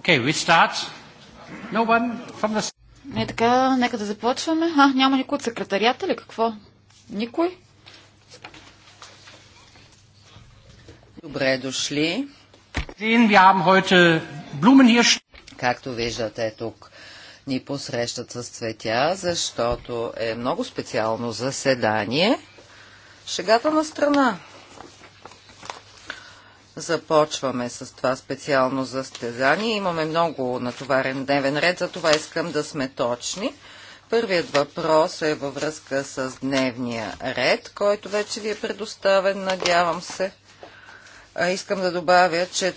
Okay, we start. No one from the... Не така, нека да започваме. А, няма никой от секретарията ли? Какво? Никой? Добре дошли. Както виждате тук, ни посрещат с цветя, защото е много специално заседание. Шегата на страна започваме с това специално застезание. Имаме много натоварен дневен ред, за това искам да сме точни. Първият въпрос е във връзка с дневния ред, който вече ви е предоставен, надявам се. Искам да добавя, че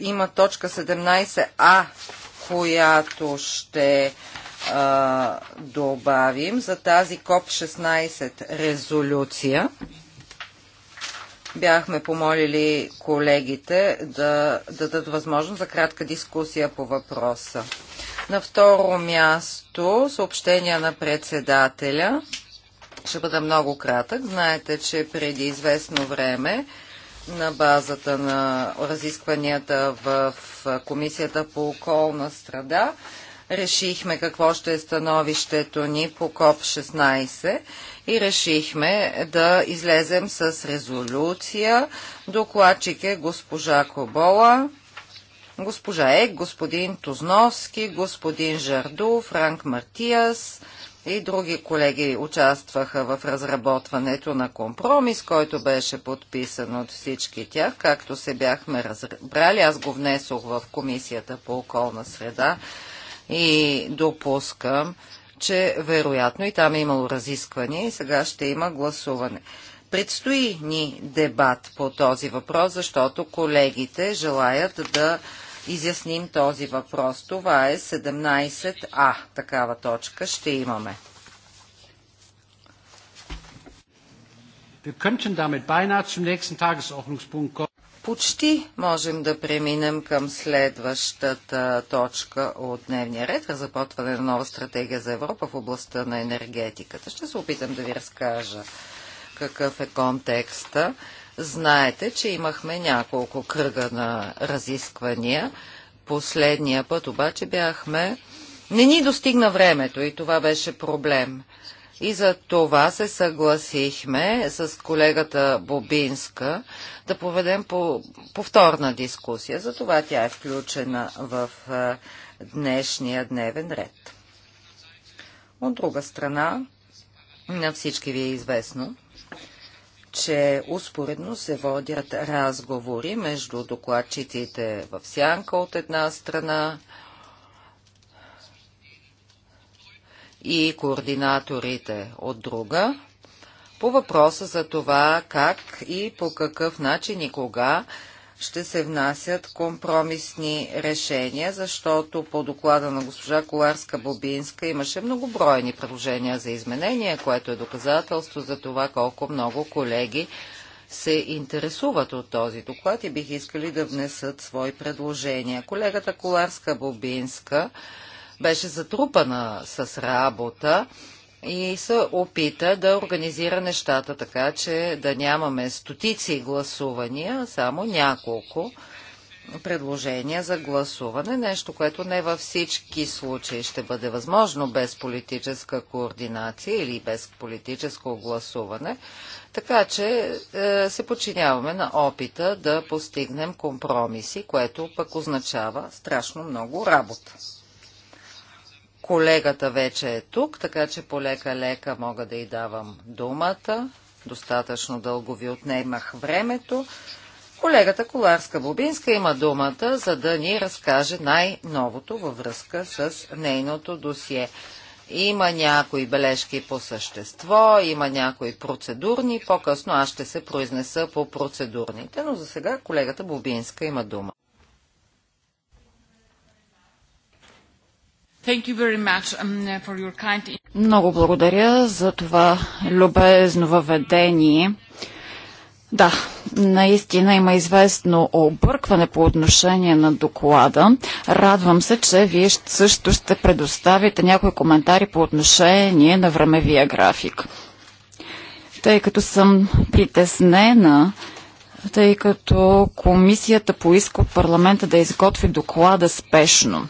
има точка 17а, която ще а, добавим за тази КОП-16 резолюция бяхме помолили колегите да, да дадат възможност за кратка дискусия по въпроса. На второ място съобщения на председателя. Ще бъда много кратък. Знаете, че преди известно време на базата на разискванията в Комисията по околна страда решихме какво ще е становището ни по КОП 16 и решихме да излезем с резолюция. Докладчик е госпожа Кобола, госпожа Ек, господин Тузновски, господин Жарду, Франк Мартияс и други колеги участваха в разработването на компромис, който беше подписан от всички тях, както се бяхме разбрали. Аз го внесох в Комисията по околна среда и допускам, че вероятно и там е имало разискване и сега ще има гласуване. Предстои ни дебат по този въпрос, защото колегите желаят да изясним този въпрос. Това е 17А. Такава точка ще имаме. Wir könnten damit beinahe zum nächsten Tagesordnungspunkt kommen почти можем да преминем към следващата точка от дневния ред разработване на нова стратегия за Европа в областта на енергетиката. Ще се опитам да ви разкажа какъв е контекста. Знаете, че имахме няколко кръга на разисквания. Последния път обаче бяхме. Не ни достигна времето и това беше проблем. И за това се съгласихме с колегата Бобинска да поведем по повторна дискусия. За това тя е включена в е, днешния дневен ред. От друга страна, на всички ви е известно, че успоредно се водят разговори между докладчиците в Сянка от една страна и координаторите от друга, по въпроса за това как и по какъв начин и кога ще се внасят компромисни решения, защото по доклада на госпожа Коларска-Бобинска имаше многобройни предложения за изменения, което е доказателство за това колко много колеги се интересуват от този доклад и бих искали да внесат свои предложения. Колегата Коларска-Бобинска беше затрупана с работа и се опита да организира нещата така, че да нямаме стотици гласувания, а само няколко предложения за гласуване, нещо, което не във всички случаи ще бъде възможно без политическа координация или без политическо гласуване, така че е, се подчиняваме на опита да постигнем компромиси, което пък означава страшно много работа. Колегата вече е тук, така че полека-лека мога да й давам думата. Достатъчно дълго ви отнемах времето. Колегата Коларска-Бобинска има думата, за да ни разкаже най-новото във връзка с нейното досие. Има някои бележки по същество, има някои процедурни, по-късно аз ще се произнеса по процедурните, но за сега колегата Бобинска има дума. Um, Много благодаря за това любезно въведение. Да, наистина има известно объркване по отношение на доклада. Радвам се, че вие също ще предоставите някои коментари по отношение на времевия график. Тъй като съм притеснена, тъй като комисията поиска от парламента да изготви доклада спешно.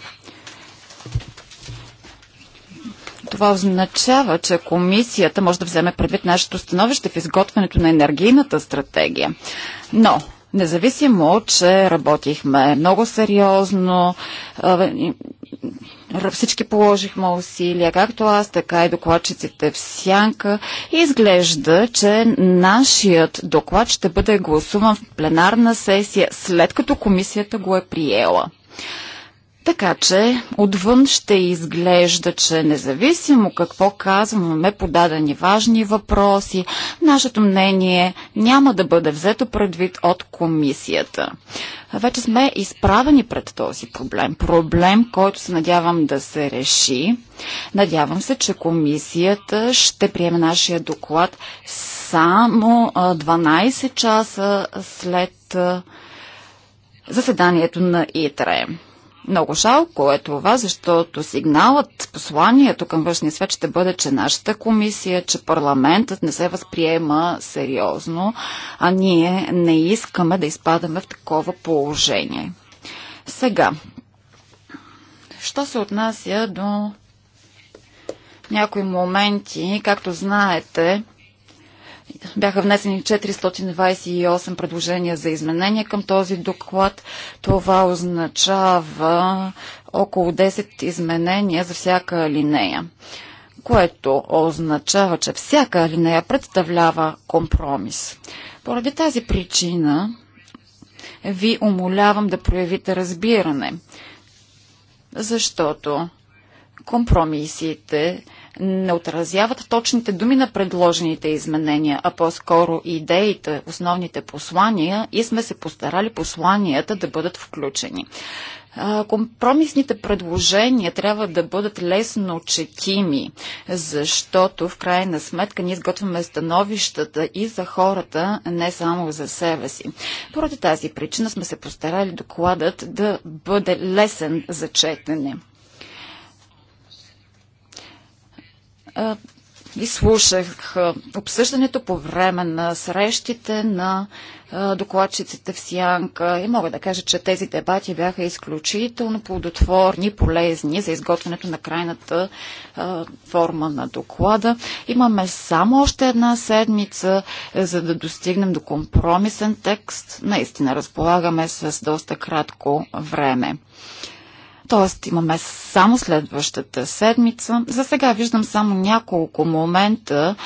Това означава, че комисията може да вземе предвид нашето становище в изготвянето на енергийната стратегия. Но Независимо, че работихме много сериозно, всички положихме усилия, както аз, така и докладчиците в сянка. Изглежда, че нашият доклад ще бъде гласуван в пленарна сесия, след като комисията го е приела. Така че отвън ще изглежда, че независимо какво казваме, подадени важни въпроси, нашето мнение няма да бъде взето предвид от комисията. Вече сме изправени пред този проблем. Проблем, който се надявам да се реши. Надявам се, че комисията ще приеме нашия доклад само 12 часа след заседанието на ИТРЕ. Много жалко е това, защото сигналът, посланието към външния свет ще бъде, че нашата комисия, че парламентът не се възприема сериозно, а ние не искаме да изпадаме в такова положение. Сега, що се отнася до някои моменти, както знаете, бяха внесени 428 предложения за изменения към този доклад. Това означава около 10 изменения за всяка линея, което означава, че всяка линея представлява компромис. Поради тази причина ви умолявам да проявите разбиране, защото компромисите не отразяват точните думи на предложените изменения, а по-скоро идеите, основните послания и сме се постарали посланията да бъдат включени. Компромисните предложения трябва да бъдат лесно четими, защото в крайна сметка ние изготвяме становищата и за хората, не само за себе си. Поради тази причина сме се постарали докладът да бъде лесен за четене. изслушах обсъждането по време на срещите на докладчиците в Сянка и мога да кажа, че тези дебати бяха изключително плодотворни, полезни за изготвянето на крайната форма на доклада. Имаме само още една седмица, е, за да достигнем до компромисен текст. Наистина разполагаме с доста кратко време. Т.е. имаме само следващата седмица. За сега виждам само няколко момента,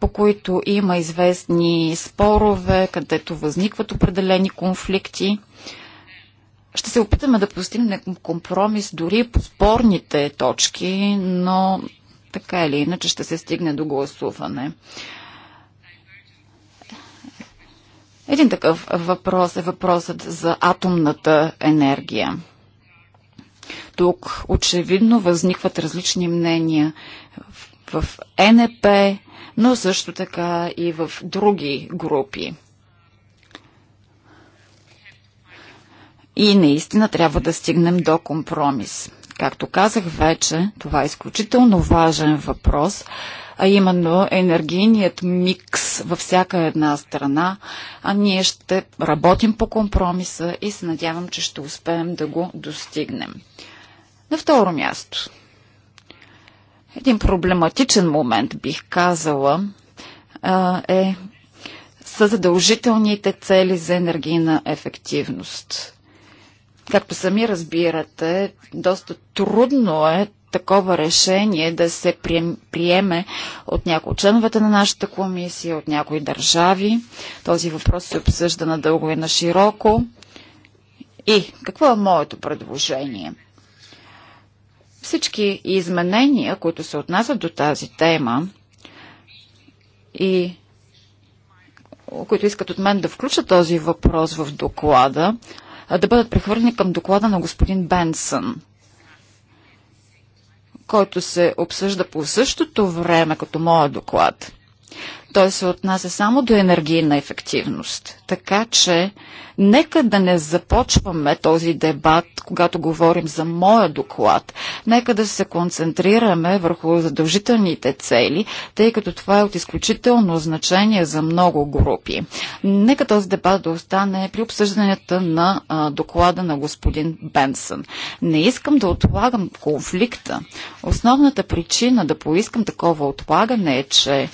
по които има известни спорове, където възникват определени конфликти. Ще се опитаме да постигнем компромис дори по спорните точки, но така или иначе ще се стигне до гласуване. Един такъв въпрос е въпросът за атомната енергия. Тук очевидно възникват различни мнения в НП, но също така и в други групи. И наистина трябва да стигнем до компромис. Както казах вече, това е изключително важен въпрос, а именно енергийният микс във всяка една страна, а ние ще работим по компромиса и се надявам, че ще успеем да го достигнем. На второ място, един проблематичен момент, бих казала, е са задължителните цели за енергийна ефективност. Както сами разбирате, доста трудно е такова решение да се приеме от някои от членовете на нашата комисия, от някои държави. Този въпрос се обсъжда надълго и на широко. И какво е моето предложение? Всички изменения, които се отнасят до тази тема и които искат от мен да включат този въпрос в доклада, да бъдат прехвърлени към доклада на господин Бенсън, който се обсъжда по същото време като моя доклад. Той се отнася само до енергийна ефективност. Така че, нека да не започваме този дебат, когато говорим за моя доклад. Нека да се концентрираме върху задължителните цели, тъй като това е от изключително значение за много групи. Нека този дебат да остане при обсъжданията на а, доклада на господин Бенсън. Не искам да отлагам конфликта. Основната причина да поискам такова отлагане е, че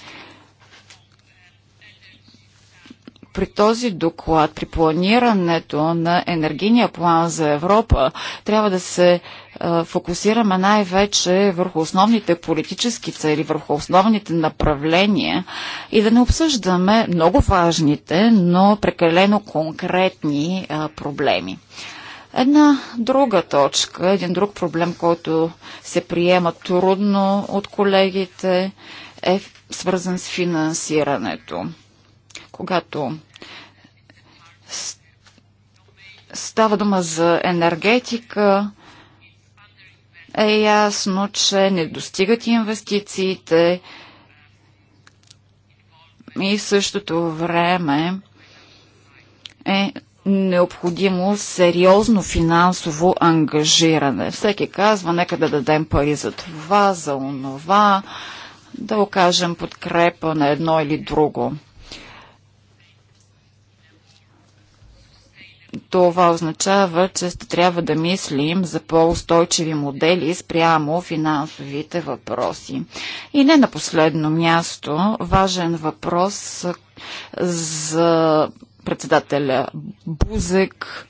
при този доклад, при планирането на енергийния план за Европа, трябва да се фокусираме най-вече върху основните политически цели, върху основните направления и да не обсъждаме много важните, но прекалено конкретни проблеми. Една друга точка, един друг проблем, който се приема трудно от колегите, е свързан с финансирането. Когато става дума за енергетика, е ясно, че не достигат инвестициите и в същото време е необходимо сериозно финансово ангажиране. Всеки казва, нека да дадем пари за това, за онова, да окажем подкрепа на едно или друго. Това означава, че ще трябва да мислим за по-устойчиви модели спрямо финансовите въпроси. И не на последно място, важен въпрос за председателя Бузек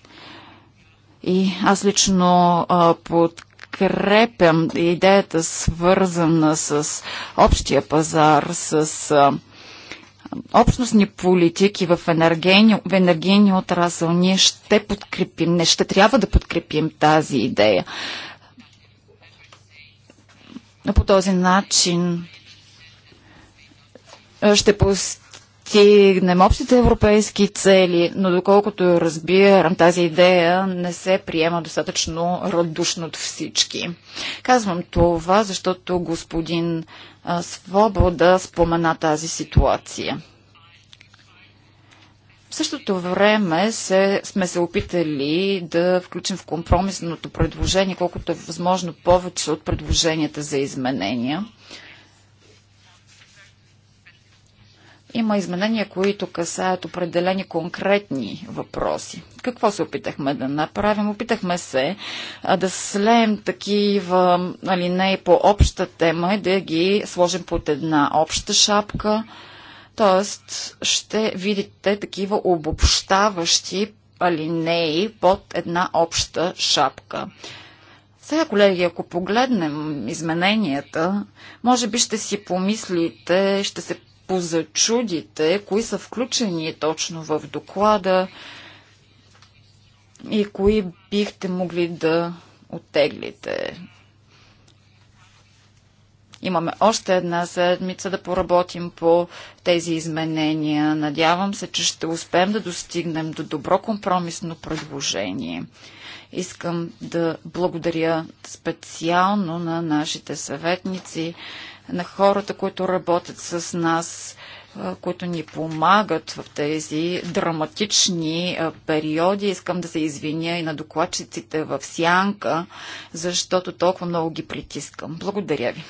и аз лично под подкрепям идеята свързана с общия пазар, с общностни политики в, енергийни, в енергийния отрасъл, ние ще подкрепим, не ще трябва да подкрепим тази идея. По този начин ще постигнем общите европейски цели, но доколкото разбирам, тази идея не се приема достатъчно радушно от всички. Казвам това, защото господин Свобода спомена тази ситуация. В същото време се, сме се опитали да включим в компромисното предложение, колкото е възможно повече от предложенията за изменения. Има изменения, които касаят определени конкретни въпроси. Какво се опитахме да направим? Опитахме се а, да слеем такива алинеи по обща тема и да ги сложим под една обща шапка. Тоест, ще видите такива обобщаващи алинеи под една обща шапка. Сега, колеги, ако погледнем измененията, може би ще си помислите, ще се позачудите, кои са включени точно в доклада и кои бихте могли да оттеглите. Имаме още една седмица да поработим по тези изменения. Надявам се, че ще успеем да достигнем до добро компромисно предложение. Искам да благодаря специално на нашите съветници на хората, които работят с нас, които ни помагат в тези драматични периоди. Искам да се извиня и на докладчиците в Сянка, защото толкова много ги притискам. Благодаря ви.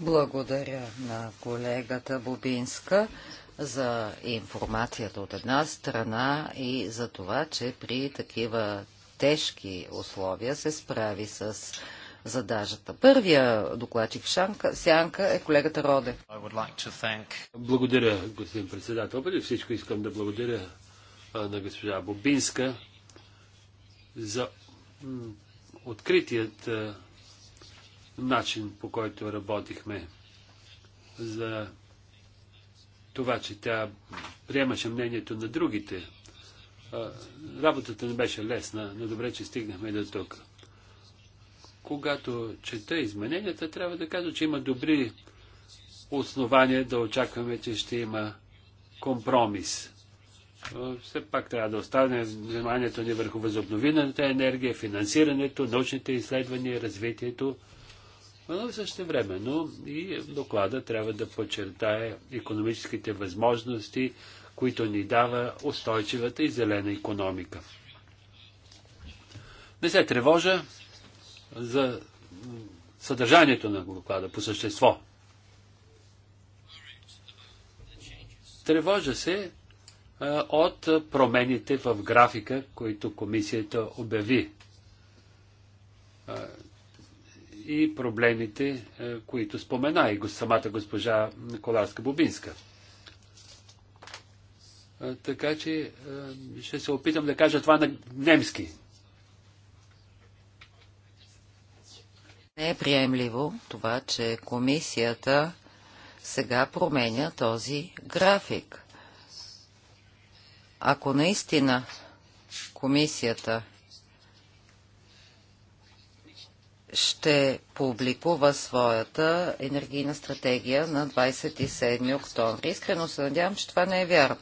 Благодаря на колегата Бобинска за информацията от една страна и за това, че при такива тежки условия се справи с задажата. Първия докладчик в Шанка, Сянка е колегата Роде. Благодаря, господин председател. Преди всичко искам да благодаря на госпожа Бобинска за откритият начин, по който работихме, за това, че тя приемаше мнението на другите. работата не беше лесна, но добре, че стигнахме до тук когато чета измененията, трябва да кажа, че има добри основания да очакваме, че ще има компромис. Е, все пак трябва да остане вниманието ни върху възобновената енергия, финансирането, научните изследвания, развитието. Но също но и доклада трябва да подчертае економическите възможности, които ни дава устойчивата и зелена економика. Не се тревожа, за съдържанието на доклада по същество. Тревожа се а, от промените в графика, които комисията обяви а, и проблемите, а, които спомена и самата госпожа Коларска-Бубинска. Така че ще се опитам да кажа това на немски, Не е приемливо това, че комисията сега променя този график. Ако наистина комисията ще публикува своята енергийна стратегия на 27 октомври. Искрено се надявам, че това не е вярно.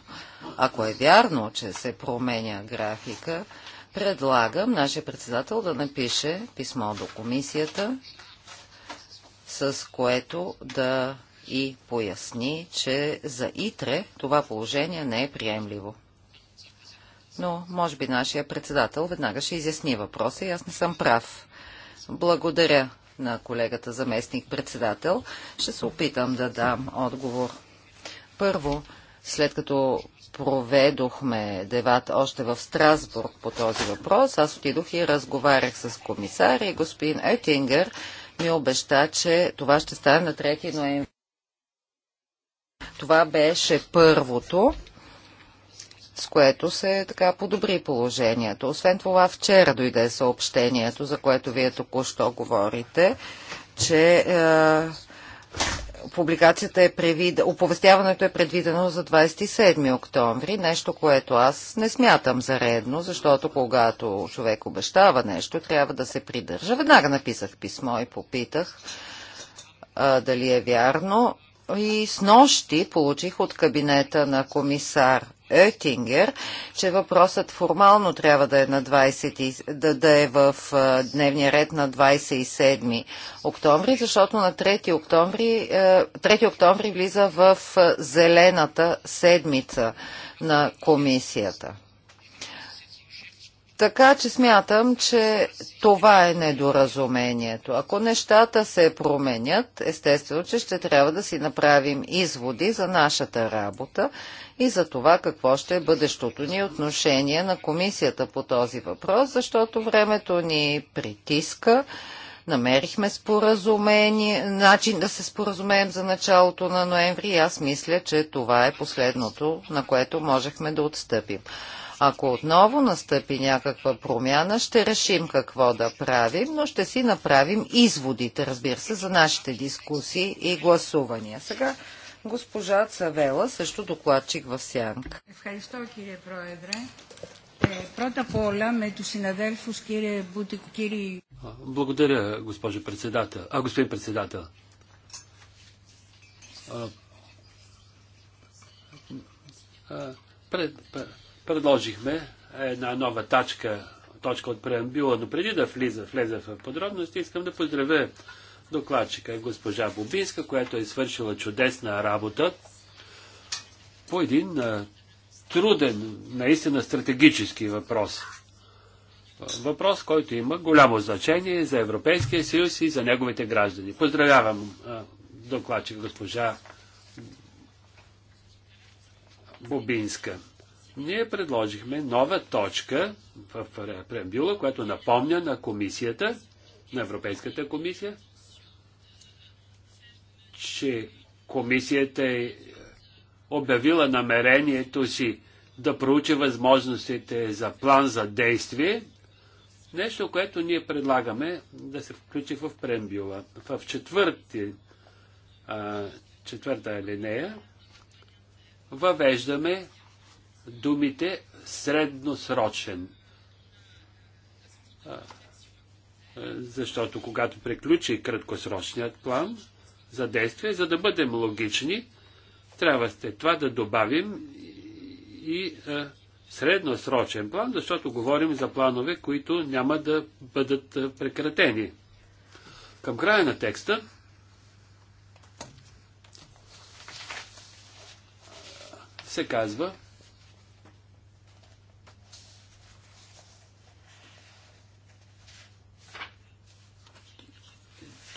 Ако е вярно, че се променя графика, Предлагам нашия председател да напише писмо до комисията, с което да и поясни, че за ИТРЕ това положение не е приемливо. Но, може би, нашия председател веднага ще изясни въпроса и аз не съм прав. Благодаря на колегата заместник-председател. Ще се опитам да дам отговор. Първо, след като проведохме дебат още в Страсбург по този въпрос. Аз отидох и разговарях с комисаря и господин Етингер ми обеща, че това ще стане на 3 ноември. Това беше първото, с което се така подобри положението. Освен това, вчера дойде съобщението, за което вие току-що говорите, че е, публикацията е превид... оповестяването е предвидено за 27 октомври, нещо, което аз не смятам за редно, защото когато човек обещава нещо, трябва да се придържа. Веднага написах писмо и попитах а, дали е вярно. И с нощи получих от кабинета на комисар Оетингер, че въпросът формално трябва да е, на 20, да, да е в дневния ред на 27 октомври, защото на 3 октомври, 3 е, октомври влиза в зелената седмица на комисията. Така че смятам, че това е недоразумението. Ако нещата се променят, естествено, че ще трябва да си направим изводи за нашата работа и за това какво ще е бъдещото ни отношение на комисията по този въпрос, защото времето ни притиска. Намерихме споразумение, начин да се споразумеем за началото на ноември и аз мисля, че това е последното, на което можехме да отстъпим. Ако отново настъпи някаква промяна, ще решим какво да правим, но ще си направим изводите, разбира се, за нашите дискусии и гласувания. Сега Госпожа Цавела, също докладчик в Сянк. Благодаря, госпожа председател. А, господин председател. пред, предложихме една нова тачка, точка от преамбюла, но преди да влиза, влеза в подробности, искам да поздравя докладчика госпожа Бубинска, която е свършила чудесна работа по един а, труден, наистина стратегически въпрос. Въпрос, който има голямо значение за Европейския съюз и за неговите граждани. Поздравявам докладчик госпожа Бубинска. Ние предложихме нова точка в преамбюла, която напомня на комисията, на Европейската комисия, че комисията е обявила намерението си да проучи възможностите за план за действие, нещо, което ние предлагаме да се включи в прембюла. В четвърти, а, четвърта линея въвеждаме думите средносрочен. защото когато приключи краткосрочният план, за действие, за да бъдем логични, трябва след това да добавим и а, средносрочен план, защото говорим за планове, които няма да бъдат прекратени. Към края на текста се казва,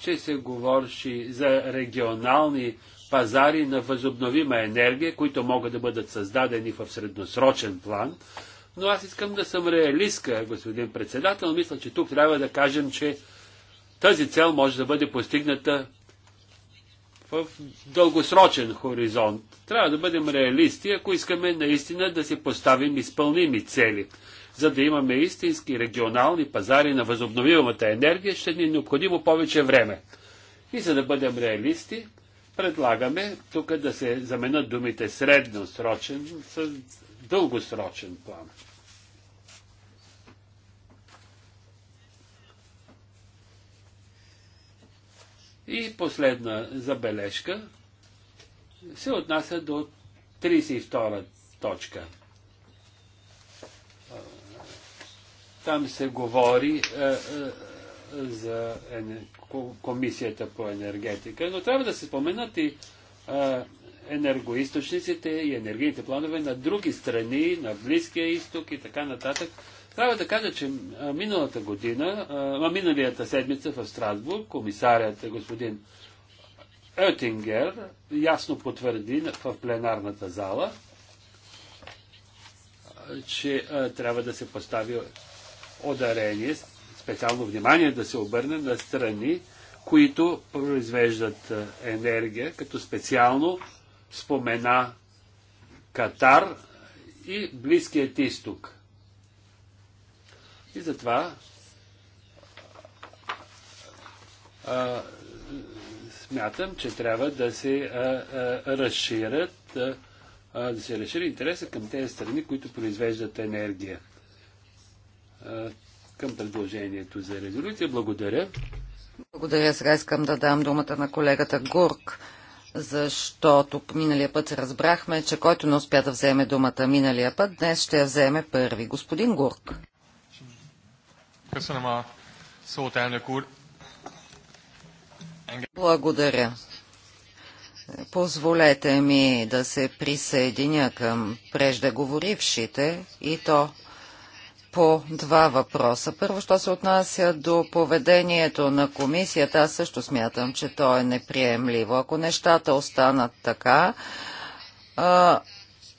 че се говори за регионални пазари на възобновима енергия, които могат да бъдат създадени в средносрочен план. Но аз искам да съм реалистка, господин председател. Мисля, че тук трябва да кажем, че тази цел може да бъде постигната в дългосрочен хоризонт. Трябва да бъдем реалисти, ако искаме наистина да си поставим изпълними цели за да имаме истински регионални пазари на възобновимата енергия, ще ни е необходимо повече време. И за да бъдем реалисти, предлагаме тук да се заменят думите средносрочен с дългосрочен план. И последна забележка се отнася до 32 точка. Там се говори е, е, за ене, комисията по енергетика, но трябва да се споменат и е, енергоисточниците и енергийните планове на други страни, на Близкия изток и така нататък. Трябва да кажа, че е, миналата година, е, а миналията седмица в Страсбург, комисарят господин Оетингер ясно потвърди в пленарната зала, че а, е, трябва да се постави ударение, специално внимание да се обърне на страни, които произвеждат е, енергия, като специално спомена Катар и Близкият изток. И затова а, смятам, че трябва да се а, а, разширят, а, да се разшири интереса към тези страни, които произвеждат енергия към предложението за резолюция. Благодаря. Благодаря. Сега искам да дам думата на колегата Гурк, защото миналия път се разбрахме, че който не успя да вземе думата миналия път, днес ще я вземе първи. Господин Гурк. Благодаря. Позволете ми да се присъединя към преждеговорившите и то по два въпроса. Първо, що се отнася до поведението на комисията, аз също смятам, че то е неприемливо. Ако нещата останат така,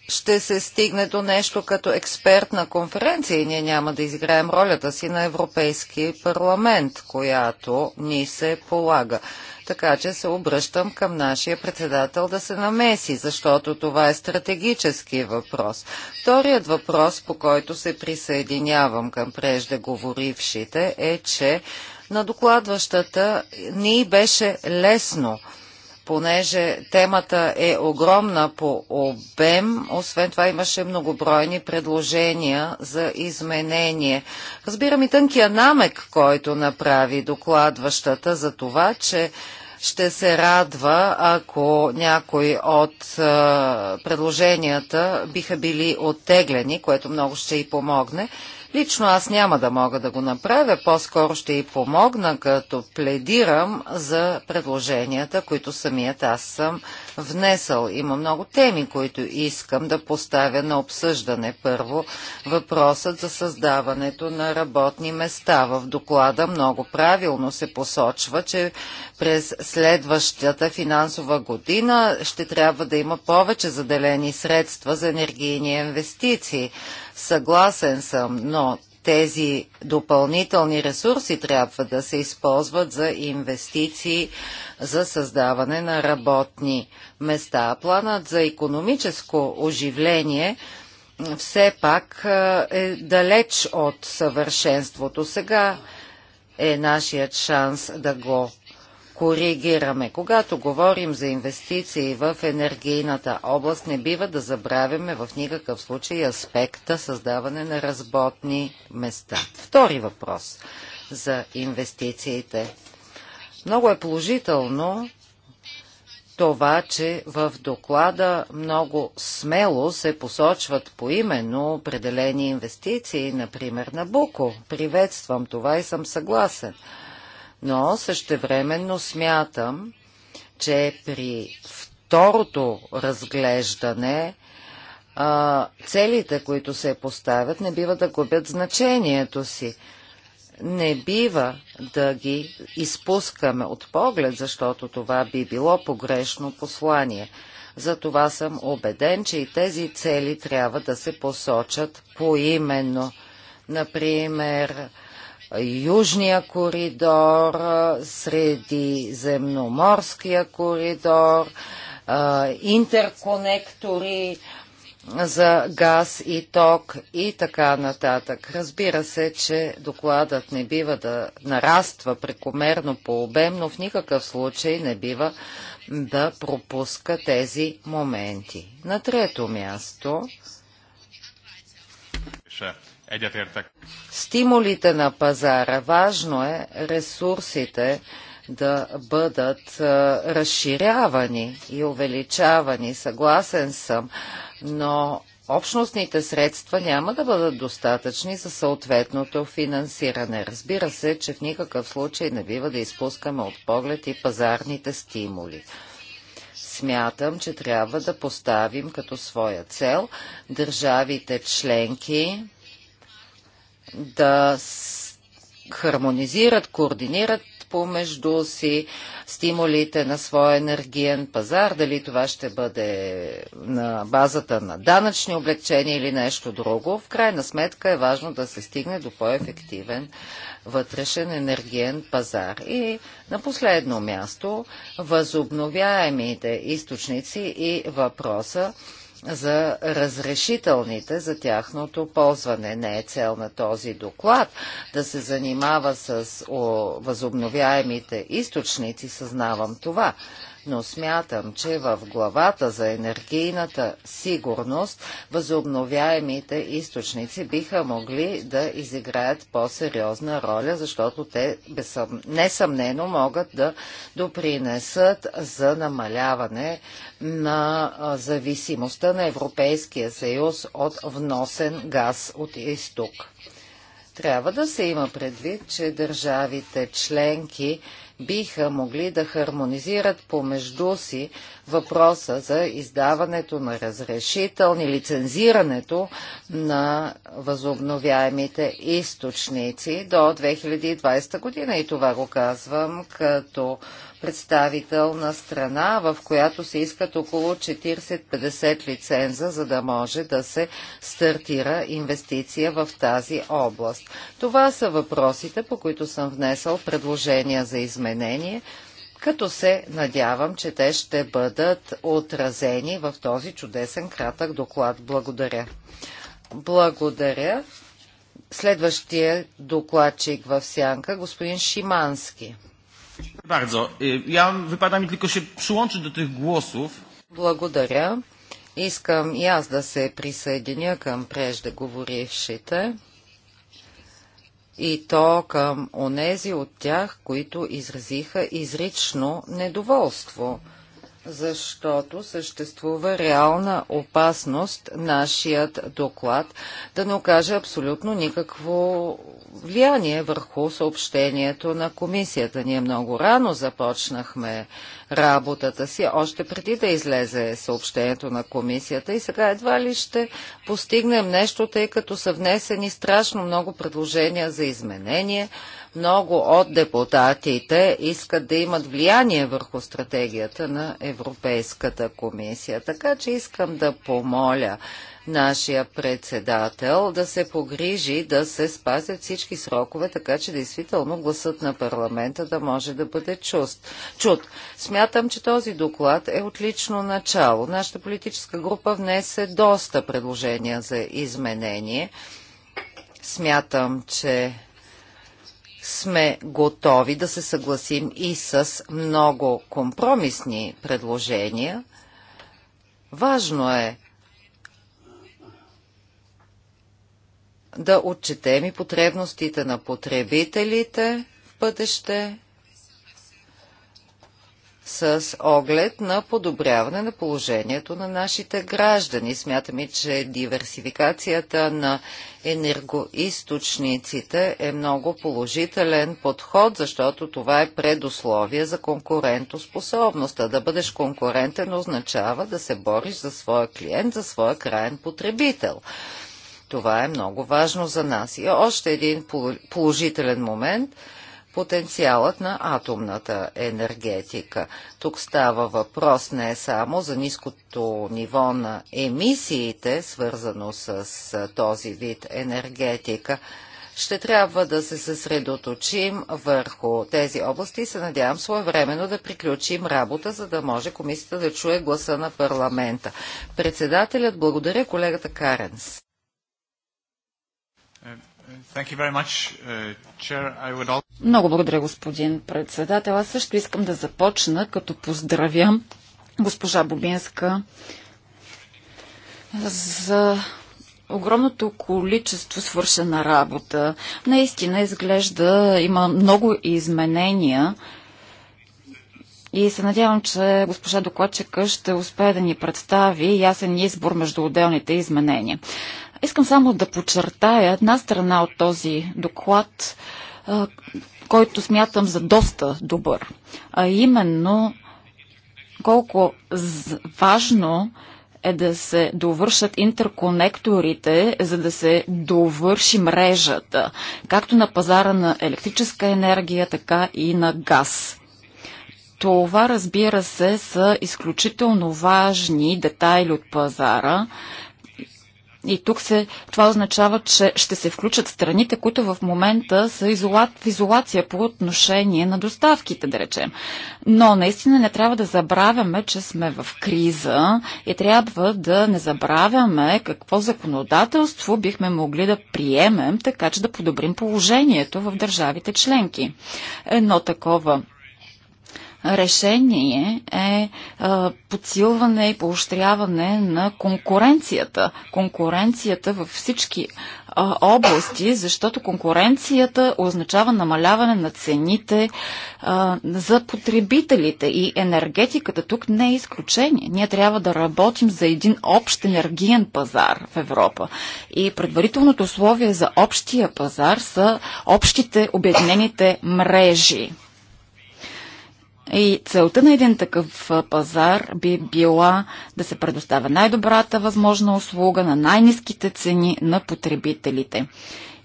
ще се стигне до нещо като експертна конференция и ние няма да изиграем ролята си на Европейски парламент, която ни се полага. Така че се обръщам към нашия председател да се намеси, защото това е стратегически въпрос. Вторият въпрос, по който се присъединявам към преждеговорившите, е, че на докладващата ни беше лесно – понеже темата е огромна по обем, освен това имаше многобройни предложения за изменение. Разбирам и тънкия намек, който направи докладващата за това, че ще се радва, ако някои от предложенията биха били оттеглени, което много ще и помогне. Лично аз няма да мога да го направя, по-скоро ще и помогна, като пледирам за предложенията, които самият аз съм внесъл. Има много теми, които искам да поставя на обсъждане. Първо, въпросът за създаването на работни места. В доклада много правилно се посочва, че през следващата финансова година ще трябва да има повече заделени средства за енергийни инвестиции. Съгласен съм, но тези допълнителни ресурси трябва да се използват за инвестиции, за създаване на работни места. Планът за економическо оживление все пак е далеч от съвършенството. Сега е нашият шанс да го коригираме. Когато говорим за инвестиции в енергийната област, не бива да забравяме в никакъв случай аспекта създаване на разботни места. Втори въпрос за инвестициите. Много е положително това, че в доклада много смело се посочват именно определени инвестиции, например на Буко. Приветствам това и съм съгласен но същевременно смятам, че при второто разглеждане а, целите, които се поставят, не бива да губят значението си. Не бива да ги изпускаме от поглед, защото това би било погрешно послание. Затова съм убеден, че и тези цели трябва да се посочат поименно. Например, Южния коридор, Средиземноморския коридор, интерконектори за газ и ток и така нататък. Разбира се, че докладът не бива да нараства прекомерно по обем, но в никакъв случай не бива да пропуска тези моменти. На трето място Egyetértek. Стимулите на пазара. Важно е ресурсите да бъдат разширявани и увеличавани. Съгласен съм, но общностните средства няма да бъдат достатъчни за съответното финансиране. Разбира се, че в никакъв случай не бива да изпускаме от поглед и пазарните стимули. Смятам, че трябва да поставим като своя цел държавите членки да хармонизират, координират помежду си стимулите на своя енергиен пазар, дали това ще бъде на базата на данъчни облегчения или нещо друго, в крайна сметка е важно да се стигне до по-ефективен вътрешен енергиен пазар. И на последно място, възобновяемите източници и въпроса за разрешителните за тяхното ползване. Не е цел на този доклад да се занимава с възобновяемите източници, съзнавам това, но смятам, че в главата за енергийната сигурност възобновяемите източници биха могли да изиграят по-сериозна роля, защото те безсъм... несъмнено могат да допринесат за намаляване на зависимостта на Европейския съюз от вносен газ от изток. Трябва да се има предвид, че държавите членки биха могли да хармонизират помежду си въпроса за издаването на разрешителни, лицензирането на възобновяемите източници до 2020 година. И това го казвам като представител на страна, в която се искат около 40-50 лиценза, за да може да се стартира инвестиция в тази област. Това са въпросите, по които съм внесъл предложения за изменение изменение, като се надявам, че те ще бъдат отразени в този чудесен кратък доклад. Благодаря. Благодаря. Следващия докладчик в сянка, господин Шимански. Bardzo. Е, Благодаря. Искам и аз да се присъединя към преждеговорившите и то към онези от тях, които изразиха изрично недоволство, защото съществува реална опасност нашият доклад да не окаже абсолютно никакво влияние върху съобщението на комисията. Ние много рано започнахме работата си, още преди да излезе съобщението на комисията и сега едва ли ще постигнем нещо, тъй като са внесени страшно много предложения за изменение. Много от депутатите искат да имат влияние върху стратегията на Европейската комисия. Така че искам да помоля нашия председател да се погрижи да се спазят всички срокове, така че действително гласът на парламента да може да бъде чуст. чут. Смятам, че този доклад е отлично начало. Нашата политическа група внесе доста предложения за изменение. Смятам, че сме готови да се съгласим и с много компромисни предложения. Важно е да отчетем и потребностите на потребителите в бъдеще с оглед на подобряване на положението на нашите граждани. Смятаме, че диверсификацията на енергоисточниците е много положителен подход, защото това е предусловие за конкурентоспособността. Да бъдеш конкурентен означава да се бориш за своя клиент, за своя крайен потребител. Това е много важно за нас. И още един положителен момент потенциалът на атомната енергетика. Тук става въпрос не само за ниското ниво на емисиите, свързано с този вид енергетика. Ще трябва да се съсредоточим върху тези области и се надявам своевременно да приключим работа, за да може комисията да чуе гласа на парламента. Председателят благодаря колегата Каренс. Uh, много благодаря, господин председател. Аз също искам да започна, като поздравя, госпожа Бобинска за огромното количество свършена работа. Наистина изглежда, има много изменения и се надявам, че госпожа докладчика ще успее да ни представи ясен избор между отделните изменения. Искам само да подчертая една страна от този доклад, който смятам за доста добър, а именно колко важно е да се довършат интерконекторите, за да се довърши мрежата, както на пазара на електрическа енергия, така и на газ. Това, разбира се, са изключително важни детайли от пазара и тук се, това означава, че ще се включат страните, които в момента са изола... в изолация по отношение на доставките, да речем. Но наистина не трябва да забравяме, че сме в криза и трябва да не забравяме какво законодателство бихме могли да приемем, така че да подобрим положението в държавите членки. Едно такова решение е подсилване и поощряване на конкуренцията. Конкуренцията във всички области, защото конкуренцията означава намаляване на цените за потребителите и енергетиката тук не е изключение. Ние трябва да работим за един общ енергиен пазар в Европа. И предварителното условие за общия пазар са общите обединените мрежи. И целта на един такъв пазар би била да се предоставя най-добрата възможна услуга на най-низките цени на потребителите.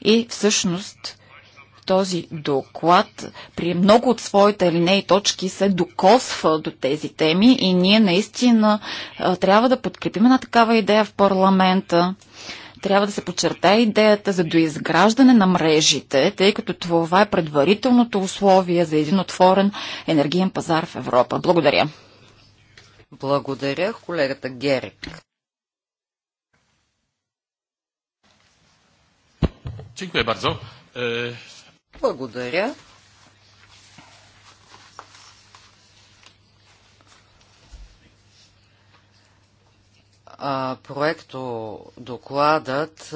И всъщност този доклад при много от своите линеи точки се докосва до тези теми и ние наистина трябва да подкрепим една такава идея в парламента трябва да се подчертае идеята за доизграждане на мрежите, тъй като това е предварителното условие за един отворен енергиен пазар в Европа. Благодаря. Благодаря, колегата Герик. E, Благодаря. проекто докладът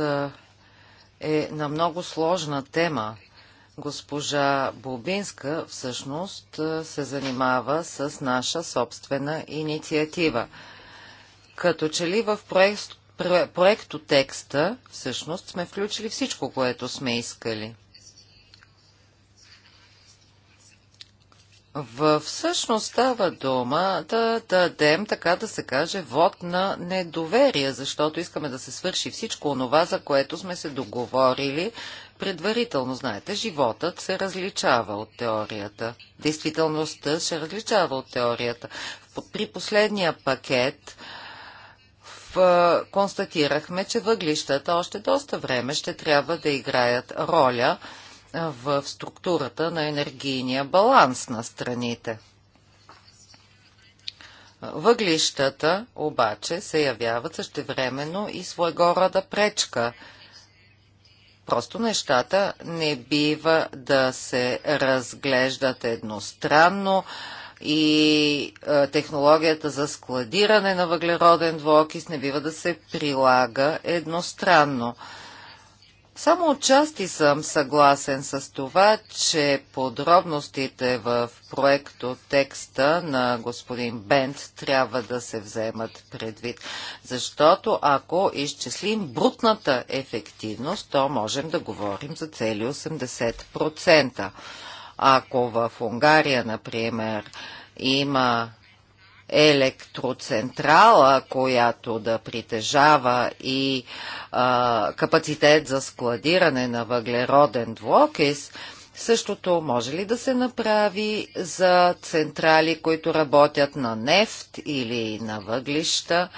е на много сложна тема. Госпожа Бобинска всъщност се занимава с наша собствена инициатива. Като че ли в проект, проектотекста всъщност сме включили всичко, което сме искали. В всъщност става дума да дадем, така да се каже, вод на недоверие, защото искаме да се свърши всичко онова, за което сме се договорили предварително. Знаете, животът се различава от теорията. Действителността се различава от теорията. При последния пакет в, констатирахме, че въглищата още доста време ще трябва да играят роля – в структурата на енергийния баланс на страните. Въглищата обаче се явяват същевременно и своего рода пречка. Просто нещата не бива да се разглеждат едностранно и е, технологията за складиране на въглероден двуокис не бива да се прилага едностранно. Само отчасти съм съгласен с това, че подробностите в проекто текста на господин Бент трябва да се вземат предвид. Защото ако изчислим брутната ефективност, то можем да говорим за цели 80%. Ако в Унгария, например, има електроцентрала, която да притежава и а, капацитет за складиране на въглероден двуокис, Същото може ли да се направи за централи, които работят на нефт или на въглища?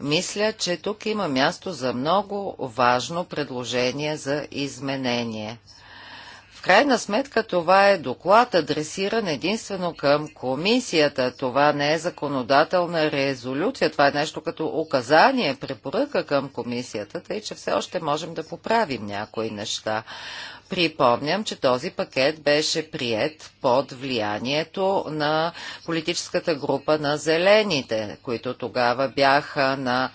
Мисля, че тук има място за много важно предложение за изменение крайна сметка това е доклад адресиран единствено към комисията. Това не е законодателна резолюция, това е нещо като указание, препоръка към комисията, тъй че все още можем да поправим някои неща. Припомням, че този пакет беше прият под влиянието на политическата група на зелените, които тогава бяха на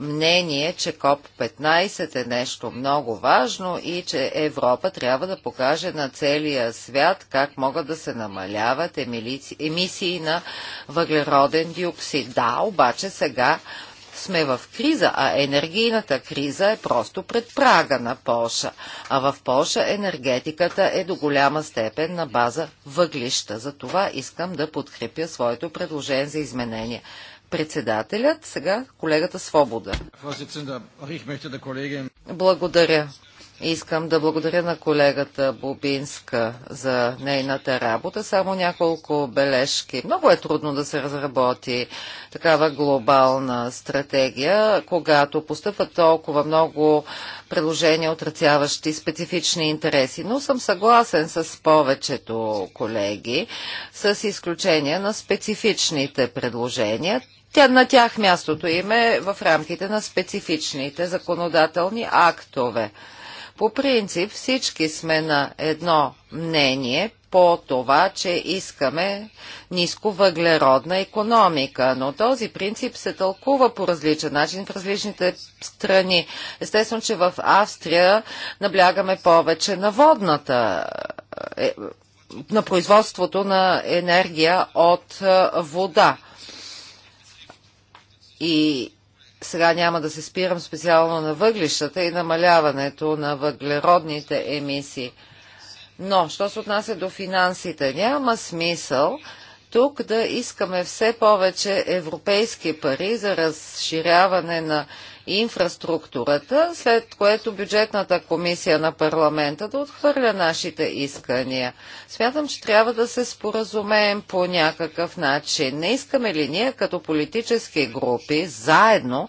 мнение, че КОП-15 е нещо много важно и че Европа трябва да покаже на целия свят как могат да се намаляват емисии на въглероден диоксид. Да, обаче сега сме в криза, а енергийната криза е просто пред прага на Полша. А в Полша енергетиката е до голяма степен на база въглища. За това искам да подкрепя своето предложение за изменение. Председателят, сега колегата Свобода. Благодаря. Искам да благодаря на колегата Бобинска за нейната работа. Само няколко бележки. Много е трудно да се разработи такава глобална стратегия, когато постъпват толкова много предложения, отразяващи специфични интереси. Но съм съгласен с повечето колеги, с изключение на специфичните предложения. Тя на тях мястото им е в рамките на специфичните законодателни актове. По принцип всички сме на едно мнение по това, че искаме ниско въглеродна економика, но този принцип се тълкува по различен начин в различните страни. Естествено, че в Австрия наблягаме повече на водната е, на производството на енергия от е, вода. И сега няма да се спирам специално на въглищата и намаляването на въглеродните емисии. Но, що се отнася до финансите, няма смисъл тук да искаме все повече европейски пари за разширяване на инфраструктурата, след което бюджетната комисия на парламента да отхвърля нашите искания. Смятам, че трябва да се споразумеем по някакъв начин. Не искаме ли ние като политически групи заедно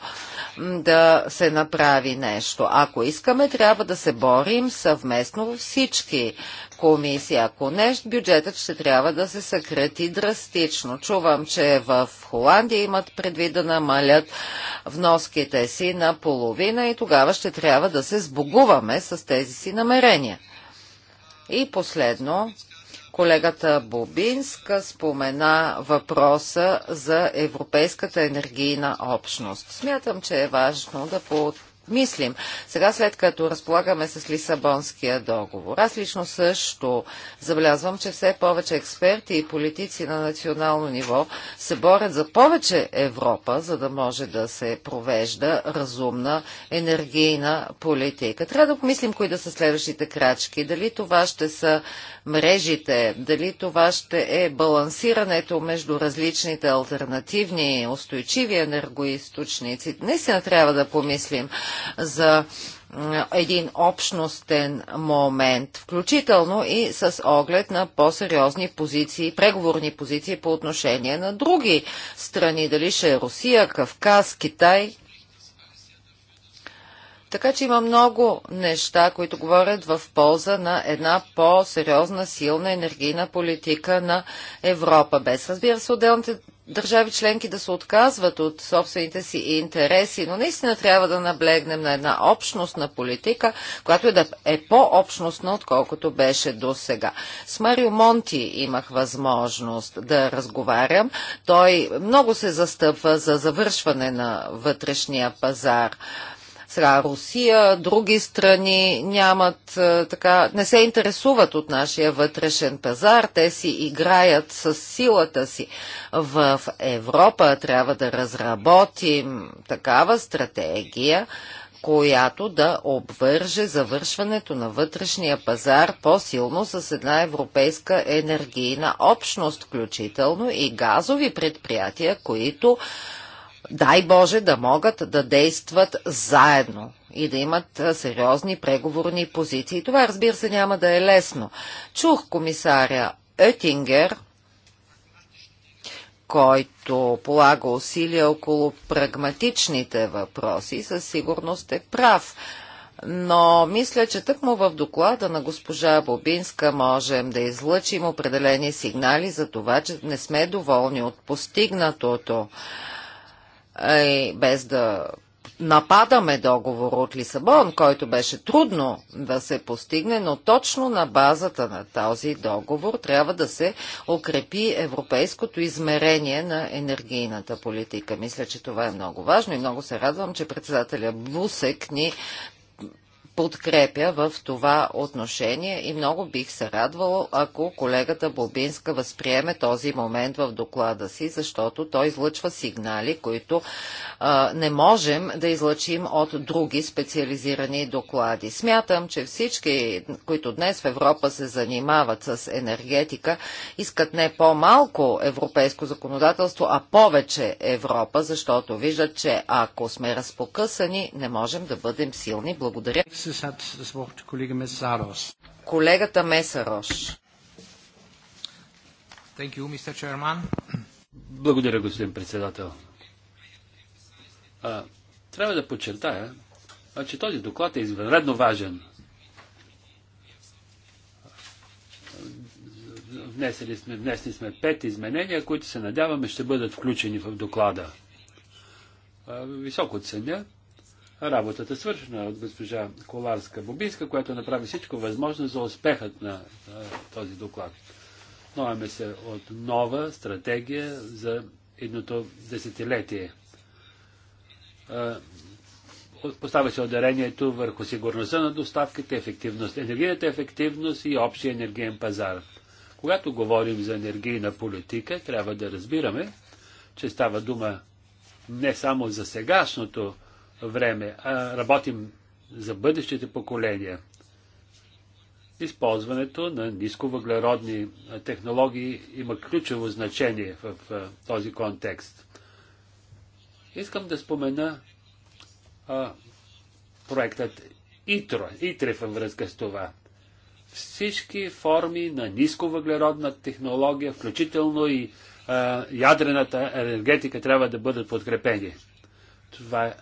да се направи нещо? Ако искаме, трябва да се борим съвместно всички комисия. Ако не, бюджетът ще трябва да се съкрати драстично. Чувам, че в Холандия имат предвид да намалят вноските си на половина и тогава ще трябва да се сбогуваме с тези си намерения. И последно, колегата Бобинска спомена въпроса за Европейската енергийна общност. Смятам, че е важно да по мислим. Сега след като разполагаме с Лисабонския договор, аз лично също забелязвам, че все повече експерти и политици на национално ниво се борят за повече Европа, за да може да се провежда разумна енергийна политика. Трябва да помислим кои да са следващите крачки. Дали това ще са мрежите, дали това ще е балансирането между различните альтернативни устойчиви енергоисточници. Наистина трябва да помислим за един общностен момент, включително и с оглед на по-сериозни позиции, преговорни позиции по отношение на други страни, дали ще е Русия, Кавказ, Китай. Така че има много неща, които говорят в полза на една по-сериозна, силна енергийна политика на Европа. Без, разбира се, отделните държави членки да се отказват от собствените си интереси, но наистина трябва да наблегнем на една общностна политика, която е, да е по-общностна, отколкото беше до сега. С Марио Монти имах възможност да разговарям. Той много се застъпва за завършване на вътрешния пазар. Сега Русия, други страни нямат е, така, не се интересуват от нашия вътрешен пазар, те си играят с силата си. В Европа трябва да разработим такава стратегия, която да обвърже завършването на вътрешния пазар по-силно с една европейска енергийна общност, включително и газови предприятия, които дай Боже, да могат да действат заедно и да имат сериозни преговорни позиции. Това, разбира се, няма да е лесно. Чух комисаря Етингер, който полага усилия около прагматичните въпроси, със сигурност е прав. Но мисля, че тъкмо в доклада на госпожа Бобинска можем да излъчим определени сигнали за това, че не сме доволни от постигнатото е, без да нападаме договор от Лисабон, който беше трудно да се постигне, но точно на базата на този договор трябва да се укрепи европейското измерение на енергийната политика. Мисля, че това е много важно и много се радвам, че председателя Бусек ни подкрепя в това отношение и много бих се радвала, ако колегата Бобинска възприеме този момент в доклада си, защото той излъчва сигнали, които а, не можем да излъчим от други специализирани доклади. Смятам, че всички, които днес в Европа се занимават с енергетика, искат не по-малко европейско законодателство, а повече Европа, защото виждат, че ако сме разпокъсани, не можем да бъдем силни. Благодаря nächstes hat das Wort Kollege Messaros. Колегата Месарош. Thank you, Mr. Chairman. Благодаря, господин председател. А, трябва да подчертая, а, че този доклад е извънредно важен. Внесли сме, внесли сме пет изменения, които се надяваме ще бъдат включени в доклада. А, високо ценя работата свършена от госпожа Коларска-Бобинска, която направи всичко възможно за успехът на а, този доклад. Новаме се от нова стратегия за едното десетилетие. поставя се ударението върху сигурността на доставките, ефективност, енергийната ефективност и общия енергиен пазар. Когато говорим за енергийна политика, трябва да разбираме, че става дума не само за сегашното време, а работим за бъдещите поколения. Използването на нисковъглеродни технологии има ключово значение в този контекст. Искам да спомена а, проектът ИТРО, ИТРЕ във връзка с това. Всички форми на нисковъглеродна технология, включително и а, ядрената енергетика, трябва да бъдат подкрепени. Това е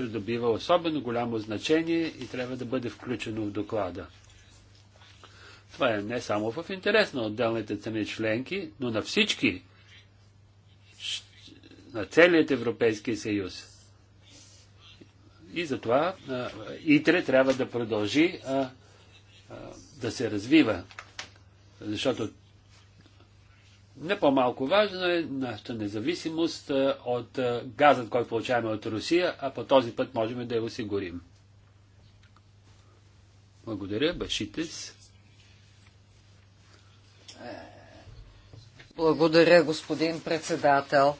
придобива особено голямо значение и трябва да бъде включено в доклада. Това е не само в интерес на отделните страни членки, но на всички, на целият Европейски съюз. И затова ИТРЕ трябва да продължи а, а, да се развива, защото не по-малко важно е нашата независимост е, от е, газът, който получаваме от Русия, а по този път можем да я осигурим. Благодаря, Башитес. Благодаря, господин председател.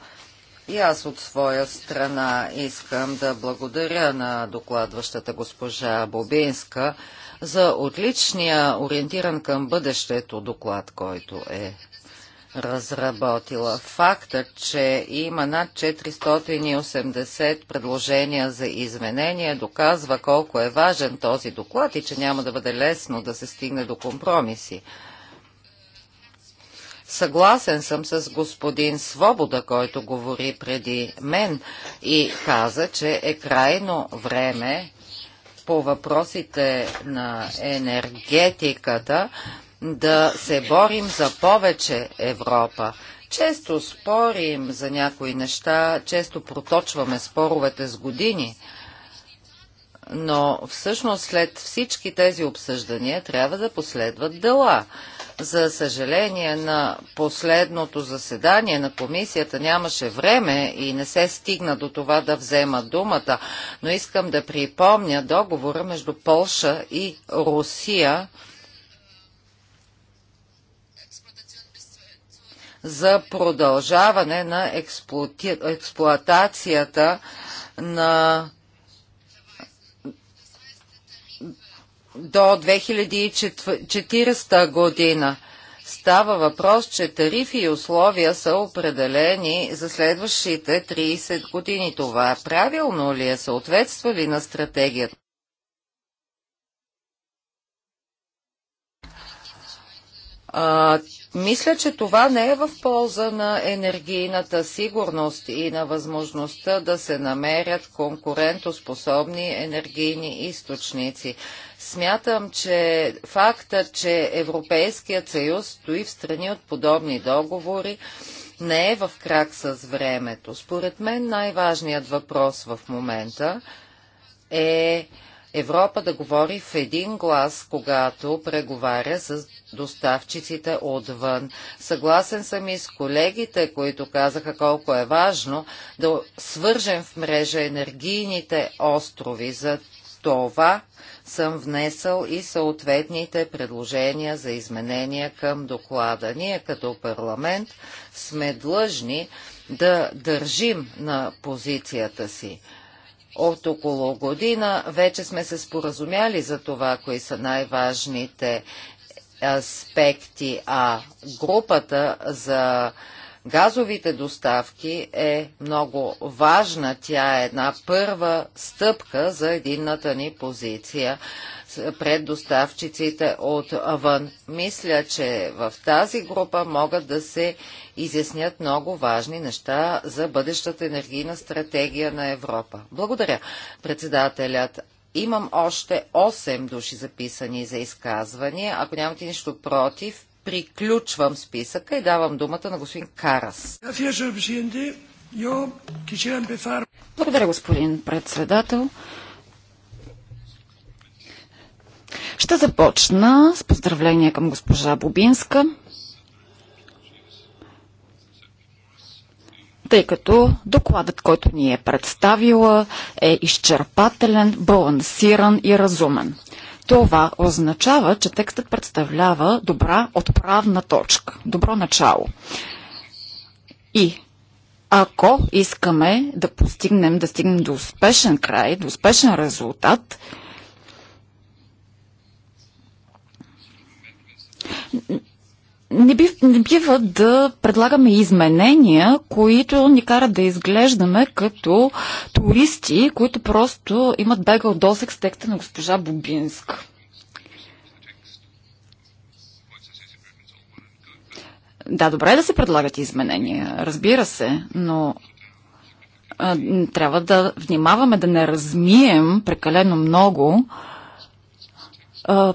И аз от своя страна искам да благодаря на докладващата госпожа Бобинска за отличния ориентиран към бъдещето доклад, който е разработила. Фактът, че има над 480 предложения за изменения, доказва колко е важен този доклад и че няма да бъде лесно да се стигне до компромиси. Съгласен съм с господин Свобода, който говори преди мен и каза, че е крайно време по въпросите на енергетиката да се борим за повече Европа. Често спорим за някои неща, често проточваме споровете с години, но всъщност след всички тези обсъждания трябва да последват дела. За съжаление на последното заседание на комисията нямаше време и не се стигна до това да взема думата, но искам да припомня договора между Полша и Русия – за продължаване на експлуати... експлуатацията на до 2040 година. Става въпрос, че тарифи и условия са определени за следващите 30 години. Това правилно ли е? Съответства ли на стратегията? А, мисля, че това не е в полза на енергийната сигурност и на възможността да се намерят конкурентоспособни енергийни източници. Смятам, че факта, че Европейският съюз стои в страни от подобни договори, не е в крак с времето. Според мен най-важният въпрос в момента е Европа да говори в един глас, когато преговаря с доставчиците отвън. Съгласен съм и с колегите, които казаха колко е важно да свържем в мрежа енергийните острови. За това съм внесъл и съответните предложения за изменения към доклада. Ние като парламент сме длъжни да държим на позицията си. От около година вече сме се споразумяли за това, кои са най-важните аспекти, а групата за газовите доставки е много важна. Тя е една първа стъпка за единната ни позиция пред доставчиците отвън. Мисля, че в тази група могат да се изяснят много важни неща за бъдещата енергийна стратегия на Европа. Благодаря, председателят. Имам още 8 души записани за изказвания. Ако нямате нищо против, приключвам списъка и давам думата на господин Карас. Благодаря, господин председател. Ще започна с поздравление към госпожа Бубинска. тъй като докладът, който ни е представила, е изчерпателен, балансиран и разумен. Това означава, че текстът представлява добра отправна точка, добро начало. И ако искаме да постигнем, да стигнем до успешен край, до успешен резултат, не, бив, не бива да предлагаме изменения, които ни карат да изглеждаме като туристи, които просто имат бегал досек с текста на госпожа Бубинск. Да, добре е да се предлагат изменения, разбира се, но а, трябва да внимаваме да не размием прекалено много а,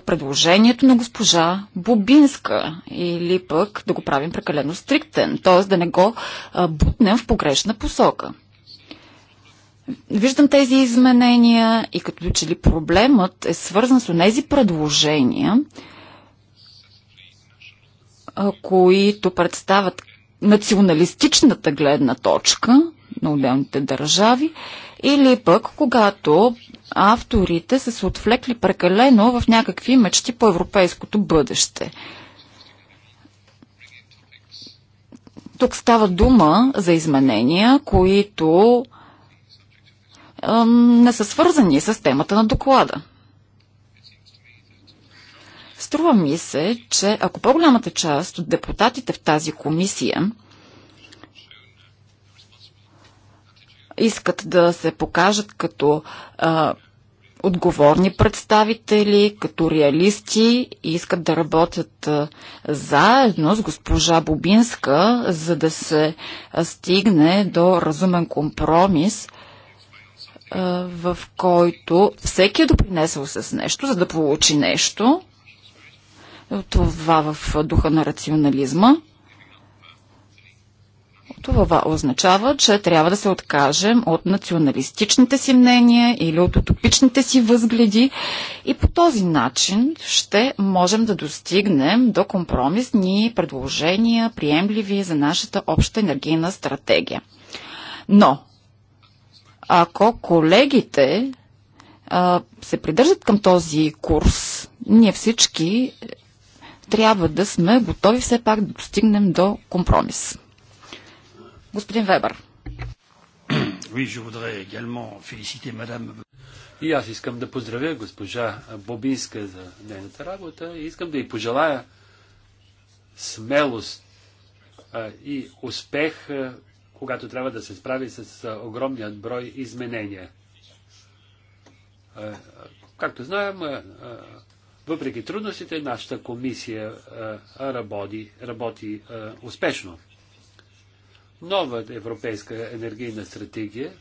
предложението на госпожа Бубинска или пък да го правим прекалено стриктен, т.е. да не го бутнем в погрешна посока. Виждам тези изменения и като че ли проблемът е свързан с тези предложения, които представят националистичната гледна точка на отделните държави, или пък, когато авторите са се отвлекли прекалено в някакви мечти по европейското бъдеще. Тук става дума за изменения, които не са свързани с темата на доклада. Струва ми се, че ако по-голямата част от депутатите в тази комисия искат да се покажат като а, отговорни представители, като реалисти и искат да работят заедно с госпожа Бубинска, за да се стигне до разумен компромис, в който всеки е допринесъл с нещо, за да получи нещо. Това в духа на рационализма. Това означава, че трябва да се откажем от националистичните си мнения или от утопичните си възгледи и по този начин ще можем да достигнем до компромисни предложения, приемливи за нашата обща енергийна стратегия. Но, ако колегите а, се придържат към този курс, ние всички трябва да сме готови все пак да достигнем до компромис. Господин Вебър. И аз искам да поздравя госпожа Бобинска за нейната работа и искам да й пожелая смелост и успех, когато трябва да се справи с огромният брой изменения. Както знаем, въпреки трудностите, нашата комисия работи, работи успешно нова европейска енергийна стратегия,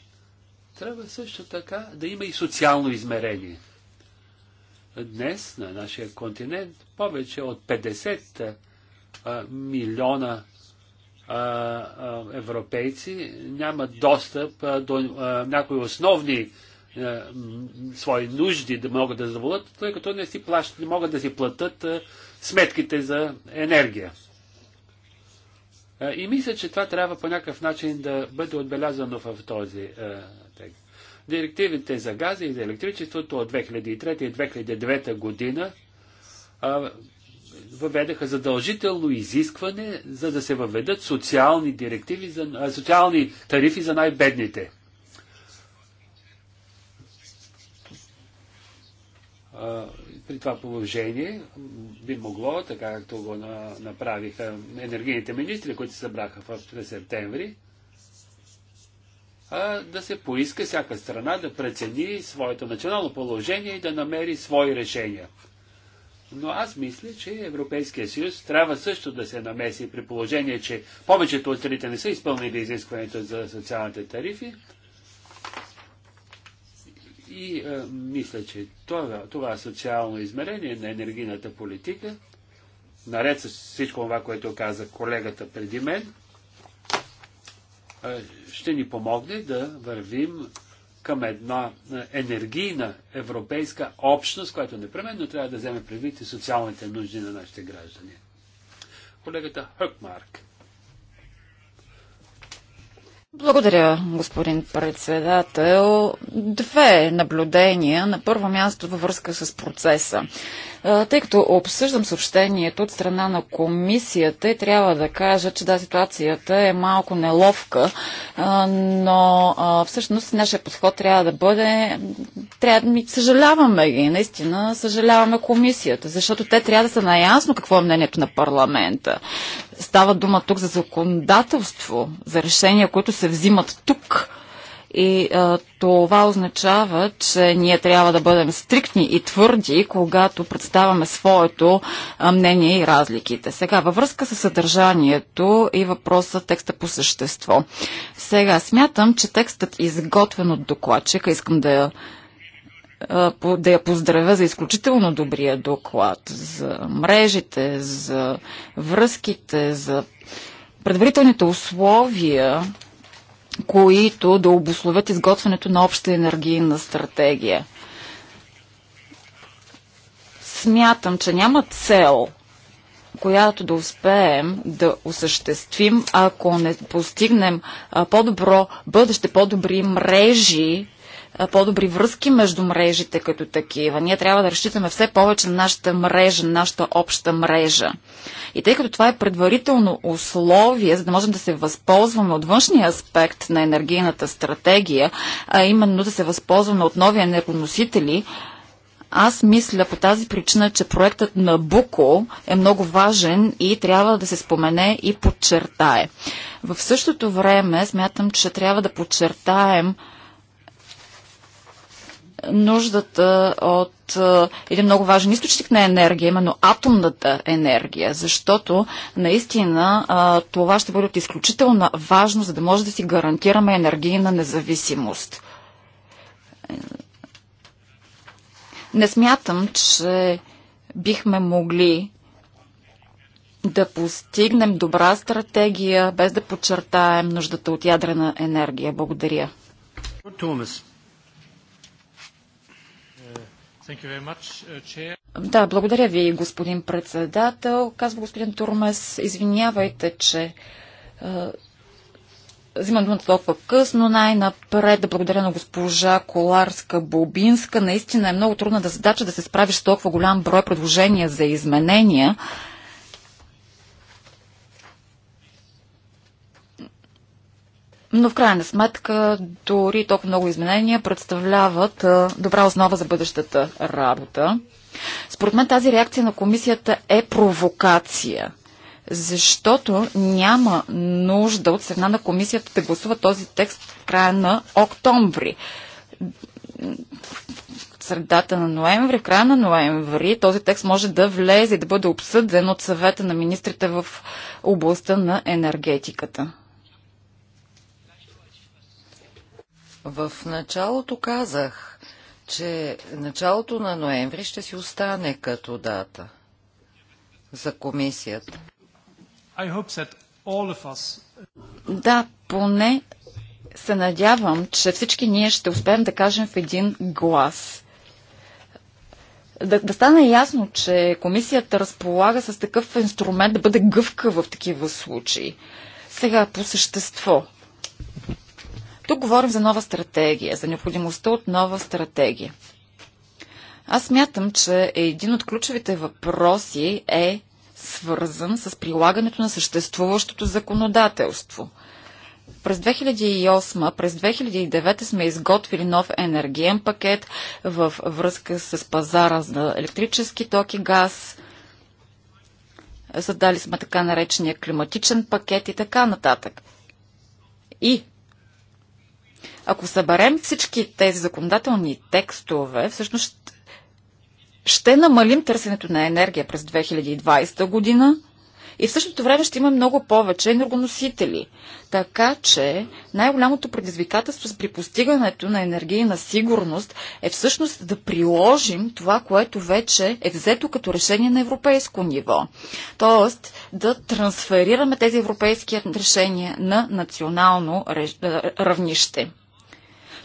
трябва също така да има и социално измерение. Днес на нашия континент повече от 50 милиона европейци нямат достъп до някои основни свои нужди да могат да задоволят, тъй като не, си плащат, не могат да си платят сметките за енергия. И мисля, че това трябва по някакъв начин да бъде отбелязано в този текст. Директивите за газа и за електричеството от 2003 и 2009 година а, въведаха задължително изискване, за да се въведат социални, директиви за, а, социални тарифи за най-бедните при това положение би могло, така както го на, направиха енергийните министри, които се събраха в през септември, а, да се поиска всяка страна да прецени своето национално положение и да намери свои решения. Но аз мисля, че Европейския съюз трябва също да се намеси при положение, че повечето от страните не са изпълнили изискването за социалните тарифи и а, е, мисля, че това, това социално измерение на енергийната политика, наред с всичко това, което каза колегата преди мен, а, е, ще ни помогне да вървим към една е, енергийна европейска общност, която непременно трябва да вземе предвид и социалните нужди на нашите граждани. Колегата Хъкмарк. Благодаря, господин председател. Две наблюдения. На първо място във връзка с процеса. Тъй като обсъждам съобщението от страна на комисията, трябва да кажа, че да, ситуацията е малко неловка, но всъщност нашия подход трябва да бъде... Трябва да ми съжаляваме ги, наистина съжаляваме комисията, защото те трябва да са наясно какво е мнението на парламента. Става дума тук за законодателство, за решения, които се взимат тук. И а, това означава, че ние трябва да бъдем стриктни и твърди, когато представяме своето а, мнение и разликите. Сега, във връзка с съдържанието и въпроса текста по същество. Сега, смятам, че текстът е изготвен от докладчика, искам да я да я поздравя за изключително добрия доклад за мрежите, за връзките, за предварителните условия, които да обословят изготвянето на обща енергийна стратегия. Смятам, че няма цел която да успеем да осъществим, ако не постигнем по-добро бъдеще, по-добри мрежи по-добри връзки между мрежите като такива. Ние трябва да разчитаме все повече на нашата мрежа, на нашата обща мрежа. И тъй като това е предварително условие, за да можем да се възползваме от външния аспект на енергийната стратегия, а именно да се възползваме от нови енергоносители, аз мисля по тази причина, че проектът на Буко е много важен и трябва да се спомене и подчертае. В същото време смятам, че трябва да подчертаем нуждата от един много важен източник на енергия, именно атомната енергия, защото наистина това ще бъде от изключителна важност, за да може да си гарантираме енергийна независимост. Не смятам, че бихме могли да постигнем добра стратегия, без да подчертаем нуждата от ядрена енергия. Благодаря. Томас. Uh, да, благодаря ви, господин председател. Казва господин Турмес, извинявайте, че взимам думата толкова късно. Най-напред да благодаря на госпожа Коларска-Бобинска. Наистина е много трудна да задача да се справиш с толкова голям брой предложения за изменения. Но в крайна сметка дори толкова много изменения представляват добра основа за бъдещата работа. Според мен тази реакция на комисията е провокация защото няма нужда от страна на комисията да гласува този текст в края на октомври. В средата на ноември, в края на ноември, този текст може да влезе и да бъде обсъден от съвета на министрите в областта на енергетиката. В началото казах, че началото на ноември ще си остане като дата за комисията. Us... Да, поне се надявам, че всички ние ще успеем да кажем в един глас. Да, да стане ясно, че комисията разполага с такъв инструмент да бъде гъвка в такива случаи. Сега по същество. Тук говорим за нова стратегия, за необходимостта от нова стратегия. Аз мятам, че един от ключовите въпроси е свързан с прилагането на съществуващото законодателство. През 2008, през 2009 сме изготвили нов енергиен пакет в връзка с пазара за електрически ток и газ. Създали сме така наречения климатичен пакет и така нататък. И ако съберем всички тези законодателни текстове, всъщност ще намалим търсенето на енергия през 2020 година и в същото време ще има много повече енергоносители. Така че най-голямото предизвикателство при постигането на енергийна сигурност е всъщност да приложим това, което вече е взето като решение на европейско ниво. Тоест да трансферираме тези европейски решения на национално равнище.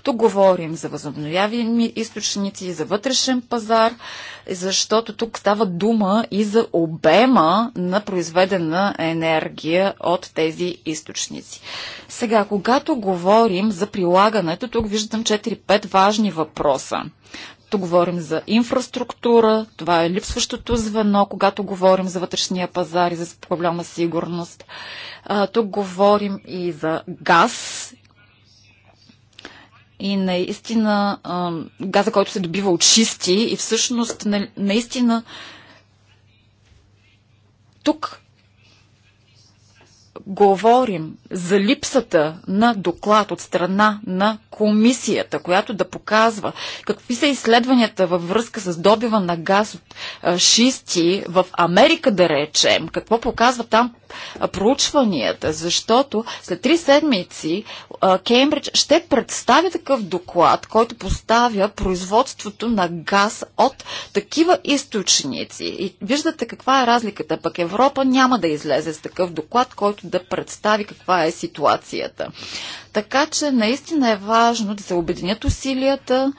Тук говорим за възобновяеми източници, за вътрешен пазар, защото тук става дума и за обема на произведена енергия от тези източници. Сега, когато говорим за прилагането, тук виждам 4-5 важни въпроса. Тук говорим за инфраструктура, това е липсващото звено, когато говорим за вътрешния пазар и за проблема сигурност. А, тук говорим и за газ и наистина газа, който се добива от шисти и всъщност наистина тук говорим за липсата на доклад от страна на комисията, която да показва какви са изследванията във връзка с добива на газ от шисти в Америка, да речем, какво показва там проучванията, защото след три седмици Кембридж ще представи такъв доклад, който поставя производството на газ от такива източници. И виждате каква е разликата. Пък Европа няма да излезе с такъв доклад, който да да представи каква е ситуацията. Така че наистина е важно да се обединят усилията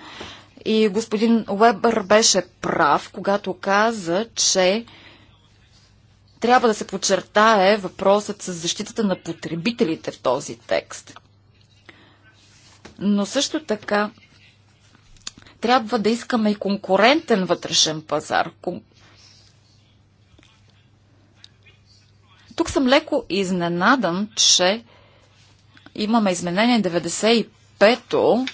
и господин Уебър беше прав, когато каза, че трябва да се подчертае въпросът с защитата на потребителите в този текст. Но също така трябва да искаме и конкурентен вътрешен пазар, Тук съм леко изненадан, че имаме изменение 95-то,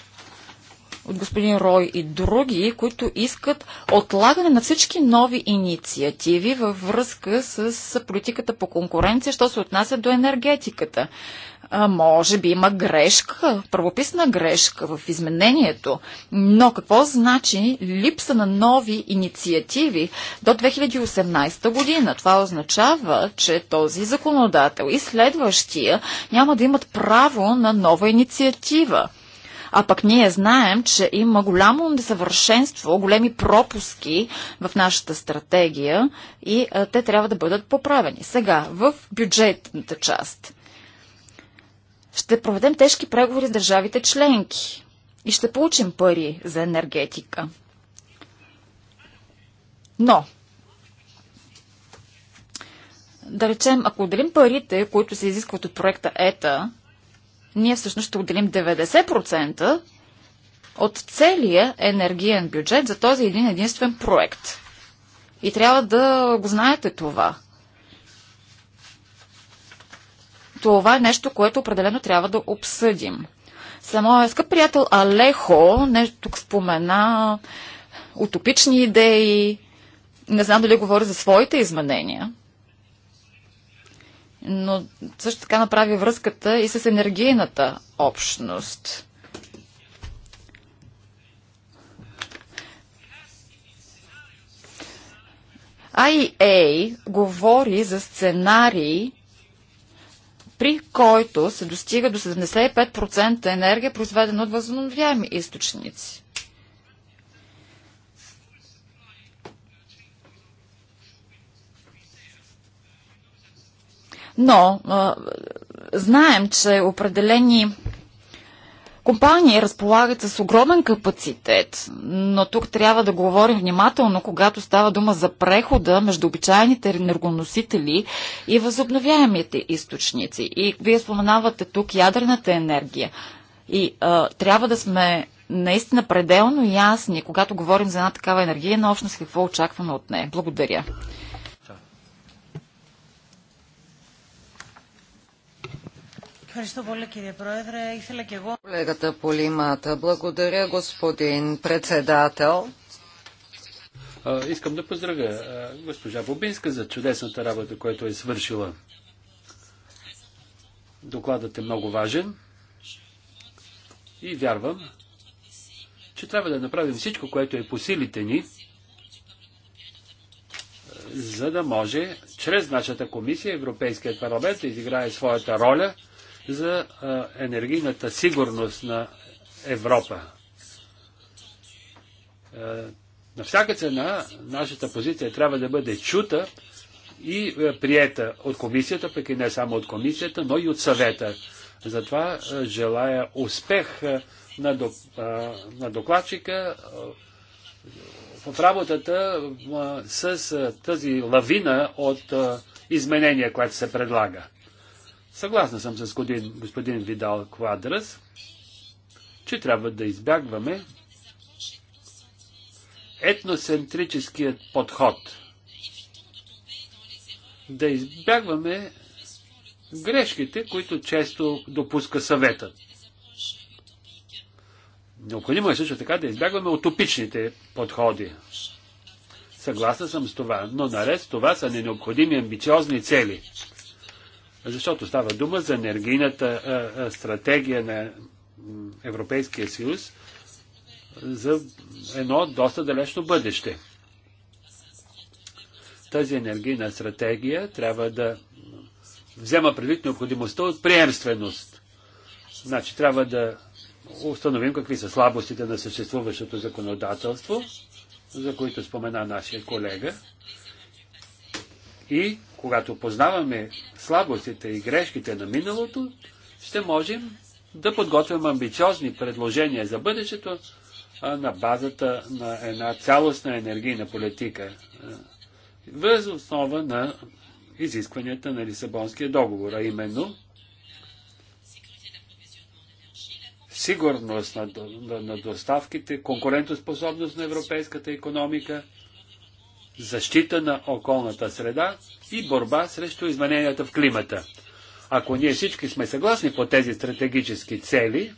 от господин Рой и други, които искат отлагане на всички нови инициативи във връзка с политиката по конкуренция, що се отнася до енергетиката. А, може би има грешка, правописна грешка в изменението, но какво значи липса на нови инициативи до 2018 година? Това означава, че този законодател и следващия няма да имат право на нова инициатива. А пък ние знаем, че има голямо несъвършенство, големи пропуски в нашата стратегия и а, те трябва да бъдат поправени. Сега, в бюджетната част. Ще проведем тежки преговори с държавите членки и ще получим пари за енергетика. Но, да речем, ако отделим парите, които се изискват от проекта ЕТА, ние всъщност ще отделим 90% от целия енергиен бюджет за този един единствен проект. И трябва да го знаете това. Това е нещо, което определено трябва да обсъдим. Само скъп приятел Алехо, нещо тук спомена, утопични идеи, не знам дали говори за своите изменения – но също така направи връзката и с енергийната общност. IEA говори за сценарии, при който се достига до 75% енергия, произведена от възобновяеми източници. Но а, знаем, че определени компании разполагат с огромен капацитет, но тук трябва да говорим внимателно, когато става дума за прехода между обичайните енергоносители и възобновяемите източници. И вие споменавате тук ядрената енергия. И а, трябва да сме наистина пределно ясни, когато говорим за една такава енергия, на общност какво очакваме от нея. Благодаря. Ευχαριστώ πολύ κύριε Πρόεδρε. Ήθελα και εγώ... πολύ μάτα. благодаря господин председател. Искам да поздравя госпожа Бобинска за чудесната работа, която е свършила. Докладът е много важен и вярвам, че трябва да направим всичко, което е по силите ни, за да може чрез нашата комисия Европейският парламент да изиграе своята роля – за енергийната сигурност на Европа. На всяка цена нашата позиция трябва да бъде чута и приета от комисията, пък и не само от комисията, но и от съвета. Затова желая успех на докладчика в работата с тази лавина от изменения, която се предлага. Съгласна съм с господин, господин Видал Квадрас, че трябва да избягваме етноцентрическият подход. Да избягваме грешките, които често допуска съветът. Необходимо е също така да избягваме утопичните подходи. Съгласна съм с това, но наред с това са ни необходими амбициозни цели – защото става дума за енергийната а, а, стратегия на Европейския съюз за едно доста далечно бъдеще. Тази енергийна стратегия трябва да взема предвид необходимостта от приемственост. Значи трябва да установим какви са слабостите на съществуващото законодателство, за които спомена нашия колега, и когато познаваме слабостите и грешките на миналото, ще можем да подготвим амбициозни предложения за бъдещето на базата на една цялостна енергийна политика, въз основа на изискванията на Лисабонския договор, а именно сигурност на, на, на доставките, конкурентоспособност на европейската економика – защита на околната среда и борба срещу измененията в климата. Ако ние всички сме съгласни по тези стратегически цели,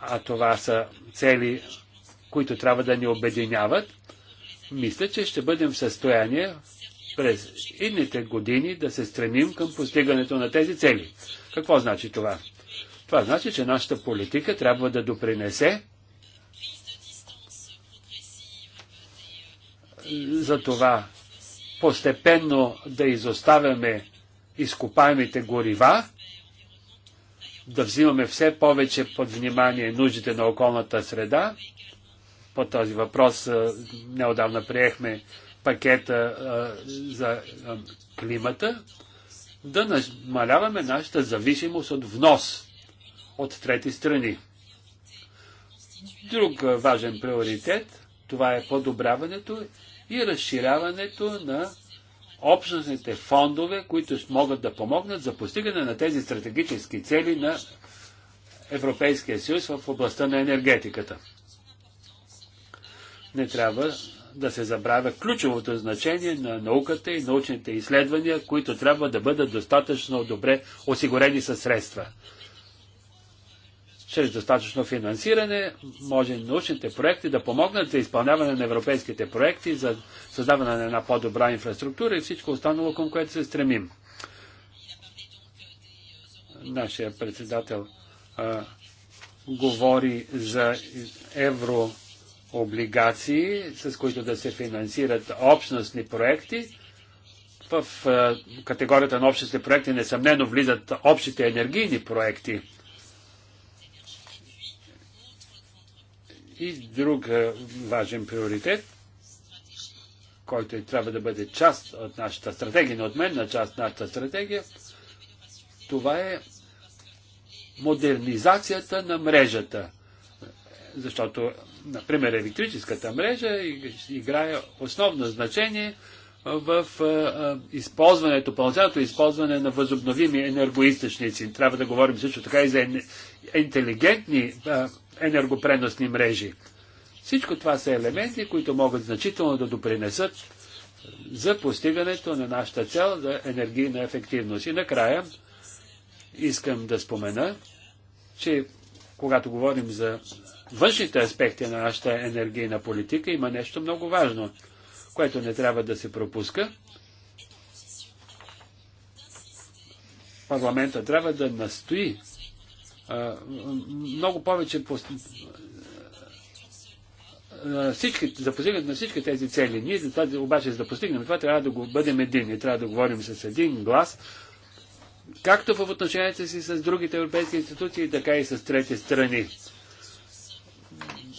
а това са цели, които трябва да ни обединяват, мисля, че ще бъдем в състояние през идните години да се стремим към постигането на тези цели. Какво значи това? Това значи, че нашата политика трябва да допринесе за това постепенно да изоставяме изкопаемите горива, да взимаме все повече под внимание нуждите на околната среда. По този въпрос неодавна приехме пакета за климата, да намаляваме нашата зависимост от внос от трети страни. Друг важен приоритет това е подобряването и разширяването на общностните фондове, които могат да помогнат за постигане на тези стратегически цели на Европейския съюз в областта на енергетиката. Не трябва да се забравя ключовото значение на науката и научните изследвания, които трябва да бъдат достатъчно добре осигурени със средства чрез достатъчно финансиране може научните проекти да помогнат за изпълняване на европейските проекти, за създаване на една по-добра инфраструктура и всичко останало, към което се стремим. Нашия председател а, говори за еврооблигации, с които да се финансират общностни проекти. В а, категорията на общите проекти несъмнено влизат общите енергийни проекти – И друг е, важен приоритет, който трябва да бъде част от нашата стратегия, не от мен, на част от нашата стратегия, това е модернизацията на мрежата. Защото, например, електрическата мрежа играе основно значение в е, е, използването, пълноценното използване на възобновими енергоисточници. Трябва да говорим също така и за интелигентни енергопреносни мрежи. Всичко това са елементи, които могат значително да допринесат за постигането на нашата цел за енергийна ефективност. И накрая искам да спомена, че когато говорим за външните аспекти на нашата енергийна политика, има нещо много важно, което не трябва да се пропуска. Парламента трябва да настои много повече по... всички, за постигането на всички тези цели. Ние за тази, обаче, за да постигнем това, трябва да го бъдем един и трябва да говорим с един глас, както в отношенията си с другите европейски институции, така и с трети страни.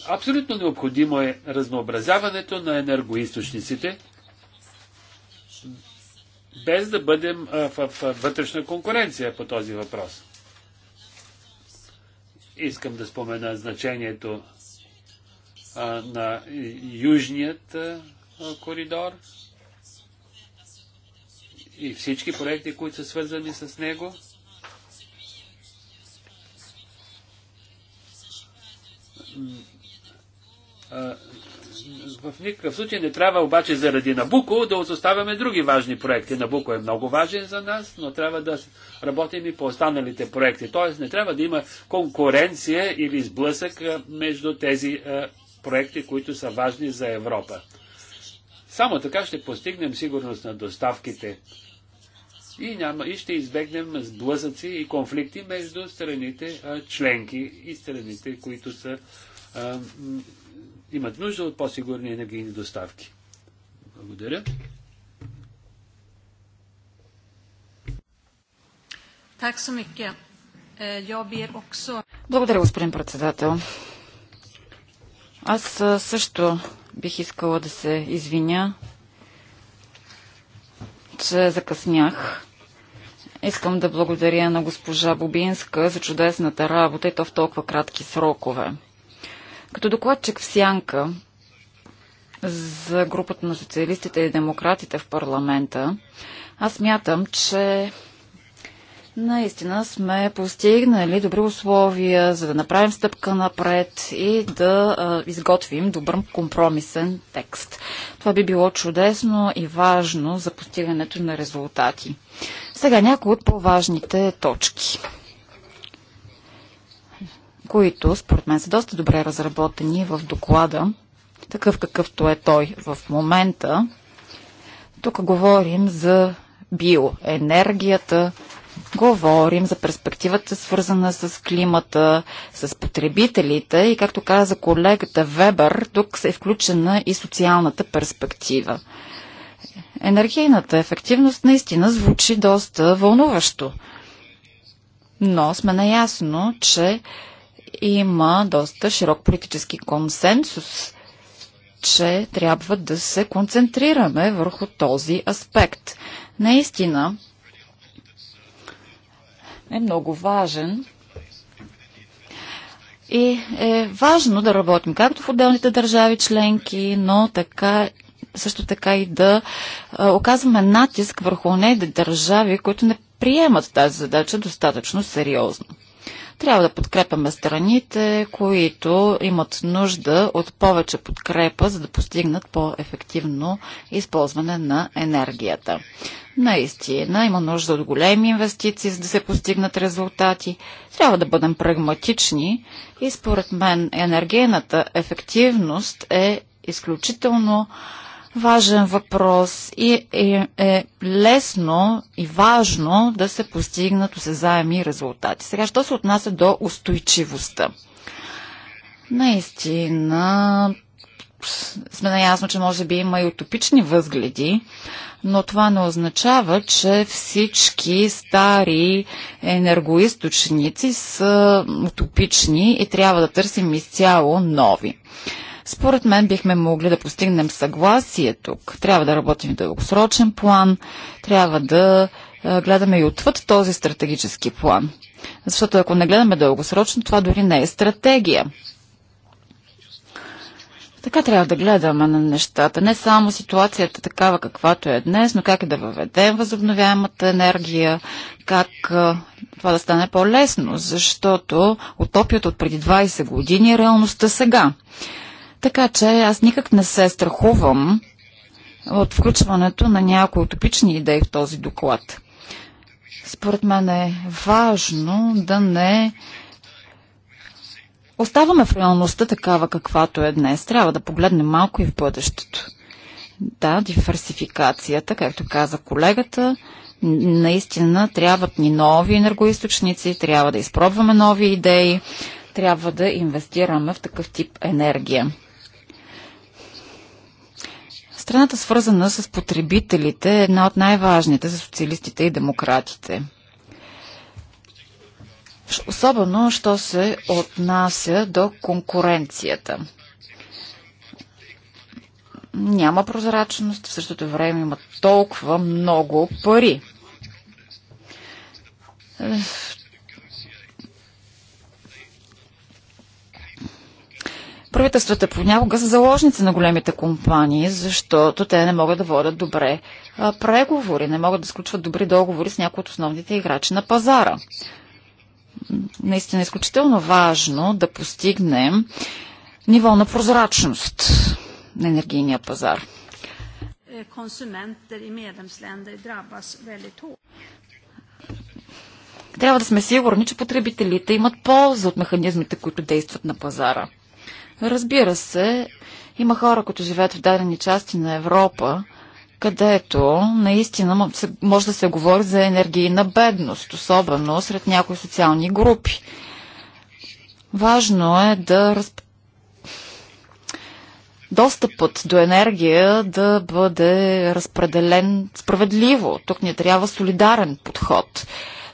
Абсолютно необходимо е разнообразяването на енергоисточниците, без да бъдем в вътрешна конкуренция по този въпрос. Искам да спомена значението на Южният коридор и всички проекти, които са свързани с него. В никакъв случай не трябва обаче заради Набуко да оставяме други важни проекти. Набуко е много важен за нас, но трябва да работим и по останалите проекти. Тоест не трябва да има конкуренция или сблъсък между тези проекти, които са важни за Европа. Само така ще постигнем сигурност на доставките и, няма, и ще избегнем сблъсъци и конфликти между страните членки и страните, които са имат нужда от по-сигурни енергийни доставки. Благодаря. Eh, благодаря, господин председател. Аз също бих искала да се извиня, че закъснях. Искам да благодаря на госпожа Бобинска за чудесната работа и то в толкова кратки срокове. Като докладчик в Сянка за групата на социалистите и демократите в парламента, аз мятам, че наистина сме постигнали добри условия, за да направим стъпка напред и да а, изготвим добър компромисен текст. Това би било чудесно и важно за постигането на резултати. Сега някои от по-важните точки които според мен са доста добре разработени в доклада, такъв какъвто е той в момента. Тук говорим за биоенергията, говорим за перспективата свързана с климата, с потребителите и както каза колегата Вебер, тук се е включена и социалната перспектива. Енергийната ефективност наистина звучи доста вълнуващо. Но сме наясно, че има доста широк политически консенсус, че трябва да се концентрираме върху този аспект. Наистина е много важен и е важно да работим както в отделните държави членки, но така също така и да а, оказваме натиск върху онези държави, които не приемат тази задача достатъчно сериозно. Трябва да подкрепяме страните, които имат нужда от повече подкрепа, за да постигнат по-ефективно използване на енергията. Наистина има нужда от големи инвестиции, за да се постигнат резултати. Трябва да бъдем прагматични и според мен енергийната ефективност е изключително важен въпрос и е, е лесно и важно да се постигнат осезаеми резултати. Сега, що се отнася до устойчивостта? Наистина, сме наясно, че може би има и утопични възгледи, но това не означава, че всички стари енергоисточници са утопични и трябва да търсим изцяло нови. Според мен бихме могли да постигнем съгласие тук. Трябва да работим в дългосрочен план, трябва да гледаме и отвъд този стратегически план. Защото ако не гледаме дългосрочно, това дори не е стратегия. Така трябва да гледаме на нещата. Не само ситуацията такава, каквато е днес, но как е да въведем възобновяемата енергия, как това да стане по-лесно, защото утопията от преди 20 години е реалността сега. Така че аз никак не се страхувам от включването на някои утопични идеи в този доклад. Според мен е важно да не оставаме в реалността такава каквато е днес. Трябва да погледнем малко и в бъдещето. Да, диверсификацията, както каза колегата, наистина трябват ни нови енергоисточници, трябва да изпробваме нови идеи, трябва да инвестираме в такъв тип енергия. Страната свързана с потребителите е една от най-важните за социалистите и демократите. Особено, що се отнася до конкуренцията. Няма прозрачност, в същото време има толкова много пари. Е, Правителствата понякога са заложници на големите компании, защото те не могат да водят добре а, преговори, не могат да сключват добри договори с някои от основните играчи на пазара. Наистина е изключително важно да постигнем ниво на прозрачност на енергийния пазар. Е, Трябва да сме сигурни, че потребителите имат полза от механизмите, които действат на пазара. Разбира се, има хора, които живеят в дадени части на Европа, където наистина може да се говори за енергийна бедност, особено сред някои социални групи. Важно е да разп... достъпът до енергия да бъде разпределен справедливо. Тук ни трябва солидарен подход.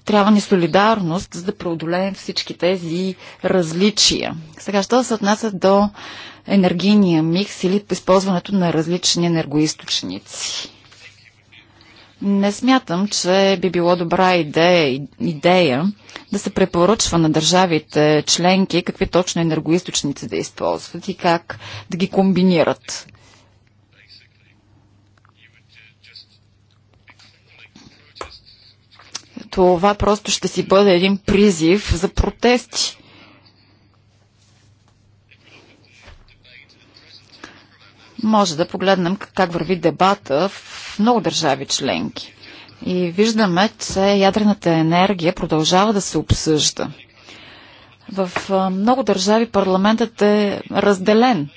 Трябва ни солидарност, за да преодолеем всички тези различия. Сега, що да се отнася до енергийния микс или използването на различни енергоисточници? Не смятам, че би било добра идея, идея да се препоръчва на държавите членки какви точно енергоисточници да използват и как да ги комбинират. това просто ще си бъде един призив за протести. Може да погледнем как върви дебата в много държави членки. И виждаме, че ядрената енергия продължава да се обсъжда. В много държави парламентът е разделен.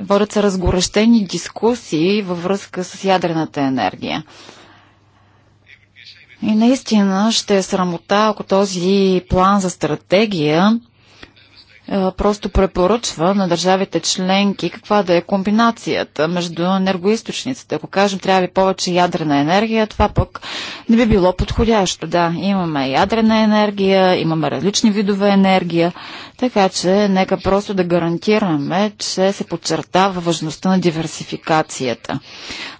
Водят се разгорещени дискусии във връзка с ядрената енергия. И наистина ще е срамота, ако този план за стратегия е, просто препоръчва на държавите членки каква да е комбинацията между енергоисточниците. Ако кажем, трябва ли повече ядрена енергия, това пък не би било подходящо. Да, имаме ядрена енергия, имаме различни видове енергия, така че нека просто да гарантираме, че се подчертава важността на диверсификацията.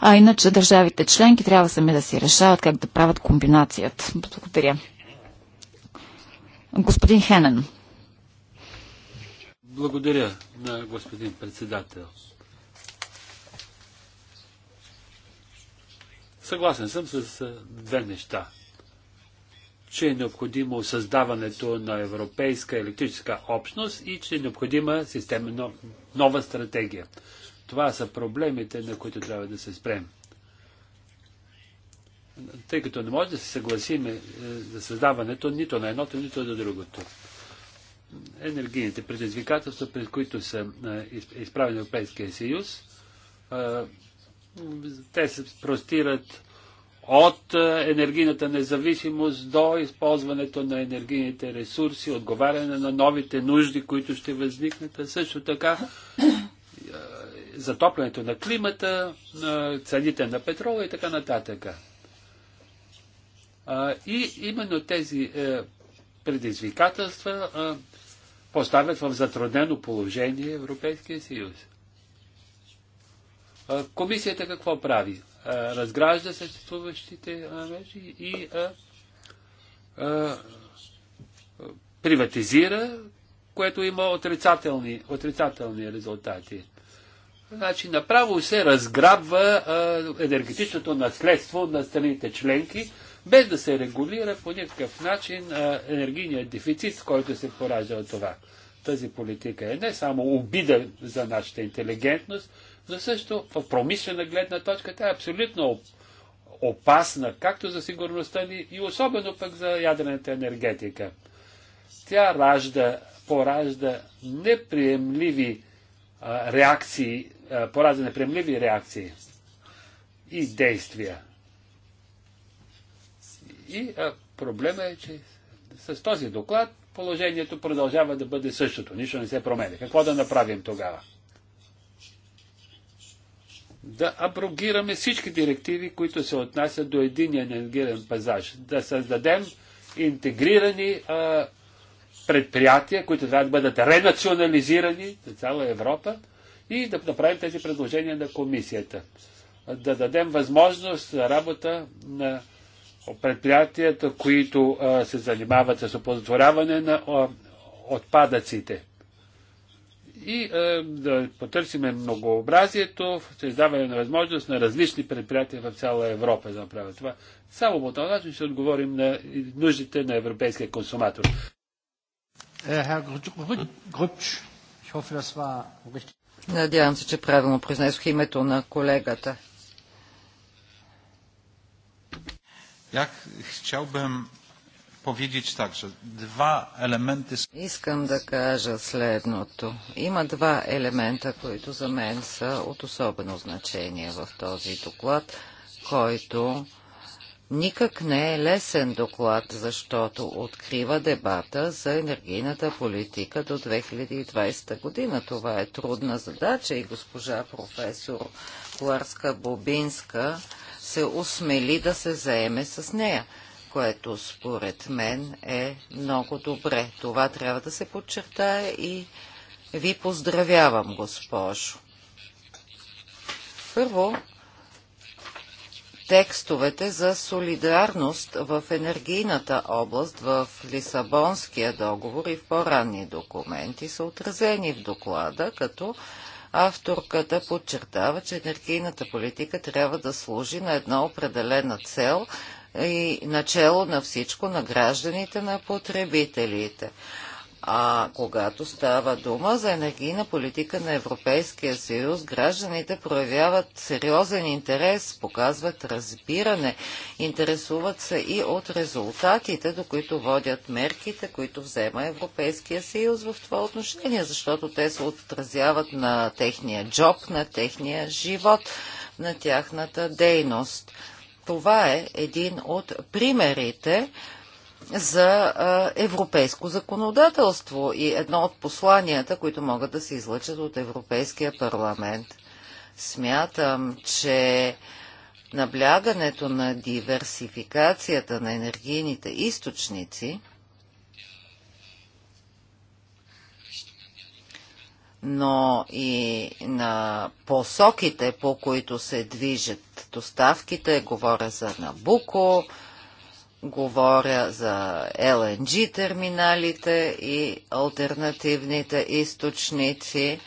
А иначе държавите членки трябва сами да си решават как да правят комбинацията. Благодаря. Господин Хенен. Благодаря на господин председател. Съгласен съм с две неща. Че е необходимо създаването на европейска електрическа общност и че е необходима система, нова стратегия. Това са проблемите, на които трябва да се спрем. Тъй като не може да се съгласиме е, за създаването нито на едното, нито на другото енергийните предизвикателства, пред които са изправени Европейския съюз. Те се простират от енергийната независимост до използването на енергийните ресурси, отговаряне на новите нужди, които ще възникнат, а също така затоплянето на климата, цените на петрола и така нататък. И именно тези е, предизвикателства поставят в затруднено положение Европейския съюз. Комисията какво прави? Разгражда съществуващите мрежи и а, а, приватизира, което има отрицателни, отрицателни резултати. Значи направо се разграбва а, енергетичното наследство на страните членки, без да се регулира по никакъв начин енергийният дефицит, който се поражда от това. Тази политика е не само обида за нашата интелигентност, но също в промишлена гледна точка тя е абсолютно опасна, както за сигурността ни и особено пък за ядрената енергетика. Тя ражда, поражда неприемливи а, реакции, а, поражда неприемливи реакции и действия. И а, проблема е, че с този доклад положението продължава да бъде същото. Нищо не се променя. Какво да направим тогава? Да аброгираме всички директиви, които се отнасят до един енергиран пазаж. Да създадем интегрирани а, предприятия, които трябва да бъдат ренационализирани за цяла Европа и да направим тези предложения на комисията. Да дадем възможност за работа на предприятията, които а, се занимават с опозотворяване на а, отпадъците. И а, да потърсиме многообразието, създаване на възможност на различни предприятия в цяла Европа да направят това. Само по този начин ще отговорим на нуждите на европейския консуматор. Е, Надявам се, че правилно произнесох името на колегата. Ja chciałbym powiedzieć tak, że dwa elementy... Искам да кажа следното. Има два елемента, които за мен са от особено значение в този доклад, който никак не е лесен доклад, защото открива дебата за енергийната политика до 2020 година. Това е трудна задача и госпожа професор Куарска бобинска се осмели да се заеме с нея, което според мен е много добре. Това трябва да се подчертае и ви поздравявам, госпожо. Първо, текстовете за солидарност в енергийната област в Лисабонския договор и в по-ранни документи са отразени в доклада, като Авторката подчертава, че енергийната политика трябва да служи на една определена цел и начало на всичко на гражданите, на потребителите. А когато става дума за енергийна политика на Европейския съюз, гражданите проявяват сериозен интерес, показват разбиране, интересуват се и от резултатите, до които водят мерките, които взема Европейския съюз в това отношение, защото те се отразяват на техния джоб, на техния живот, на тяхната дейност. Това е един от примерите, за европейско законодателство и едно от посланията, които могат да се излъчат от Европейския парламент. Смятам, че наблягането на диверсификацията на енергийните източници но и на посоките, по които се движат доставките, говоря за Набуко, Говоря за ЛНГ терминалите и альтернативните източници.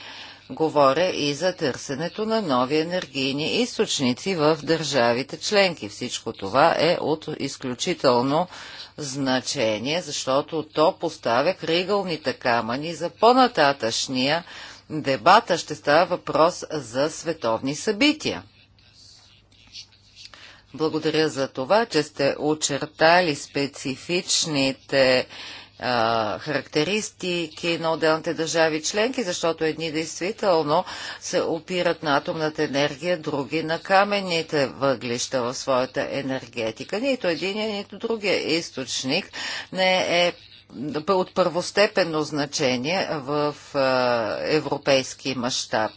Говоря и за търсенето на нови енергийни източници в държавите членки. Всичко това е от изключително значение, защото то поставя кригълните камъни за по-нататъчния дебата. Ще става въпрос за световни събития. Благодаря за това, че сте очертали специфичните а, характеристики на отделните държави членки, защото едни действително се опират на атомната енергия, други на каменните въглища в своята енергетика. Нито един, нито другия източник не е от първостепенно значение в а, европейски мащаб.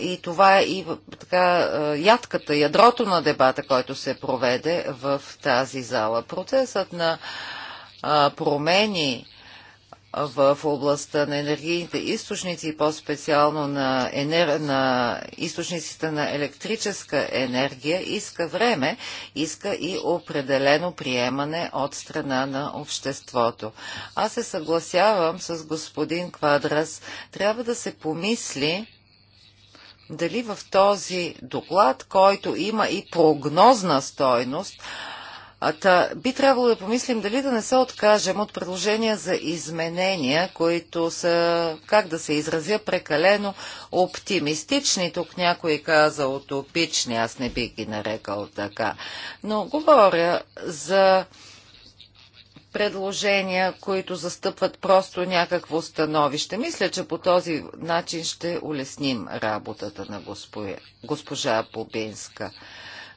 И това е и така ядката, ядрото на дебата, който се проведе в тази зала. Процесът на промени в областта на енергийните източници и по-специално на, енер... на източниците на електрическа енергия иска време, иска и определено приемане от страна на обществото. Аз се съгласявам с господин Квадрас. Трябва да се помисли дали в този доклад, който има и прогнозна стойност, би трябвало да помислим дали да не се откажем от предложения за изменения, които са, как да се изразя, прекалено оптимистични. Тук някой каза утопични, аз не би ги нарекал така. Но говоря за предложения, които застъпват просто някакво становище. Мисля, че по този начин ще улесним работата на госпожа, Побинска.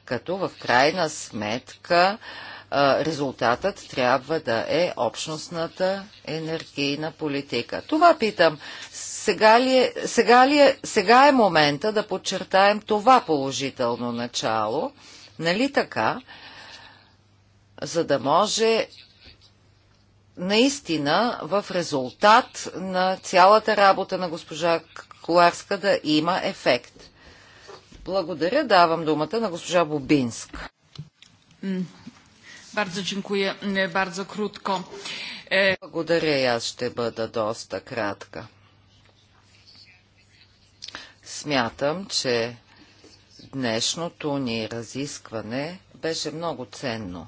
Като в крайна сметка резултатът трябва да е общностната енергийна политика. Това питам. Сега, ли е, сега, ли е, сега е момента да подчертаем това положително начало, нали така, за да може наистина в резултат на цялата работа на госпожа Коларска да има ефект. Благодаря. Давам думата на госпожа Бардзо Bardzo не бардзо крутко. Е, Благодаря аз ще бъда доста кратка. Смятам, че днешното ни разискване беше много ценно.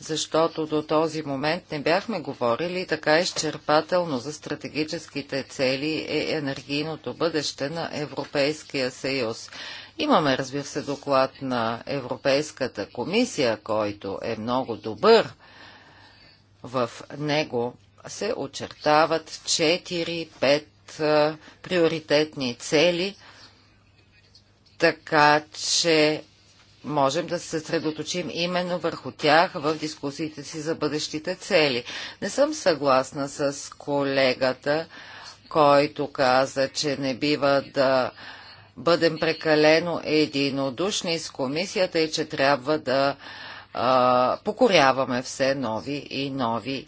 защото до този момент не бяхме говорили така изчерпателно за стратегическите цели и енергийното бъдеще на Европейския съюз. Имаме, разбира се, доклад на Европейската комисия, който е много добър. В него се очертават 4-5 приоритетни цели, така че можем да се съсредоточим именно върху тях в дискусиите си за бъдещите цели. Не съм съгласна с колегата, който каза, че не бива да бъдем прекалено единодушни с комисията и че трябва да а, покоряваме все нови и нови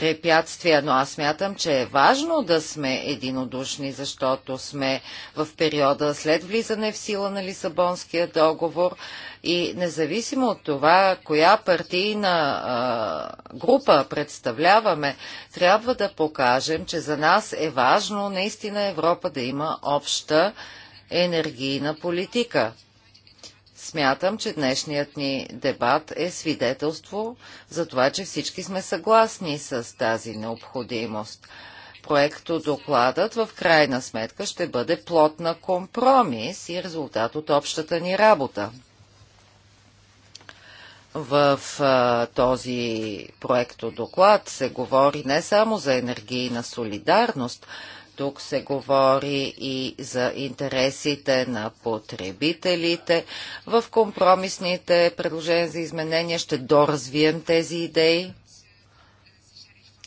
препятствия, но аз мятам, че е важно да сме единодушни, защото сме в периода след влизане в сила на Лисабонския договор и независимо от това, коя партийна а, група представляваме, трябва да покажем, че за нас е важно наистина Европа да има обща енергийна политика. Смятам, че днешният ни дебат е свидетелство за това, че всички сме съгласни с тази необходимост. Проекто докладът в крайна сметка ще бъде плод на компромис и резултат от общата ни работа. В а, този проекто доклад се говори не само за енергийна солидарност, тук се говори и за интересите на потребителите. В компромисните предложения за изменения ще доразвием тези идеи.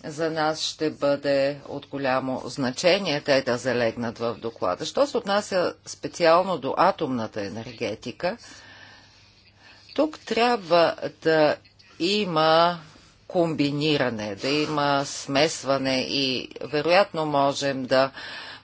За нас ще бъде от голямо значение те да залегнат в доклада. Що се отнася специално до атомната енергетика, тук трябва да има комбиниране, да има смесване и вероятно можем да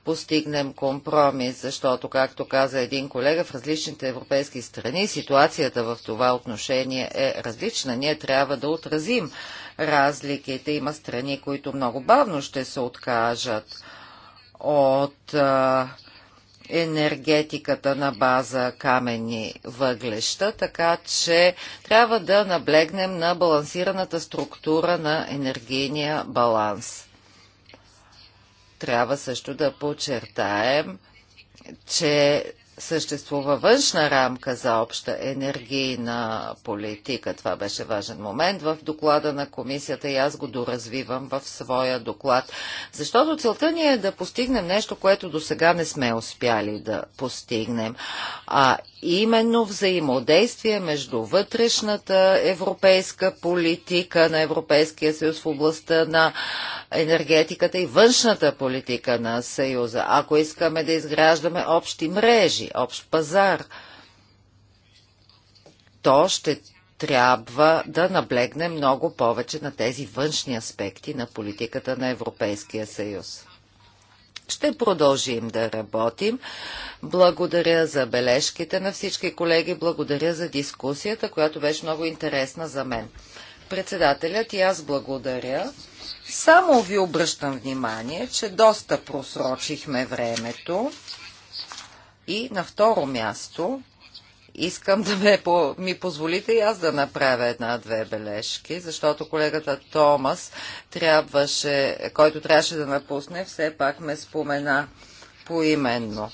постигнем компромис, защото, както каза един колега, в различните европейски страни ситуацията в това отношение е различна. Ние трябва да отразим разликите. Има страни, които много бавно ще се откажат от а, енергетиката на база каменни въглеща, така че трябва да наблегнем на балансираната структура на енергийния баланс. Трябва също да подчертаем, че съществува външна рамка за обща енергийна политика. Това беше важен момент в доклада на комисията и аз го доразвивам в своя доклад. Защото целта ни е да постигнем нещо, което до сега не сме успяли да постигнем. А именно взаимодействие между вътрешната европейска политика на Европейския съюз в областта на енергетиката и външната политика на съюза. Ако искаме да изграждаме общи мрежи, общ пазар, то ще трябва да наблегне много повече на тези външни аспекти на политиката на Европейския съюз. Ще продължим да работим. Благодаря за бележките на всички колеги. Благодаря за дискусията, която беше много интересна за мен. Председателят и аз благодаря. Само ви обръщам внимание, че доста просрочихме времето. И на второ място Искам да ме, по, ми позволите и аз да направя една-две бележки, защото колегата Томас, трябваше, който трябваше да напусне, все пак ме спомена поименно.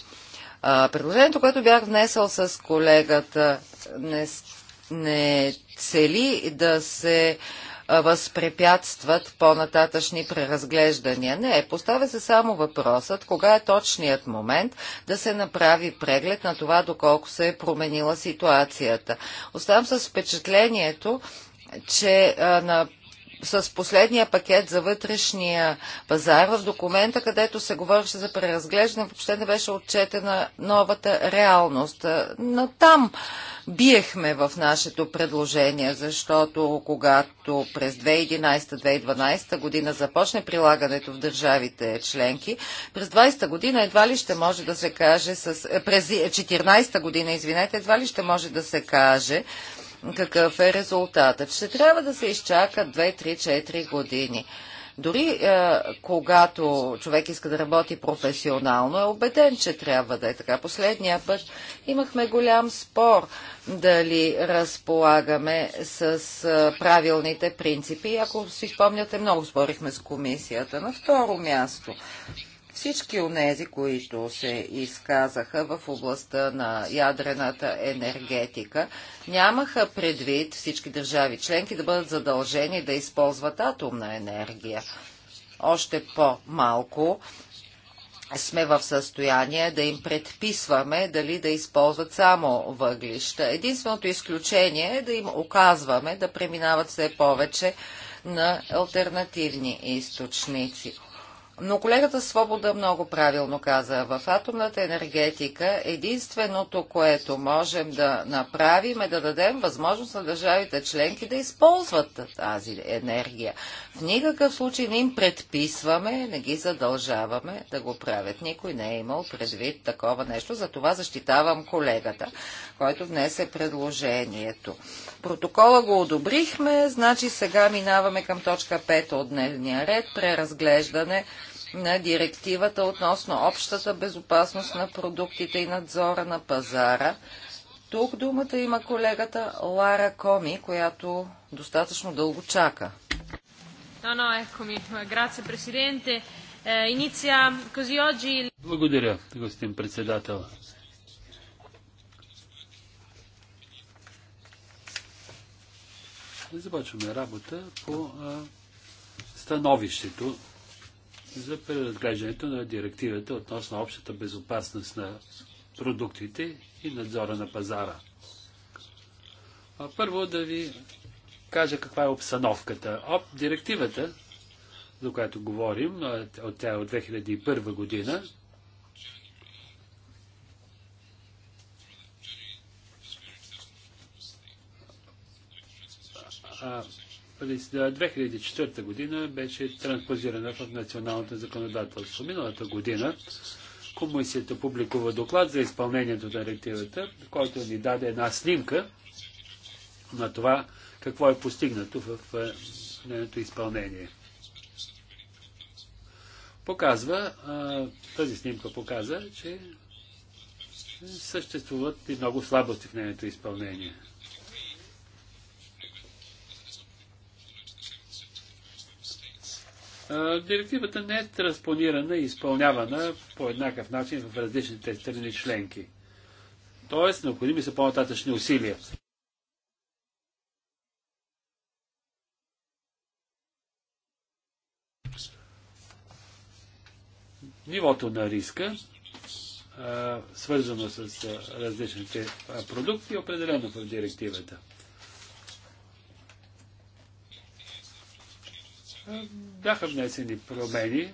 А, предложението, което бях внесъл с колегата, не, не цели да се а, възпрепятстват по-нататъчни преразглеждания. Не, поставя се само въпросът, кога е точният момент да се направи преглед на това, доколко се е променила ситуацията. Оставам с впечатлението, че а, на с последния пакет за вътрешния пазар, в документа, където се говореше за преразглеждане, въобще не беше отчетена новата реалност. Но там биехме в нашето предложение, защото когато през 2011-2012 година започне прилагането в държавите членки, през 20 година едва ли ще може да се каже, с, през 14 година, извинете, едва ли ще може да се каже, какъв е резултатът. Ще трябва да се изчака 2, 3, 4 години. Дори е, когато човек иска да работи професионално, е убеден, че трябва да е така. Последния път имахме голям спор дали разполагаме с е, правилните принципи. Ако си спомняте, много спорихме с комисията. На второ място, всички онези, които се изказаха в областта на ядрената енергетика, нямаха предвид всички държави членки да бъдат задължени да използват атомна енергия. Още по-малко сме в състояние да им предписваме дали да използват само въглища. Единственото изключение е да им оказваме да преминават все повече на альтернативни източници. Но колегата Свобода много правилно каза, в атомната енергетика единственото, което можем да направим е да дадем възможност на държавите членки да използват тази енергия. В никакъв случай не им предписваме, не ги задължаваме да го правят. Никой не е имал предвид такова нещо, затова защитавам колегата, който внесе предложението. Протокола го одобрихме, значи сега минаваме към точка 5 от дневния ред, преразглеждане на директивата относно общата безопасност на продуктите и надзора на пазара. Тук думата има колегата Лара Коми, която достатъчно дълго чака. Eh, Благодаря, господин председател. започваме работа по становището за преразглеждането на директивата относно общата безопасност на продуктите и надзора на пазара. А първо да ви кажа каква е обстановката. Об, директивата, за която говорим, от тя е от 2001 година, А през 2004 година беше транспозирана в националното законодателство. Миналата година комисията публикува доклад за изпълнението на директивата, който ни даде една снимка на това какво е постигнато в е, нейното изпълнение. Показва, а, тази снимка показва, че съществуват и много слабости в нейното изпълнение. директивата не е транспонирана и изпълнявана по еднакъв начин в различните страни членки. Тоест, необходими са по-нататъчни усилия. Нивото на риска, свързано с различните продукти, е определено в директивата. Бяха внесени промени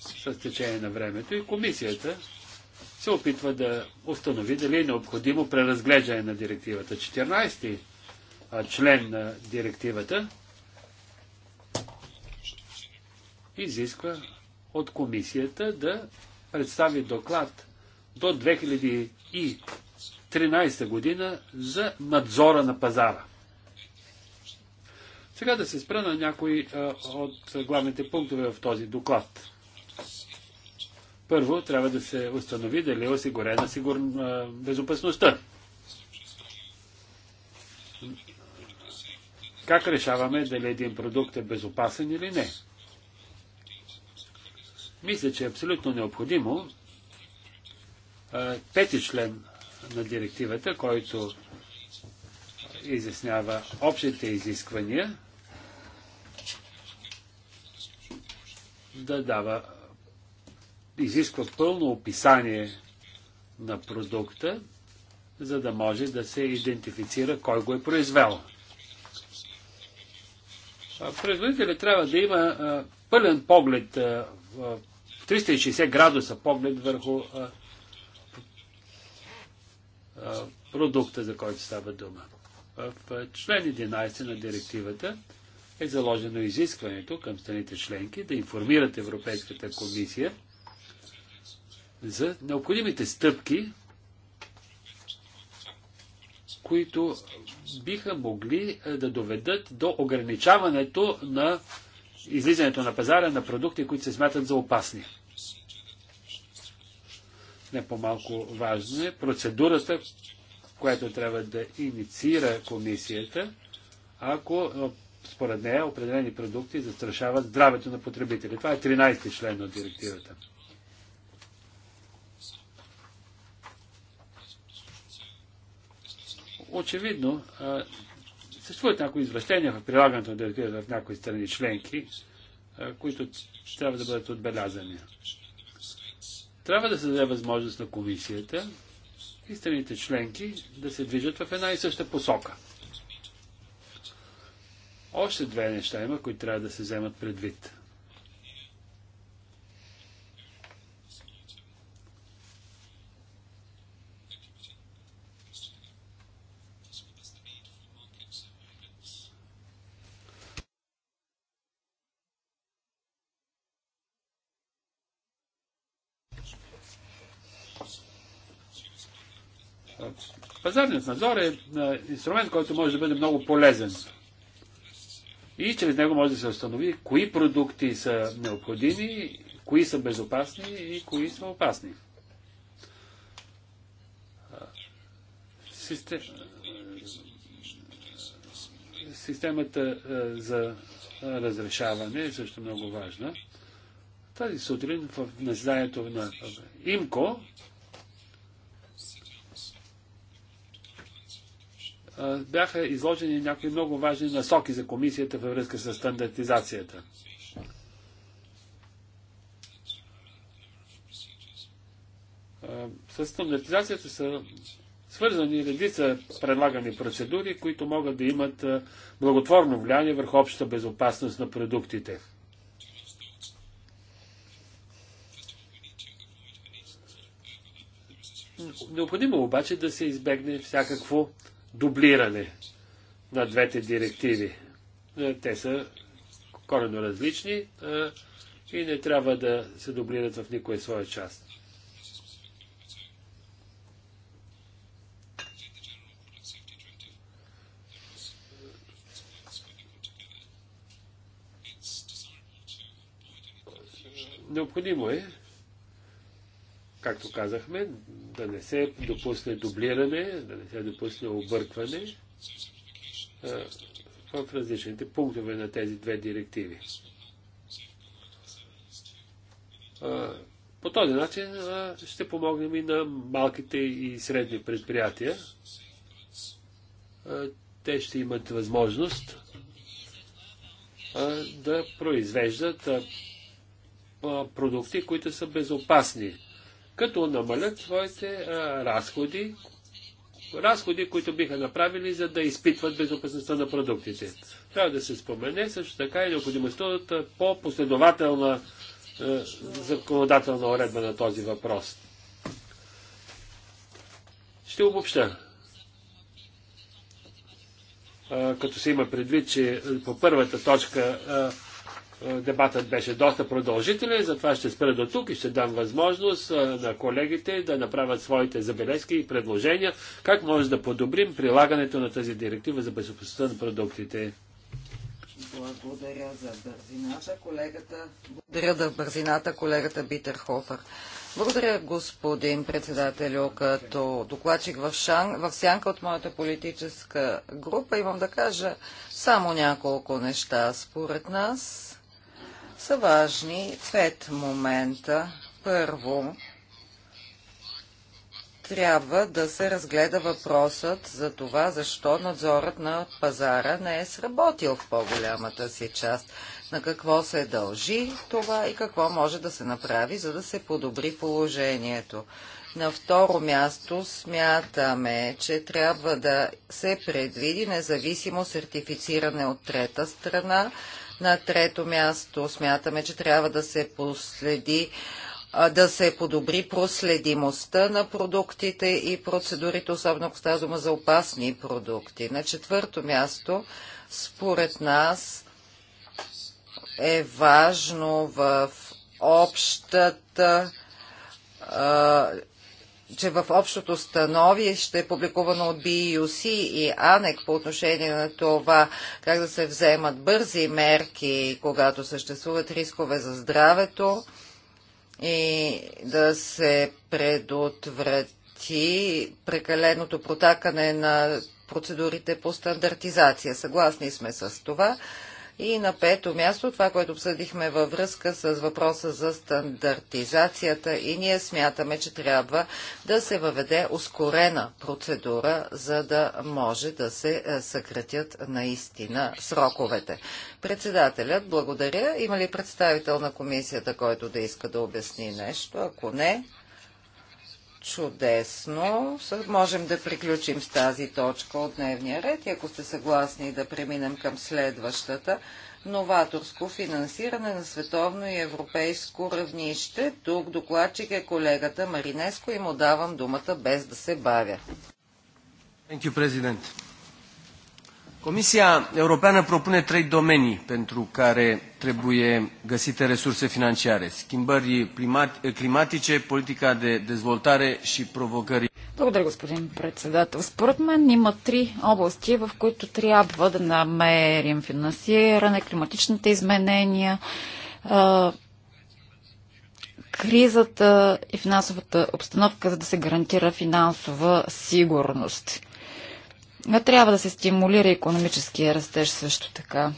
с течение на времето и комисията се опитва да установи дали е необходимо преразглеждане на директивата. 14 ти член на директивата изисква от комисията да представи доклад до 2013 година за надзора на пазара. Сега да се спра на някои а, от главните пунктове в този доклад. Първо, трябва да се установи дали е осигурена сигур... безопасността. Как решаваме дали един продукт е безопасен или не? Мисля, че е абсолютно необходимо пети член на директивата, който изяснява общите изисквания, да дава, изисква пълно описание на продукта, за да може да се идентифицира кой го е произвел. Производителят трябва да има а, пълен поглед, а, а, 360 градуса поглед върху продукта, за който става дума. В член 11 на директивата е заложено изискването към страните членки да информират Европейската комисия за необходимите стъпки, които биха могли е, да доведат до ограничаването на излизането на пазара на продукти, които се смятат за опасни. Не по-малко важно е процедурата, която трябва да инициира комисията, ако е, според нея определени продукти застрашават здравето на потребители. Това е 13-ти член от директивата. Очевидно, съществуват някои извращения в прилагането на директивата в някои страни членки, които трябва да бъдат отбелязани. Трябва да се даде възможност на комисията и страните членки да се движат в една и съща посока – още две неща има, които трябва да се вземат предвид. Пазарният надзор е инструмент, който може да бъде много полезен и чрез него може да се установи кои продукти са необходими, кои са безопасни и кои са опасни. Системата е, за разрешаване е също много важна. Тази сутрин в назнанието на ИМКО бяха изложени някои много важни насоки за комисията във връзка с стандартизацията. С стандартизацията са свързани редица предлагани процедури, които могат да имат благотворно влияние върху общата безопасност на продуктите. Необходимо обаче да се избегне всякакво дублиране на двете директиви. Е, те са коренно различни е, и не трябва да се дублират в никоя своя част. Необходимо е както казахме, да не се допусне дублиране, да не се допусне объркване в различните пунктове на тези две директиви. По този начин ще помогнем и на малките и средни предприятия. Те ще имат възможност да произвеждат продукти, които са безопасни като намалят своите а, разходи, разходи, които биха направили, за да изпитват безопасността на продуктите. Трябва да се спомене също така и необходимостта от по-последователна законодателна уредба на този въпрос. Ще обобща. А, като се има предвид, че по първата точка а, е, дебатът беше доста продължителен, затова ще спра до тук и ще дам възможност е, на колегите да направят своите забележки и предложения как може да подобрим прилагането на тази директива за безопасността на продуктите. Благодаря за бързината, колегата. Благодаря за бързината, колегата Битер Хофър. Благодаря, господин председателю. Като докладчик в, шан, в сянка от моята политическа група имам да кажа само няколко неща. Според нас са важни пет момента. Първо, трябва да се разгледа въпросът за това, защо надзорът на пазара не е сработил в по-голямата си част, на какво се дължи това и какво може да се направи, за да се подобри положението. На второ място смятаме, че трябва да се предвиди независимо сертифициране от трета страна, на трето място смятаме, че трябва да се последи да се подобри проследимостта на продуктите и процедурите, особено ако става дума за опасни продукти. На четвърто място, според нас, е важно в общата че в общото становище, публикувано от BUC и АНЕК по отношение на това как да се вземат бързи мерки, когато съществуват рискове за здравето и да се предотврати прекаленото протакане на процедурите по стандартизация. Съгласни сме с това. И на пето място, това, което обсъдихме във връзка с въпроса за стандартизацията и ние смятаме, че трябва да се въведе ускорена процедура, за да може да се е, съкратят наистина сроковете. Председателят, благодаря. Има ли представител на комисията, който да иска да обясни нещо? Ако не, Чудесно. Можем да приключим с тази точка от дневния ред и ако сте съгласни да преминем към следващата новаторско финансиране на световно и европейско равнище. Тук докладчик е колегата Маринеско и му давам думата без да се бавя. Thank you, Comisia Europeană propune trei domenii pentru care trebuie găsite resurse financiare. Schimbări climatice, politica de dezvoltare și provocări. Благодаря, господин председател. Според мен има три области, в които трябва да намерим финансиране, климатичните изменения, кризата и финансовата обстановка, за да се гарантира финансова сигурност. Трябва да се стимулира економическия растеж също така.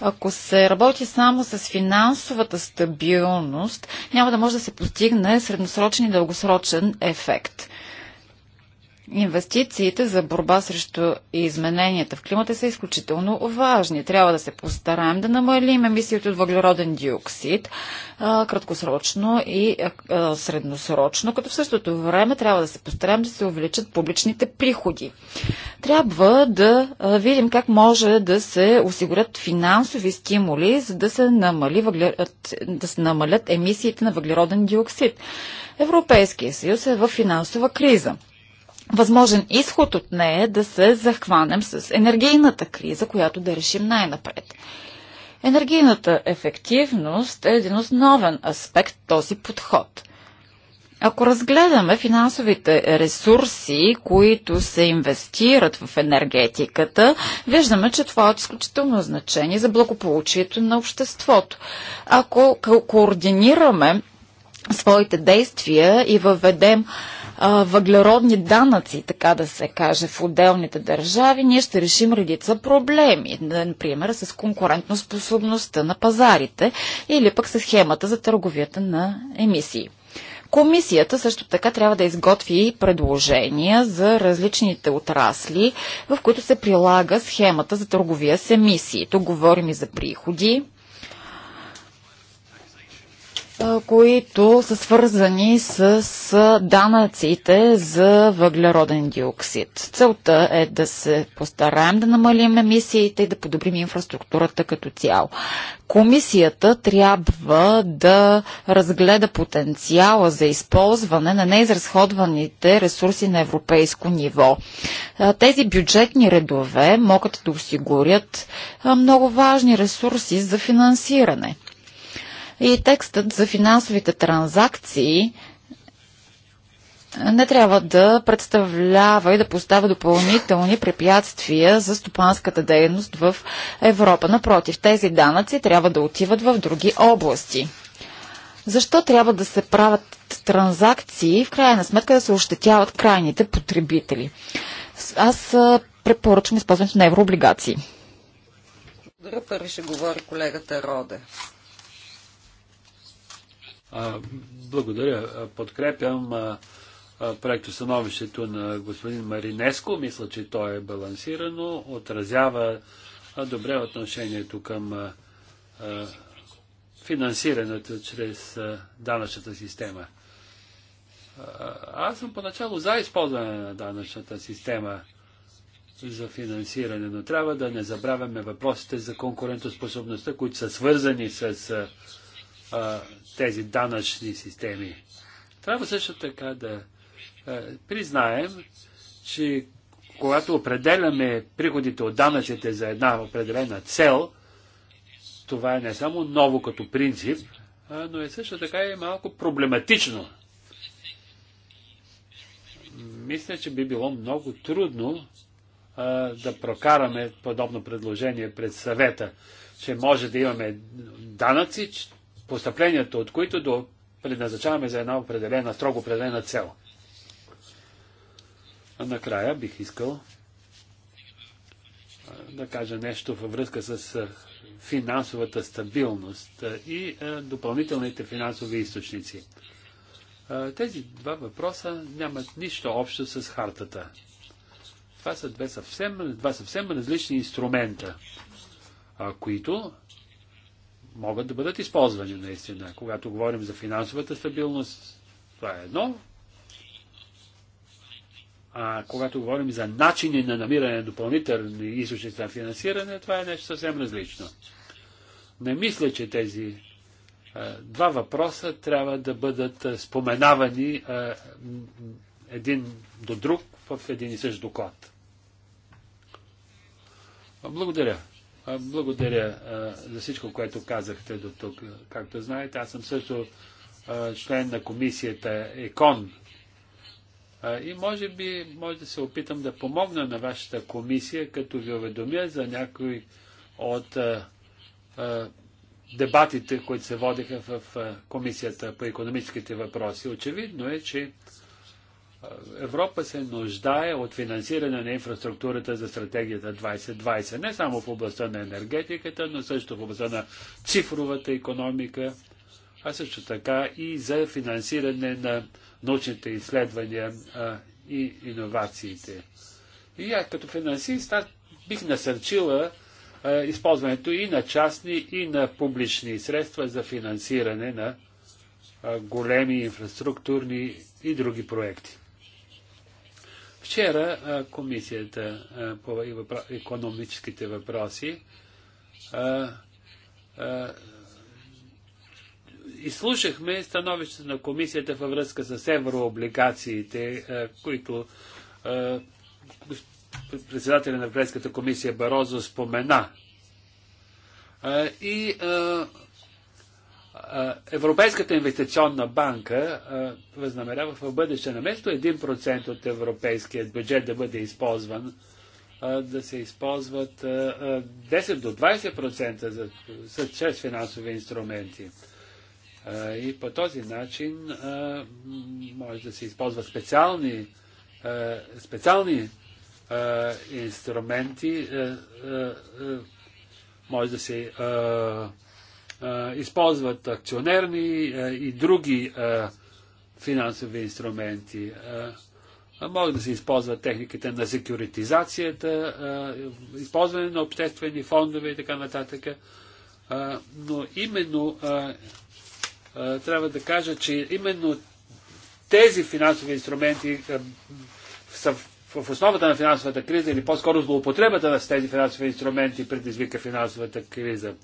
Ако се работи само с финансовата стабилност, няма да може да се постигне средносрочен и дългосрочен ефект. Инвестициите за борба срещу измененията в климата са изключително важни. Трябва да се постараем да намалим емисиите от въглероден диоксид а, краткосрочно и а, средносрочно, като в същото време трябва да се постараем да се увеличат публичните приходи. Трябва да видим как може да се осигурят финансови стимули, за да се, намали въглерод, да се намалят емисиите на въглероден диоксид. Европейския съюз е в финансова криза възможен изход от нея е да се захванем с енергийната криза, която да решим най-напред. Енергийната ефективност е един основен аспект този подход. Ако разгледаме финансовите ресурси, които се инвестират в енергетиката, виждаме, че това е изключително значение за благополучието на обществото. Ако координираме своите действия и въведем въглеродни данъци, така да се каже, в отделните държави, ние ще решим редица проблеми. Например, с конкурентоспособността на пазарите или пък с схемата за търговията на емисии. Комисията също така трябва да изготви предложения за различните отрасли, в които се прилага схемата за търговия с емисии. Тук говорим и за приходи, които са свързани с данъците за въглероден диоксид. Целта е да се постараем да намалим емисиите и да подобрим инфраструктурата като цяло. Комисията трябва да разгледа потенциала за използване на неизразходваните ресурси на европейско ниво. Тези бюджетни редове могат да осигурят много важни ресурси за финансиране. И текстът за финансовите транзакции не трябва да представлява и да поставя допълнителни препятствия за стопанската дейност в Европа. Напротив, тези данъци трябва да отиват в други области. Защо трябва да се правят транзакции и в крайна сметка да се ощетяват крайните потребители? Аз препоръчвам използването на еврооблигации. Добре, Първи ще говори колегата Роде. Благодаря. Подкрепям проекто становището на господин Маринеско. Мисля, че то е балансирано, отразява добре отношението към финансирането чрез данъчната система. Аз съм поначало за използване на данъчната система за финансиране, но трябва да не забравяме въпросите за конкурентоспособността, които са свързани с а, тези данъчни системи. Трябва също така да е, признаем, че когато определяме приходите от данъците за една определена цел, това е не само ново като принцип, но е също така и малко проблематично. Мисля, че би било много трудно а, да прокараме подобно предложение пред съвета, че може да имаме данъци, постъпленията от които до предназначаваме за една определена, строго определена цел. А накрая бих искал да кажа нещо във връзка с финансовата стабилност и допълнителните финансови източници. Тези два въпроса нямат нищо общо с хартата. Това са две съвсем, два съвсем различни инструмента, които могат да бъдат използвани наистина. Когато говорим за финансовата стабилност, това е едно. А когато говорим за начини на намиране на допълнителни източници на финансиране, това е нещо съвсем различно. Не мисля, че тези а, два въпроса трябва да бъдат а, споменавани а, един до друг в един и същ доклад. Благодаря. Благодаря за всичко, което казахте до тук. Както знаете, аз съм също член на комисията ЕКОН. И може би може да се опитам да помогна на вашата комисия, като ви уведомя за някои от дебатите, които се водиха в комисията по економическите въпроси. Очевидно е, че Европа се нуждае от финансиране на инфраструктурата за стратегията 2020, не само в областта на енергетиката, но също в областта на цифровата економика, а също така и за финансиране на научните изследвания а, и иновациите. И аз като финансист аз бих насърчила а, използването и на частни, и на публични средства за финансиране на а, големи инфраструктурни и други проекти. Вчера комисията по економическите въпроси изслушахме становището на комисията във връзка с еврооблигациите, които председателя на Европейската комисия Барозо спомена. и е, Европейската инвестиционна банка е, възнамерява в бъдеще на место 1% от европейският бюджет да бъде използван, е, да се използват 10 до 20% за, за чрез финансови инструменти. И по този начин може да се използват специални, специални инструменти, може да се използват акционерни и други финансови инструменти. Могат да се използват техниките на секюритизацията, използване на обществени фондове и така нататък. Но именно трябва да кажа, че именно тези финансови инструменти са в основата на финансовата криза или по-скоро злоупотребата с тези финансови инструменти предизвика финансовата криза.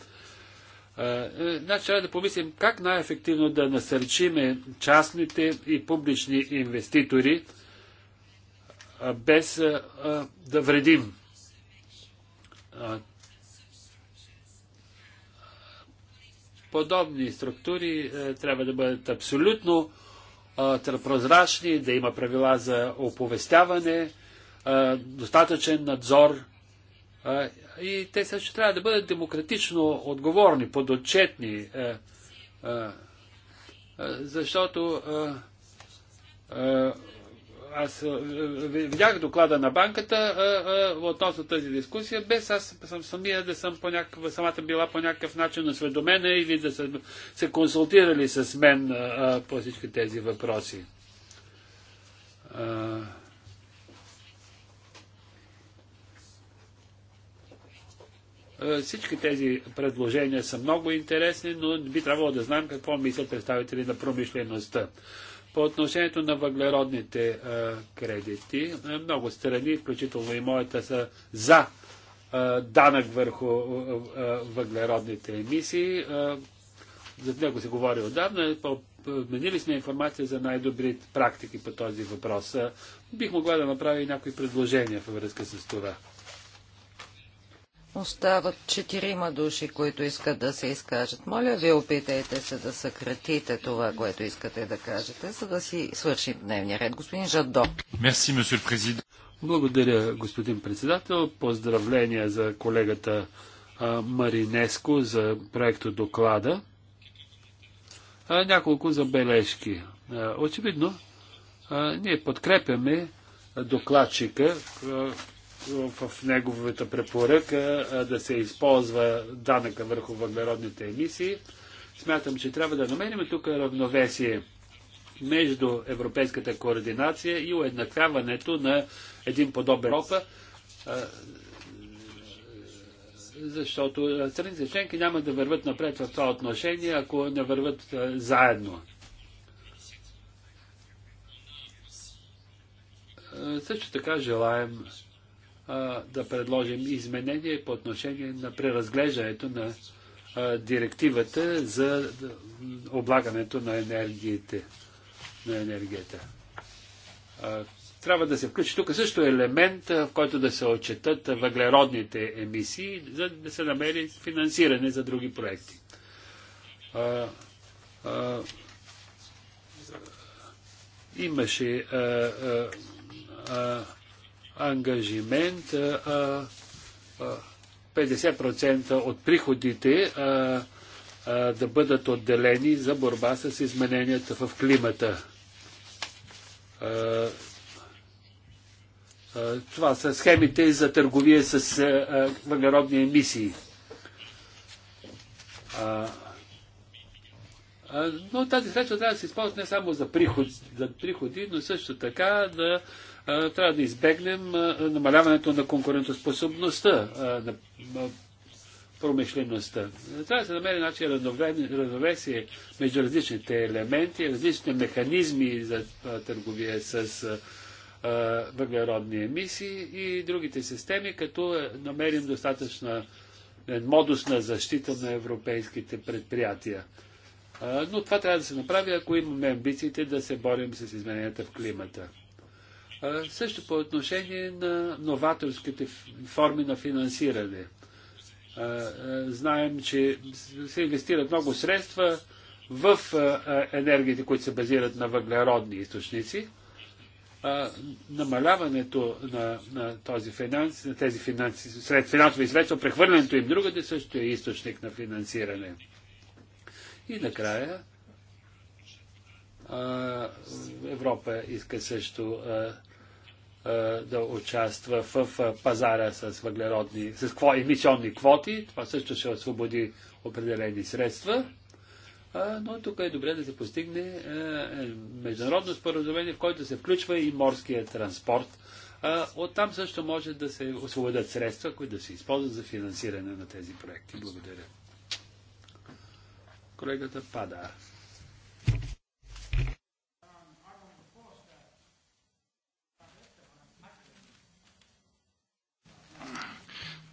Е, значи трябва да помислим как най-ефективно да насърчиме частните и публични инвеститори без да вредим. Подобни структури е, трябва да бъдат абсолютно прозрачни, да има правила за оповестяване, достатъчен надзор и те също трябва да бъдат демократично отговорни, подотчетни, е, е, е, защото аз видях доклада на банката относно тази дискусия, без аз съм самия да съм по някакъв, самата била по някакъв начин осведомена или да са се консултирали с мен по всички тези въпроси. Е, всички тези предложения са много интересни, но би трябвало да знаем какво мислят представители на промишлеността. По отношението на въглеродните е, кредити, е, много страни, включително и моята, са за данък върху въглеродните емисии. За него се говори отдавна. Обменили сме информация за най-добри практики по този въпрос. Бих могла да направя и някои предложения във връзка с това. Остават четирима души, които искат да се изкажат. Моля ви, опитайте се да съкратите това, което искате да кажете, за да си свършим дневния ред. Господин Жадо. Мерси, месье президент. Благодаря, господин председател. Поздравления за колегата а, Маринеско за проекто доклада. А, няколко забележки. А, очевидно, ние подкрепяме докладчика, в неговата препоръка да се използва данъка върху въглеродните емисии. Смятам, че трябва да намерим тук равновесие между европейската координация и уеднаквяването на един подобен Европа, защото страните членки няма да върват напред в това отношение, ако не върват заедно. Също така желаем а, да предложим изменение по отношение на преразглеждането на а, директивата за облагането на енергиите. На енергията. А, трябва да се включи тук също елемент, в който да се отчетат въглеродните емисии, за да се намери финансиране за други проекти. А, а, имаше а, а, а, ангажимент 50% от приходите да бъдат отделени за борба с измененията в климата. Това са схемите за търговия с въглеродни емисии. Но тази средства трябва да се използват не само за приходи, за приходи но също така да трябва да избегнем намаляването на конкурентоспособността на промишлеността. Трябва да се намери начин равновесие между различните елементи, различните механизми за търговия с въглеродни емисии и другите системи, като е, намерим достатъчна е, модус на защита на европейските предприятия. Но това трябва да се направи, ако имаме амбициите да се борим с измененията в климата. Също по отношение на новаторските форми на финансиране. Знаем, че се инвестират много средства в енергиите, които се базират на въглеродни източници. Намаляването на, на, този финанс, на тези финанси, сред финансови средства, прехвърлянето им другаде също е източник на финансиране. И накрая а, Европа иска също а, а, да участва в пазара с въглеродни, с кво, емисионни квоти. Това също ще освободи определени средства. Но тук е добре да се постигне е, международно споразумение, в което се включва и морския транспорт. Оттам също може да се освободят средства, които да се използват за финансиране на тези проекти. Благодаря колегата пада.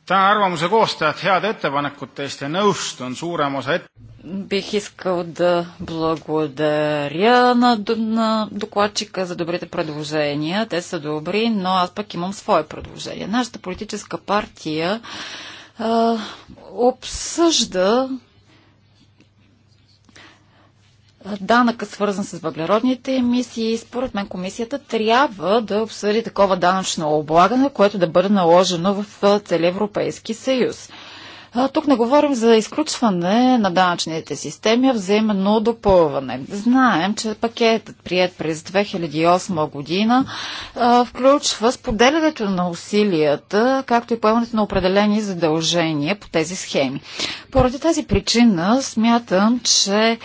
tänan arvamuse koostajad heade ettepanekute eest ja nõustun suurema osa et-. Бих искал да благодаря на, на докладчика за добрите предложения. Те са добри, но аз пък имам свое предложение. Нашата политическа партия а, обсъжда данъка, свързан с въглеродните емисии. Според мен комисията трябва да обсъди такова данъчно облагане, което да бъде наложено в целия Европейски съюз. Тук не говорим за изключване на данъчните системи, а взаимно допълване. Знаем, че пакетът, прият през 2008 година, включва споделянето на усилията, както и поемането на определени задължения по тези схеми. Поради тази причина смятам, че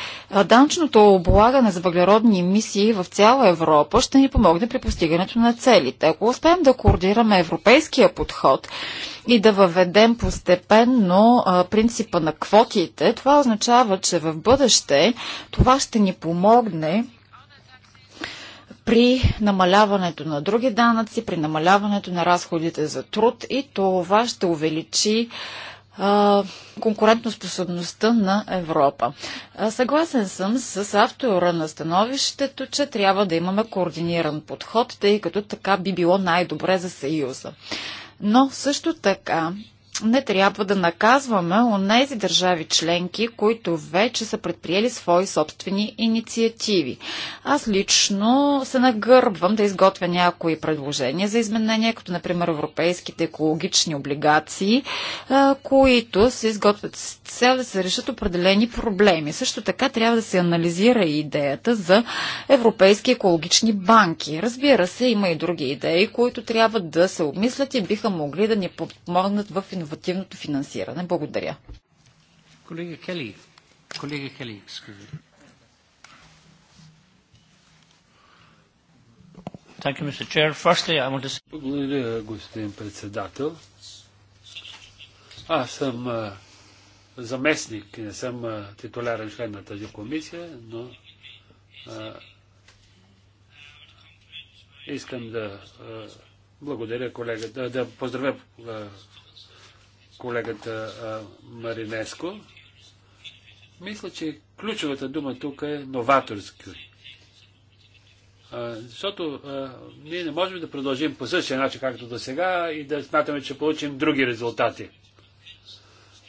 данъчното облагане за въглеродни емисии в цяла Европа ще ни помогне при постигането на целите. Ако успеем да координираме европейския подход и да въведем постепенно именно а, принципа на квотите, това означава, че в бъдеще това ще ни помогне при намаляването на други данъци, при намаляването на разходите за труд и това ще увеличи конкурентоспособността на Европа. Съгласен съм с автора на становището, че трябва да имаме координиран подход, тъй като така би било най-добре за Съюза. Но също така не трябва да наказваме онези държави членки, които вече са предприели свои собствени инициативи. Аз лично се нагърбвам да изготвя някои предложения за изменения, като например европейските екологични облигации, които се изготвят с цел да се решат определени проблеми. Също така трябва да се анализира и идеята за европейски екологични банки. Разбира се, има и други идеи, които трябва да се обмислят и биха могли да ни подпомогнат в инвестициите иновативното финансиране. Благодаря. Колега Кели. Колега Кели, скажи. Благодаря, господин председател. Аз съм а, заместник, не съм а, титулярен член на тази комисия, но а, искам да благодаря колегата, да поздравя колегата Маринеско. Мисля, че ключовата дума тук е новаторски. Защото ние не можем да продължим по същия начин, както до сега и да смятаме, че получим други резултати.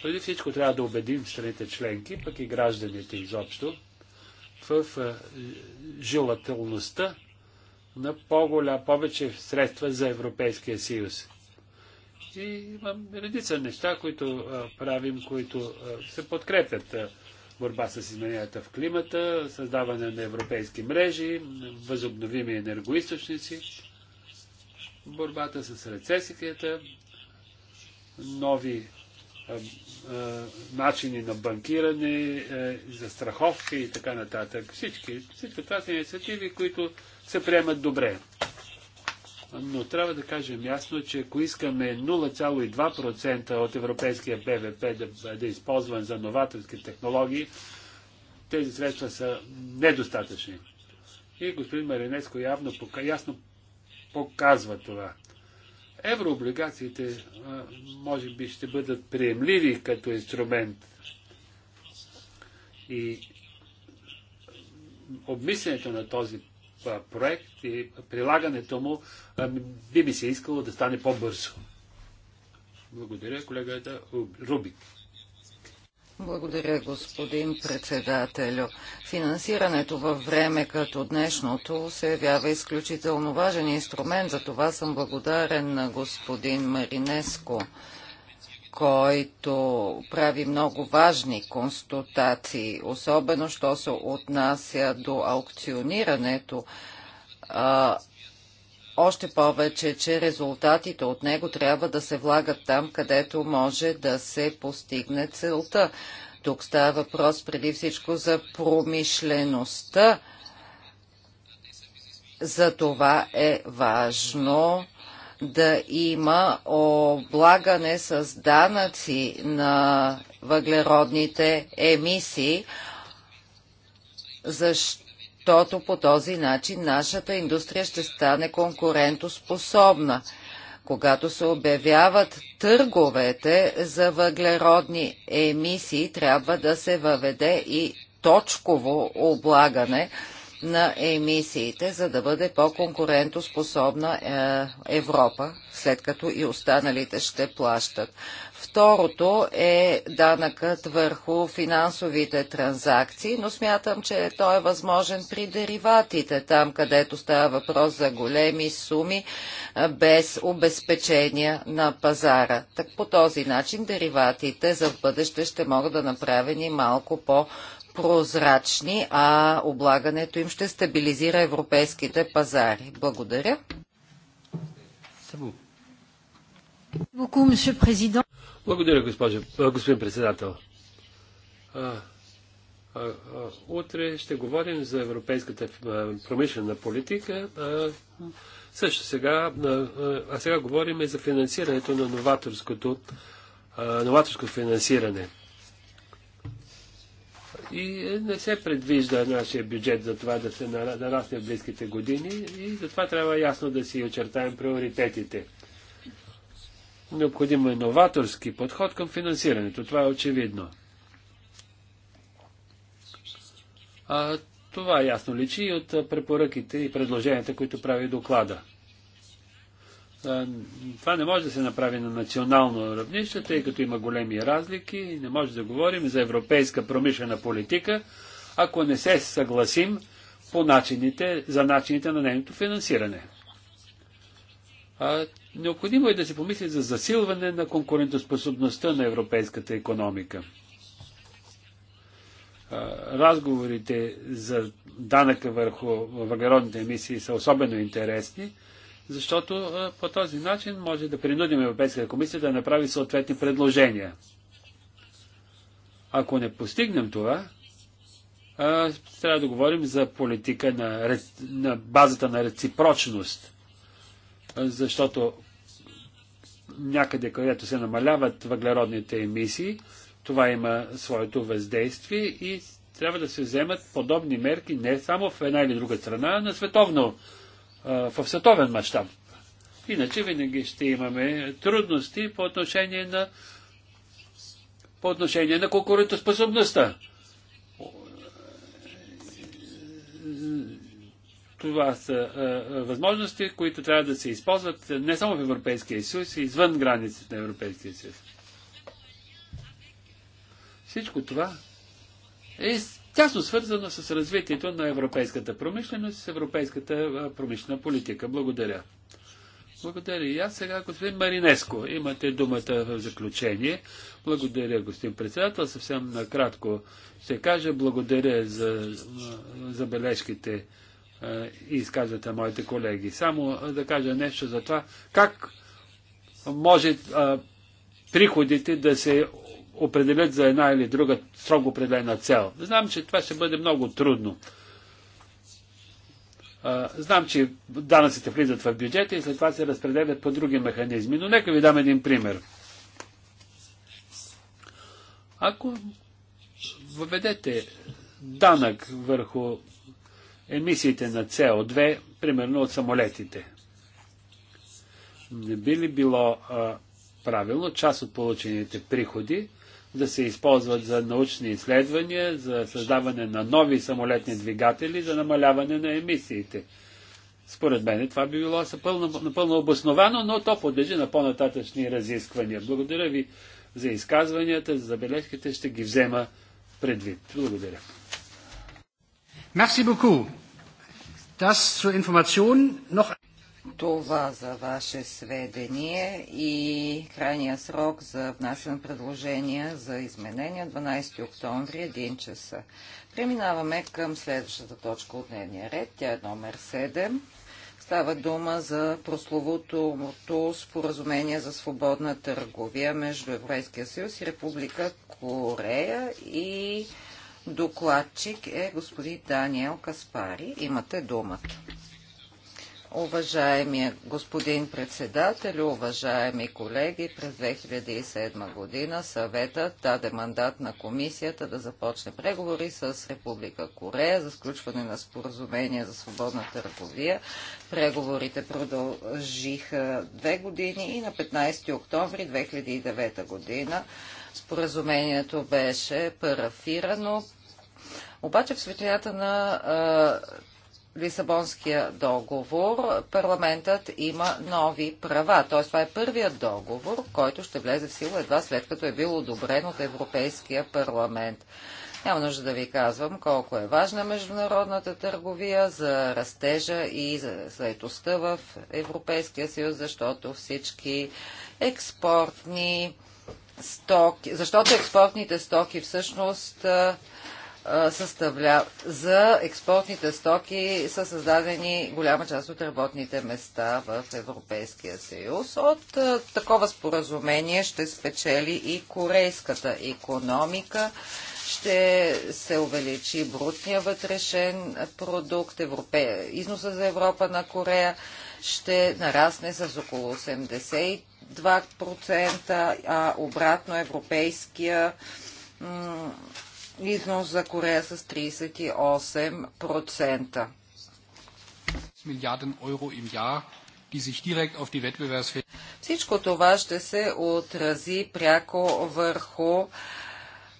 Преди всичко трябва да убедим страните членки, пък и гражданите изобщо, в желателността на по-голя, повече средства за Европейския съюз и имам редица неща, които правим, които се подкрепят. Борба с измененията в климата, създаване на европейски мрежи, възобновими енергоисточници, борбата с рецесията, нови начини на банкиране, застраховки и така нататък. Всички, всички това са инициативи, които се приемат добре но трябва да кажем ясно, че ако искаме 0,2% от европейския БВП да бъде използван за новаторски технологии, тези средства са недостатъчни. И господин Маринеско явно, ясно показва това. Еврооблигациите може би ще бъдат приемливи като инструмент и обмисленето на този проект и прилагането му би ми се искало да стане по-бързо. Благодаря, колегата Рубик. Благодаря, господин председателю. Финансирането във време като днешното се явява изключително важен инструмент, за това съм благодарен на господин Маринеско който прави много важни констатации, особено що се отнася до аукционирането. А, още повече, че резултатите от него трябва да се влагат там, където може да се постигне целта. Тук става въпрос преди всичко за промишлеността. За това е важно да има облагане с данъци на въглеродните емисии, защото по този начин нашата индустрия ще стане конкурентоспособна. Когато се обявяват търговете за въглеродни емисии, трябва да се въведе и точково облагане – на емисиите, за да бъде по-конкурентоспособна е, Европа, след като и останалите ще плащат. Второто е данъкът върху финансовите транзакции, но смятам, че той е възможен при дериватите, там където става въпрос за големи суми е, без обезпечения на пазара. Так по този начин дериватите за бъдеще ще могат да направени малко по- прозрачни, а облагането им ще стабилизира европейските пазари. Благодаря. Благодаря, господин председател. утре ще говорим за европейската промишлена политика. Също сега, а сега говорим и за финансирането на новаторското, новаторско финансиране. И е, не се предвижда нашия бюджет за това да се нарасне в близките години и затова трябва ясно да си очертаем приоритетите. Необходимо е новаторски подход към финансирането. Това е очевидно. А, това ясно личи и от препоръките и предложенията, които прави доклада. Това не може да се направи на национално равнище, тъй като има големи разлики и не може да говорим за европейска промишлена политика, ако не се съгласим по начините, за начините на нейното финансиране. А, необходимо е да се помисли за засилване на конкурентоспособността на европейската економика. А, разговорите за данъка върху въглеродните емисии са особено интересни – защото по този начин може да принудим Европейската комисия да направи съответни предложения. Ако не постигнем това, трябва да говорим за политика на, на базата на реципрочност, защото някъде, където се намаляват въглеродните емисии, това има своето въздействие и трябва да се вземат подобни мерки не само в една или друга страна, а на световно в световен мащаб. Иначе винаги ще имаме трудности по отношение на по отношение на конкурентоспособността. Това са а, възможности, които трябва да се използват не само в Европейския съюз, и извън границите на Европейския съюз. Всичко това е тясно свързано с развитието на европейската промишленост, с европейската промишлена политика. Благодаря. Благодаря и аз. Сега господин Маринеско, имате думата в заключение. Благодаря, господин председател. Съвсем накратко ще кажа благодаря за забележките и изказвате моите колеги. Само да кажа нещо за това, как може приходите да се определят за една или друга строго определена цел. Знам, че това ще бъде много трудно. Знам, че данъците влизат в бюджета и след това се разпределят по други механизми, но нека ви дам един пример. Ако въведете данък върху емисиите на CO2, примерно от самолетите, не би ли било а, правилно част от получените приходи да се използват за научни изследвания, за създаване на нови самолетни двигатели, за намаляване на емисиите. Според мен това би било напълно, напълно обосновано, но то подлежи на по-нататъчни разисквания. Благодаря ви за изказванията, за забележките. Ще ги взема предвид. Благодаря. Merci beaucoup. Das zur Information noch това за ваше сведение и крайния срок за внасен предложение предложения за изменения 12 октомври 1 часа. Преминаваме към следващата точка от дневния ред. Тя е номер 7. Става дума за прословутото споразумение за свободна търговия между Европейския съюз и Република Корея и докладчик е господин Даниел Каспари. Имате думата. Уважаеми господин председател, уважаеми колеги, през 2007 година съветът даде мандат на комисията да започне преговори с Република Корея за сключване на споразумение за свободна търговия. Преговорите продължиха две години и на 15 октомври 2009 година споразумението беше парафирано, обаче в светлината на а, Лисабонския договор парламентът има нови права. Т.е. това е първият договор, който ще влезе в сила едва след като е бил одобрен от Европейския парламент. Няма нужда да ви казвам колко е важна международната търговия за растежа и за заетостта в Европейския съюз, защото всички експортни стоки, защото експортните стоки всъщност съставля... за експортните стоки са създадени голяма част от работните места в Европейския съюз. От такова споразумение ще спечели и корейската економика. Ще се увеличи брутния вътрешен продукт, износа за Европа на Корея ще нарасне с около 82%, а обратно европейския износ за Корея с 38%. Милиарден евро всичко това ще се отрази пряко върху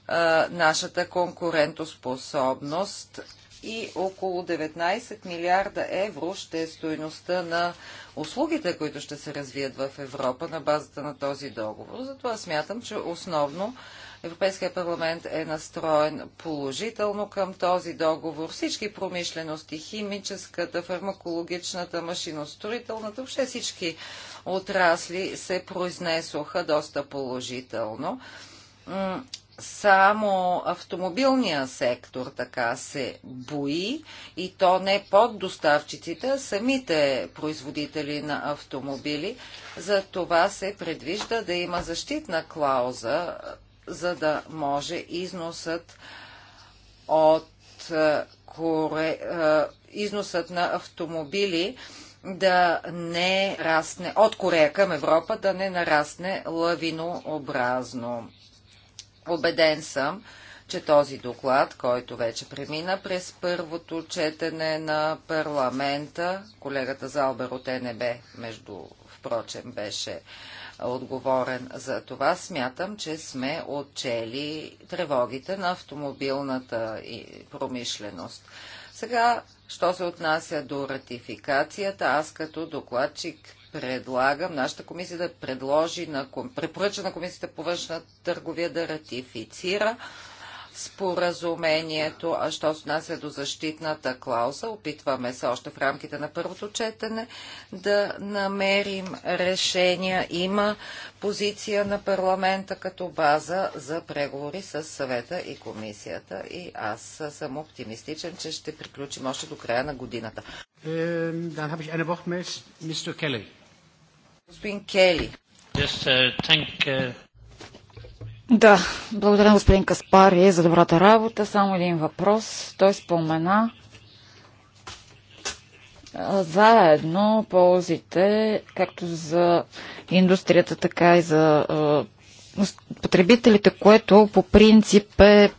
а, нашата конкурентоспособност и около 19 милиарда евро ще е стоеността на услугите, които ще се развият в Европа на базата на този договор. Затова смятам, че основно Европейския парламент е настроен положително към този договор. Всички промишлености, химическата, фармакологичната, машиностроителната, въобще всички отрасли се произнесоха доста положително. Само автомобилния сектор така се бои и то не под доставчиците, а самите производители на автомобили. За това се предвижда да има защитна клауза за да може износът от е, коре, е, износът на автомобили да не расне от Корея към Европа, да не нарасне лавинообразно. Обеден съм, че този доклад, който вече премина през първото четене на парламента, колегата Залбер от НБ, между впрочем, беше отговорен за това. Смятам, че сме отчели тревогите на автомобилната промишленост. Сега, що се отнася до ратификацията, аз като докладчик предлагам нашата комисия да предложи на, препоръча на комисията по външна търговия да ратифицира споразумението, а що се отнася до защитната клауза, опитваме се още в рамките на първото четене да намерим решения. Има позиция на парламента като база за преговори с съвета и комисията и аз съм оптимистичен, че ще приключим още до края на годината. Господин Кели. Just uh, thank, uh... Да, благодаря господин Каспари за добрата работа. Само един въпрос. Той спомена заедно ползите, както за индустрията, така и за потребителите, което по принцип е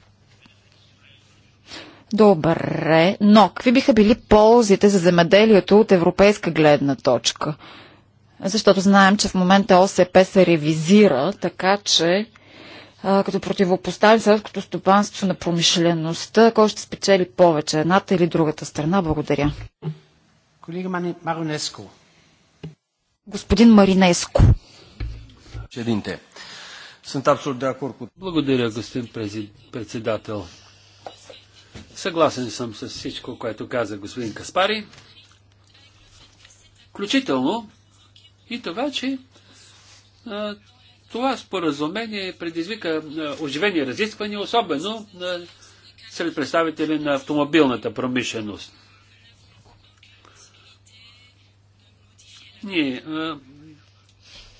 добре, но какви биха били ползите за земеделието от европейска гледна точка? Защото знаем, че в момента ОСП се ревизира, така че като противопоставим селското стопанство на промишлеността, кой ще спечели повече, едната или другата страна? Благодаря. Колега Маринеско. Господин Маринеско. Чединте. Съм Благодаря, господин председател. Съгласен съм с всичко, което каза господин Каспари. Включително и това, че това споразумение предизвика е, оживени разисквания, особено е, сред представители на автомобилната промишленост. Ние е,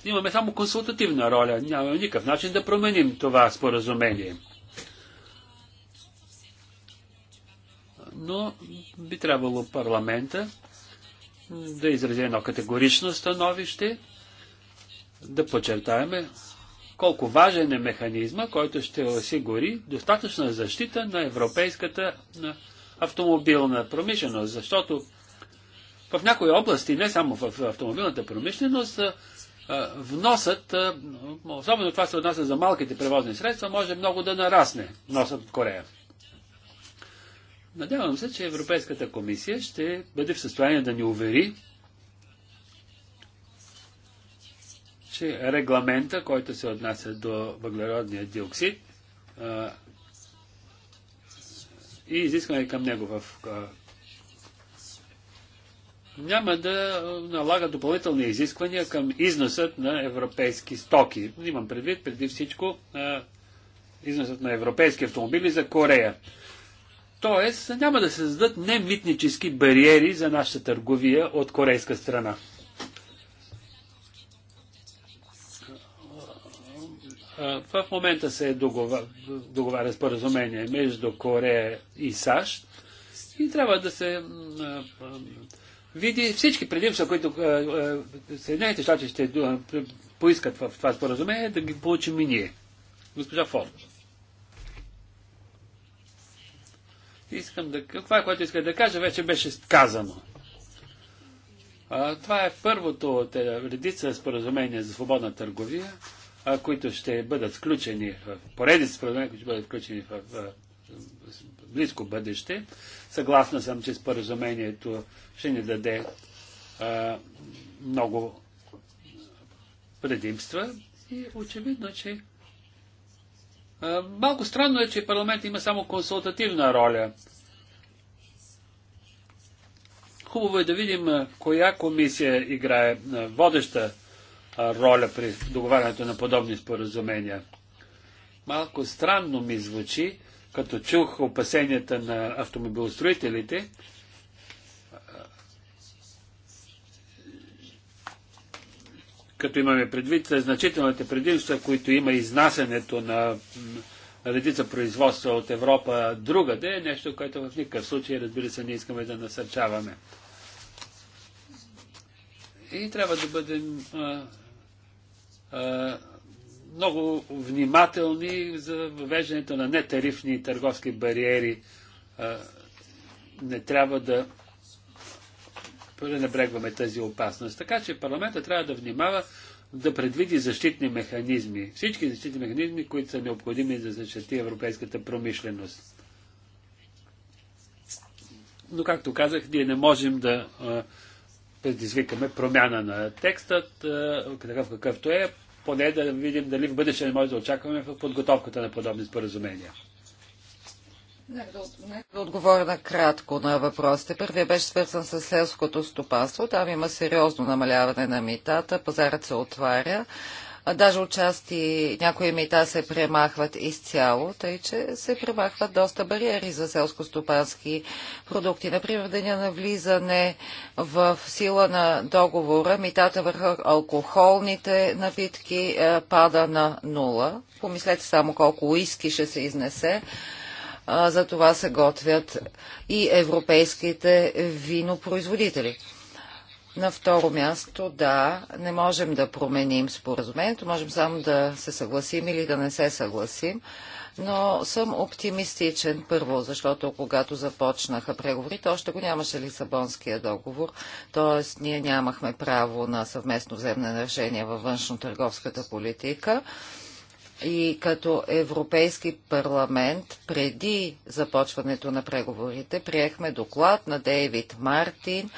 имаме само консултативна роля. Нямаме никакъв начин да променим това споразумение. Но би трябвало парламента да изрази едно категорично становище да подчертаваме колко важен е механизма, който ще осигури достатъчна защита на европейската автомобилна промишленост, защото в някои области, не само в автомобилната промишленост, вносът, особено това се отнася за малките превозни средства, може много да нарасне вносът от Корея. Надявам се, че Европейската комисия ще бъде в състояние да ни увери, че регламента, който се отнася до въглеродния диоксид а, и изискване към него в а, няма да налага допълнителни изисквания към износът на европейски стоки. Имам предвид преди всичко а, износът на европейски автомобили за Корея. Тоест, няма да се създадат немитнически бариери за нашата търговия от корейска страна. В момента се е договаря, договаря споразумение между Корея и САЩ и трябва да се види всички предимства, които Съединените щати ще поискат в това споразумение, да ги получим и ние. Госпожа Форд. Искам да... Това, което исках да кажа, вече беше казано. А, това е първото от е, редица споразумения за свободна търговия, а, които ще бъдат включени в поредица споразумения, които ще бъдат включени в, в, в близко бъдеще. Съгласна съм, че споразумението ще ни даде а, много предимства и очевидно, че а, малко странно е, че парламент има само консултативна роля. Хубаво е да видим а, коя комисия играе водеща роля при договарянето на подобни споразумения. Малко странно ми звучи, като чух опасенията на автомобилостроителите, като имаме предвид значителните предимства, които има изнасянето на редица производства от Европа другаде, е нещо, което в никакъв случай, разбира се, не искаме да насърчаваме. И трябва да бъдем а, много внимателни за въвеждането на нетарифни търговски бариери. Не трябва да пренебрегваме тази опасност. Така че парламента трябва да внимава да предвиди защитни механизми. Всички защитни механизми, които са необходими за да защити европейската промишленост. Но, както казах, ние не можем да предизвикаме промяна на текстът, е, такъв какъвто е, поне да видим дали в бъдеще не може да очакваме в подготовката на подобни споразумения. Нека да отговоря на кратко на въпросите. Първият беше свързан с селското стопанство. Там има сериозно намаляване на митата, пазарът се отваря даже отчасти някои мита се премахват изцяло, тъй че се премахват доста бариери за селско-стопански продукти. Например, деня на влизане в сила на договора митата върху алкохолните напитки е, пада на нула. Помислете само колко уиски ще се изнесе за това се готвят и европейските винопроизводители. На второ място, да, не можем да променим споразумението, можем само да се съгласим или да не се съгласим, но съм оптимистичен първо, защото когато започнаха преговорите, още го нямаше Лисабонския договор, т.е. ние нямахме право на съвместно вземане на решение във външно-търговската политика. И като Европейски парламент, преди започването на преговорите, приехме доклад на Дейвид Мартин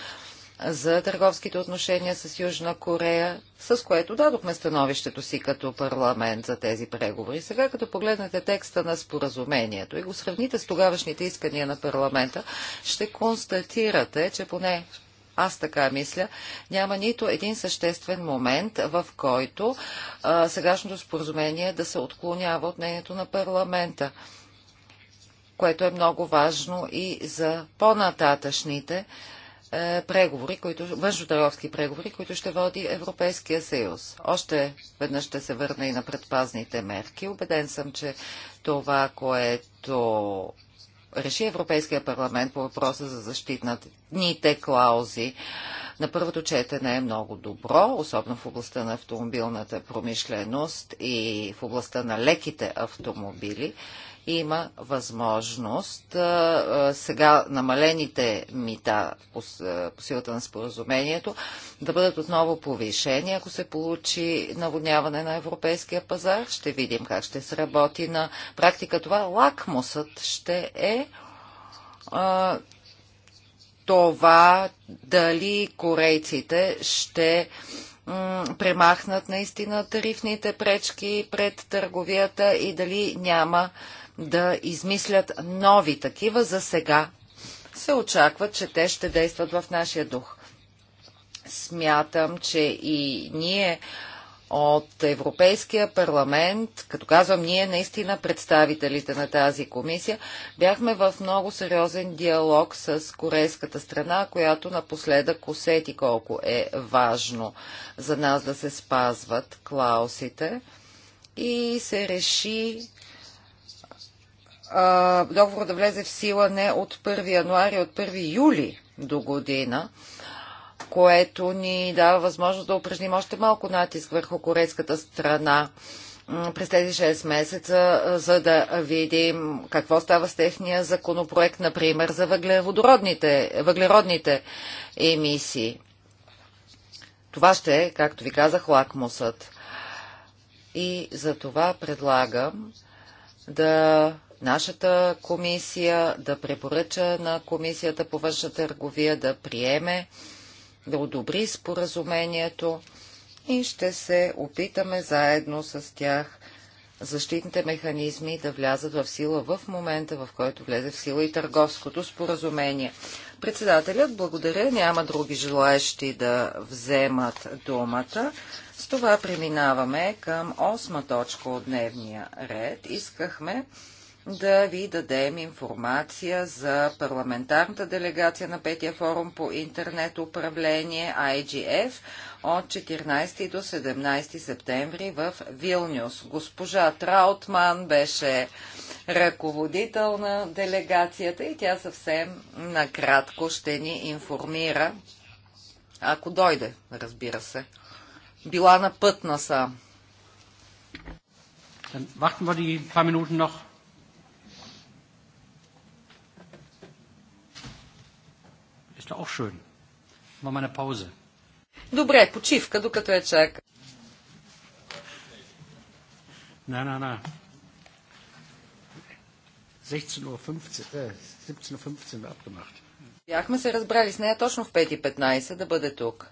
за търговските отношения с Южна Корея, с което дадохме становището си като парламент за тези преговори. Сега, като погледнете текста на споразумението и го сравните с тогавашните искания на парламента, ще констатирате, че поне аз така мисля, няма нито един съществен момент, в който а, сегашното споразумение да се отклонява от мнението на парламента, което е много важно и за по-нататъчните е, преговори, които, външно-търговски преговори, които ще води Европейския съюз. Още веднъж ще се върна и на предпазните мерки. Обеден съм, че това, което реши Европейския парламент по въпроса за защитните клаузи на първото четене е много добро, особено в областта на автомобилната промишленост и в областта на леките автомобили има възможност сега намалените мита по силата на споразумението да бъдат отново повишени. Ако се получи наводняване на европейския пазар, ще видим как ще сработи на практика това. Лакмусът ще е това дали корейците ще премахнат наистина тарифните пречки пред търговията и дали няма да измислят нови такива за сега. Се очаква, че те ще действат в нашия дух. Смятам, че и ние от Европейския парламент, като казвам ние наистина представителите на тази комисия, бяхме в много сериозен диалог с корейската страна, която напоследък усети колко е важно за нас да се спазват клаусите и се реши договор да влезе в сила не от 1 януари, от 1 юли до година, което ни дава възможност да упражним още малко натиск върху корейската страна през тези 6 месеца, за да видим какво става с техния законопроект, например, за въглеродните емисии. Това ще е, както ви казах, лакмусът. И за това предлагам да нашата комисия да препоръча на комисията по външна търговия да приеме, да одобри споразумението и ще се опитаме заедно с тях защитните механизми да влязат в сила в момента, в който влезе в сила и търговското споразумение. Председателят, благодаря, няма други желаещи да вземат думата. С това преминаваме към осма точка от дневния ред. Искахме да ви дадем информация за парламентарната делегация на Петия форум по интернет управление IGF от 14 до 17 септември в Вилнюс. Госпожа Траутман беше ръководител на делегацията и тя съвсем накратко ще ни информира, ако дойде, разбира се. Била на път на Dann warten wir die paar Minuten noch. Ist doch auch schön. Machen wir eine Pause. Добре, почивка, докато я чака. Nein, nein, nein. 16.15 Uhr, äh, 17.15 Uhr abgemacht. Бяхме се разбрали с нея точно в 5.15 да бъде тук.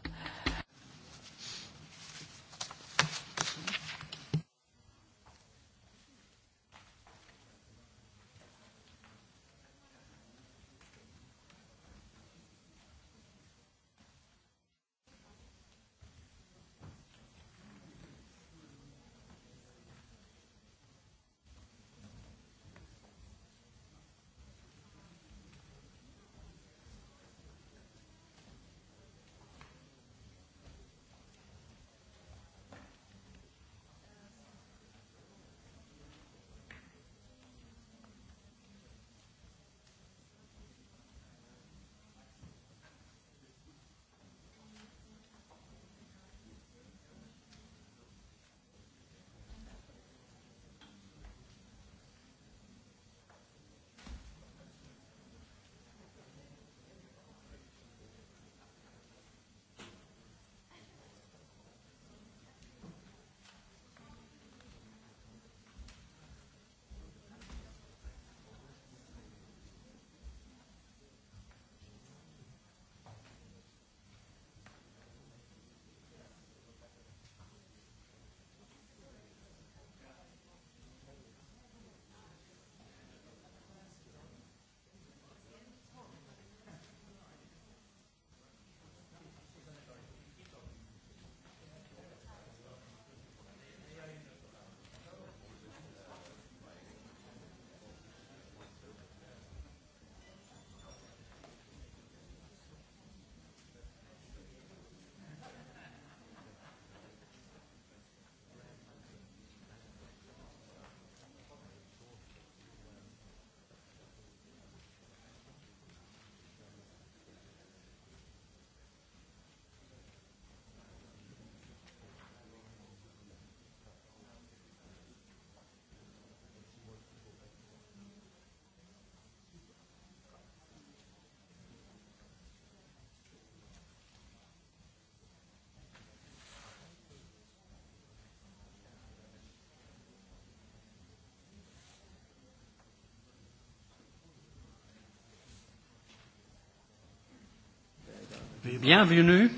Bienvenue.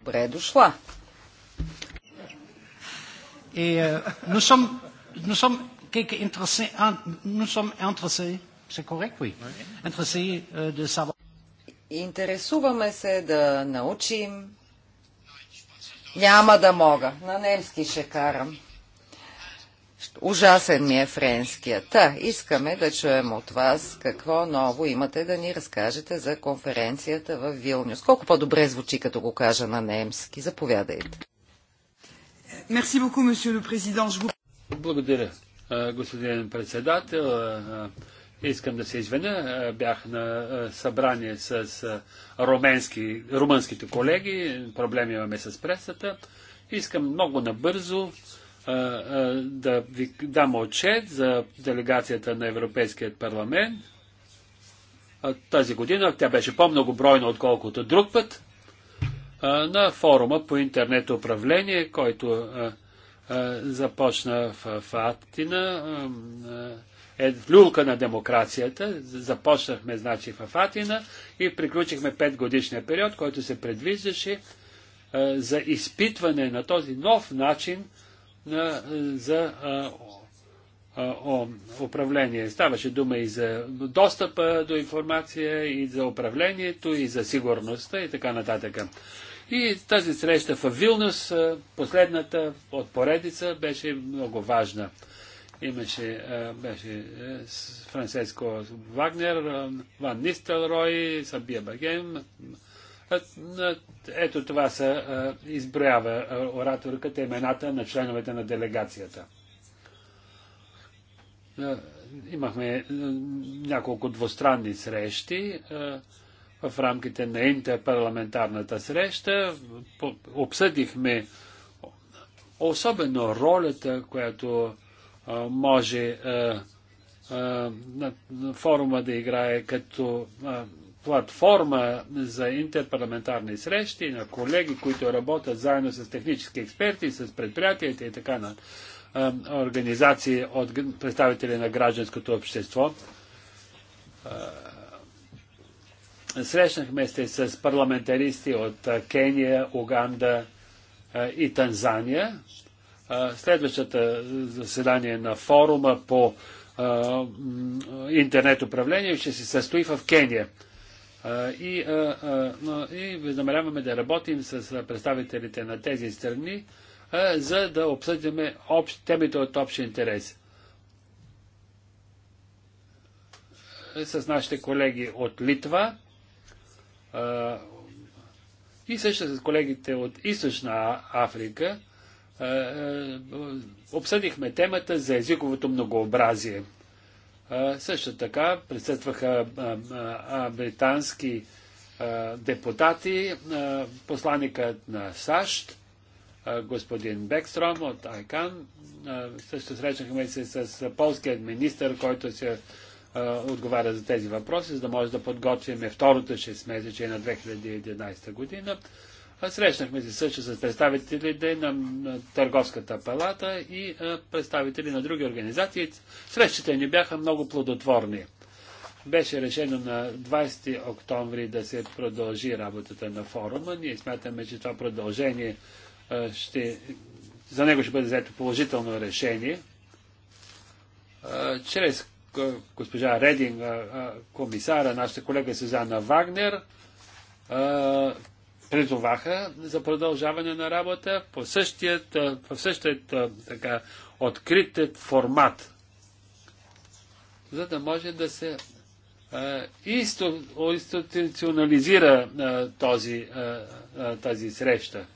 Добре дошла. Et euh, nous sommes, nous sommes quelques intéressés, nous sommes intéressés, c'est correct, oui, intéressés euh, de savoir. Интересуваме се да научим. Няма да мога. На немски ще карам. Ужасен ми е френският. Та, искаме да чуем от вас какво ново имате да ни разкажете за конференцията в Вилнюс. Колко по-добре звучи, като го кажа на немски. Заповядайте. Благодаря, господин председател. Искам да се извиня. Бях на събрание с руменски, румънските колеги. Проблеми имаме с пресата. Искам много набързо да ви дам отчет за делегацията на Европейският парламент. Тази година тя беше по-многобройна, отколкото друг път, на форума по интернет управление, който започна в Атина, е люлка на демокрацията. Започнахме, значи, в Атина и приключихме 5 годишния период, който се предвиждаше за изпитване на този нов начин на, за а, а, о, управление. Ставаше дума и за достъпа до информация, и за управлението, и за сигурността и така нататък. И тази среща в Вилнюс, последната от поредица, беше много важна. Имаше, беше Франциско Вагнер, Ван Нистелрой, Сабия Багем, ето това се изброява ораторката имената на членовете на делегацията. Имахме няколко двустранни срещи в рамките на интерпарламентарната среща. Обсъдихме особено ролята, която може форума да играе като платформа за интерпарламентарни срещи на колеги, които работят заедно с технически експерти, с предприятията и така на организации от представители на гражданското общество. Срещнахме се с парламентаристи от Кения, Уганда и Танзания. Следващата заседание на форума по интернет управление ще се състои в Кения. И, но, и намеряваме да работим с представителите на тези страни, за да обсъдиме общ, темите от общ интерес. Е, с нашите колеги от Литва и също с колегите от Източна Африка обсъдихме темата за езиковото многообразие. Също така присъстваха британски депутати, посланникът на САЩ, господин Бекстром от Айкан. Също срещнахме се с полският министр, който се отговаря за тези въпроси, за да може да подготвим второто 6 месече на 2011 година. Срещнахме се също с представителите на, Търговската палата и представители на други организации. Срещите ни бяха много плодотворни. Беше решено на 20 октомври да се продължи работата на форума. Ние смятаме, че това продължение ще, за него ще бъде взето положително решение. Чрез госпожа Рединг, комисара, нашата колега Сезана Вагнер, призоваха за продължаване на работа по същият, в същият така, открит формат, за да може да се институционализира този, а, тази среща.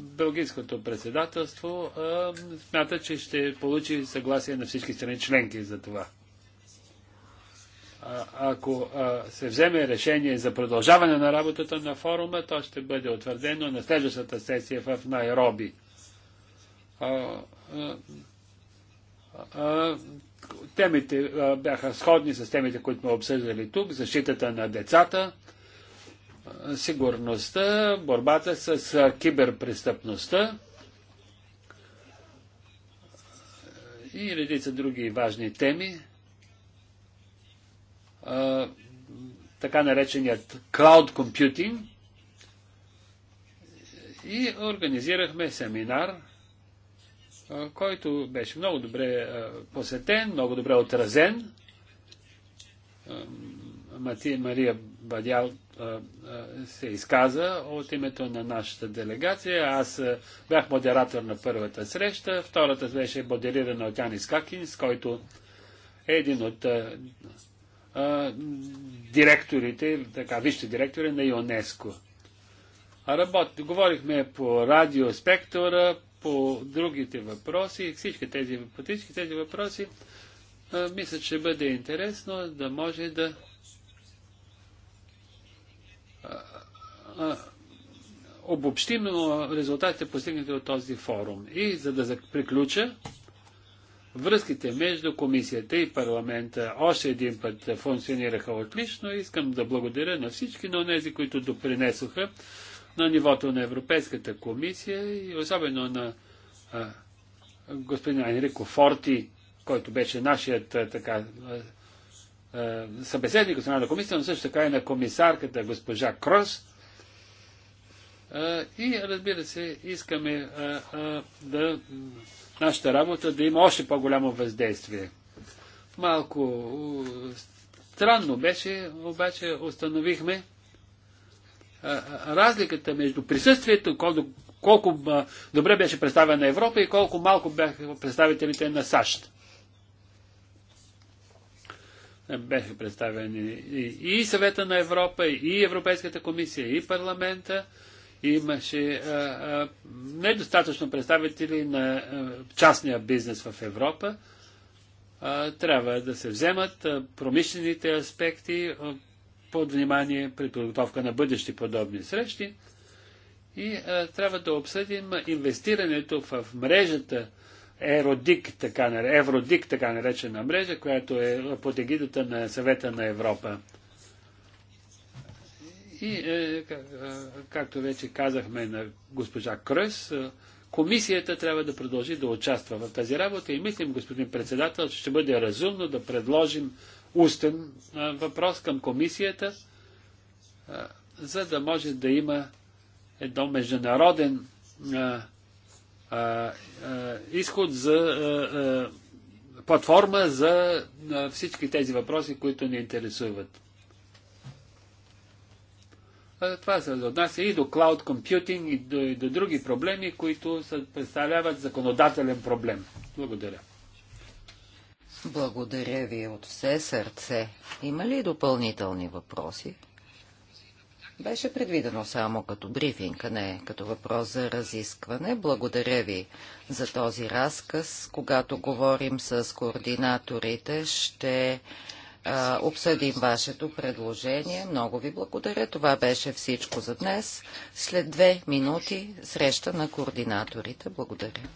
Белгийското председателство смята, че ще получи съгласие на всички страни членки за това ако се вземе решение за продължаване на работата на форума, то ще бъде утвърдено на следващата сесия в Найроби. темите бяха сходни с темите, които сме обсъждали тук. Защитата на децата, сигурността, борбата с киберпрестъпността и редица други важни теми така нареченият cloud computing и организирахме семинар, който беше много добре посетен, много добре отразен. Мати, Мария Бадял се изказа от името на нашата делегация. Аз бях модератор на първата среща, втората беше модерирана от Янис Какинс, който е един от а, директорите, така, вижте директори на ЮНЕСКО. А работ, говорихме по радиоспектора, по другите въпроси, всички тези, по всички тези въпроси, а, мисля, че бъде интересно да може да а, а, обобщим резултатите постигнати от този форум. И за да приключа, Връзките между комисията и парламента още един път функционираха отлично. Искам да благодаря на всички, на тези, които допринесоха на нивото на Европейската комисия и особено на а, господин Анрико Форти, който беше нашият а, така а, събеседник от страна на комисията, но също така и на комисарката госпожа Крос. И разбира се, искаме да нашата работа да има още по-голямо въздействие. Малко странно беше, обаче установихме разликата между присъствието, колко, колко добре беше представена Европа и колко малко бяха представителите на САЩ. Беха представени и, и Съвета на Европа, и Европейската комисия, и парламента. Имаше а, а, недостатъчно представители на а, частния бизнес в Европа. А, трябва да се вземат а, промишлените аспекти а, под внимание при подготовка на бъдещи подобни срещи. И а, трябва да обсъдим инвестирането в мрежата Еродик, така, Евродик, така наречена мрежа, която е под егидата на съвета на Европа. И, е, как, е, както вече казахме на госпожа Кръс, е, комисията трябва да продължи да участва в тази работа и мислим, господин председател, че ще бъде разумно да предложим устен е, въпрос към комисията, е, за да може да има едно международен е, изход за платформа за всички тези въпроси, които ни интересуват. Това се отнася и до клауд компютинг, и до, и до други проблеми, които представляват законодателен проблем. Благодаря. Благодаря ви от все сърце. Има ли допълнителни въпроси? Беше предвидено само като брифинг, а не като въпрос за разискване. Благодаря ви за този разказ. Когато говорим с координаторите, ще обсъдим вашето предложение. Много ви благодаря. Това беше всичко за днес. След две минути среща на координаторите. Благодаря.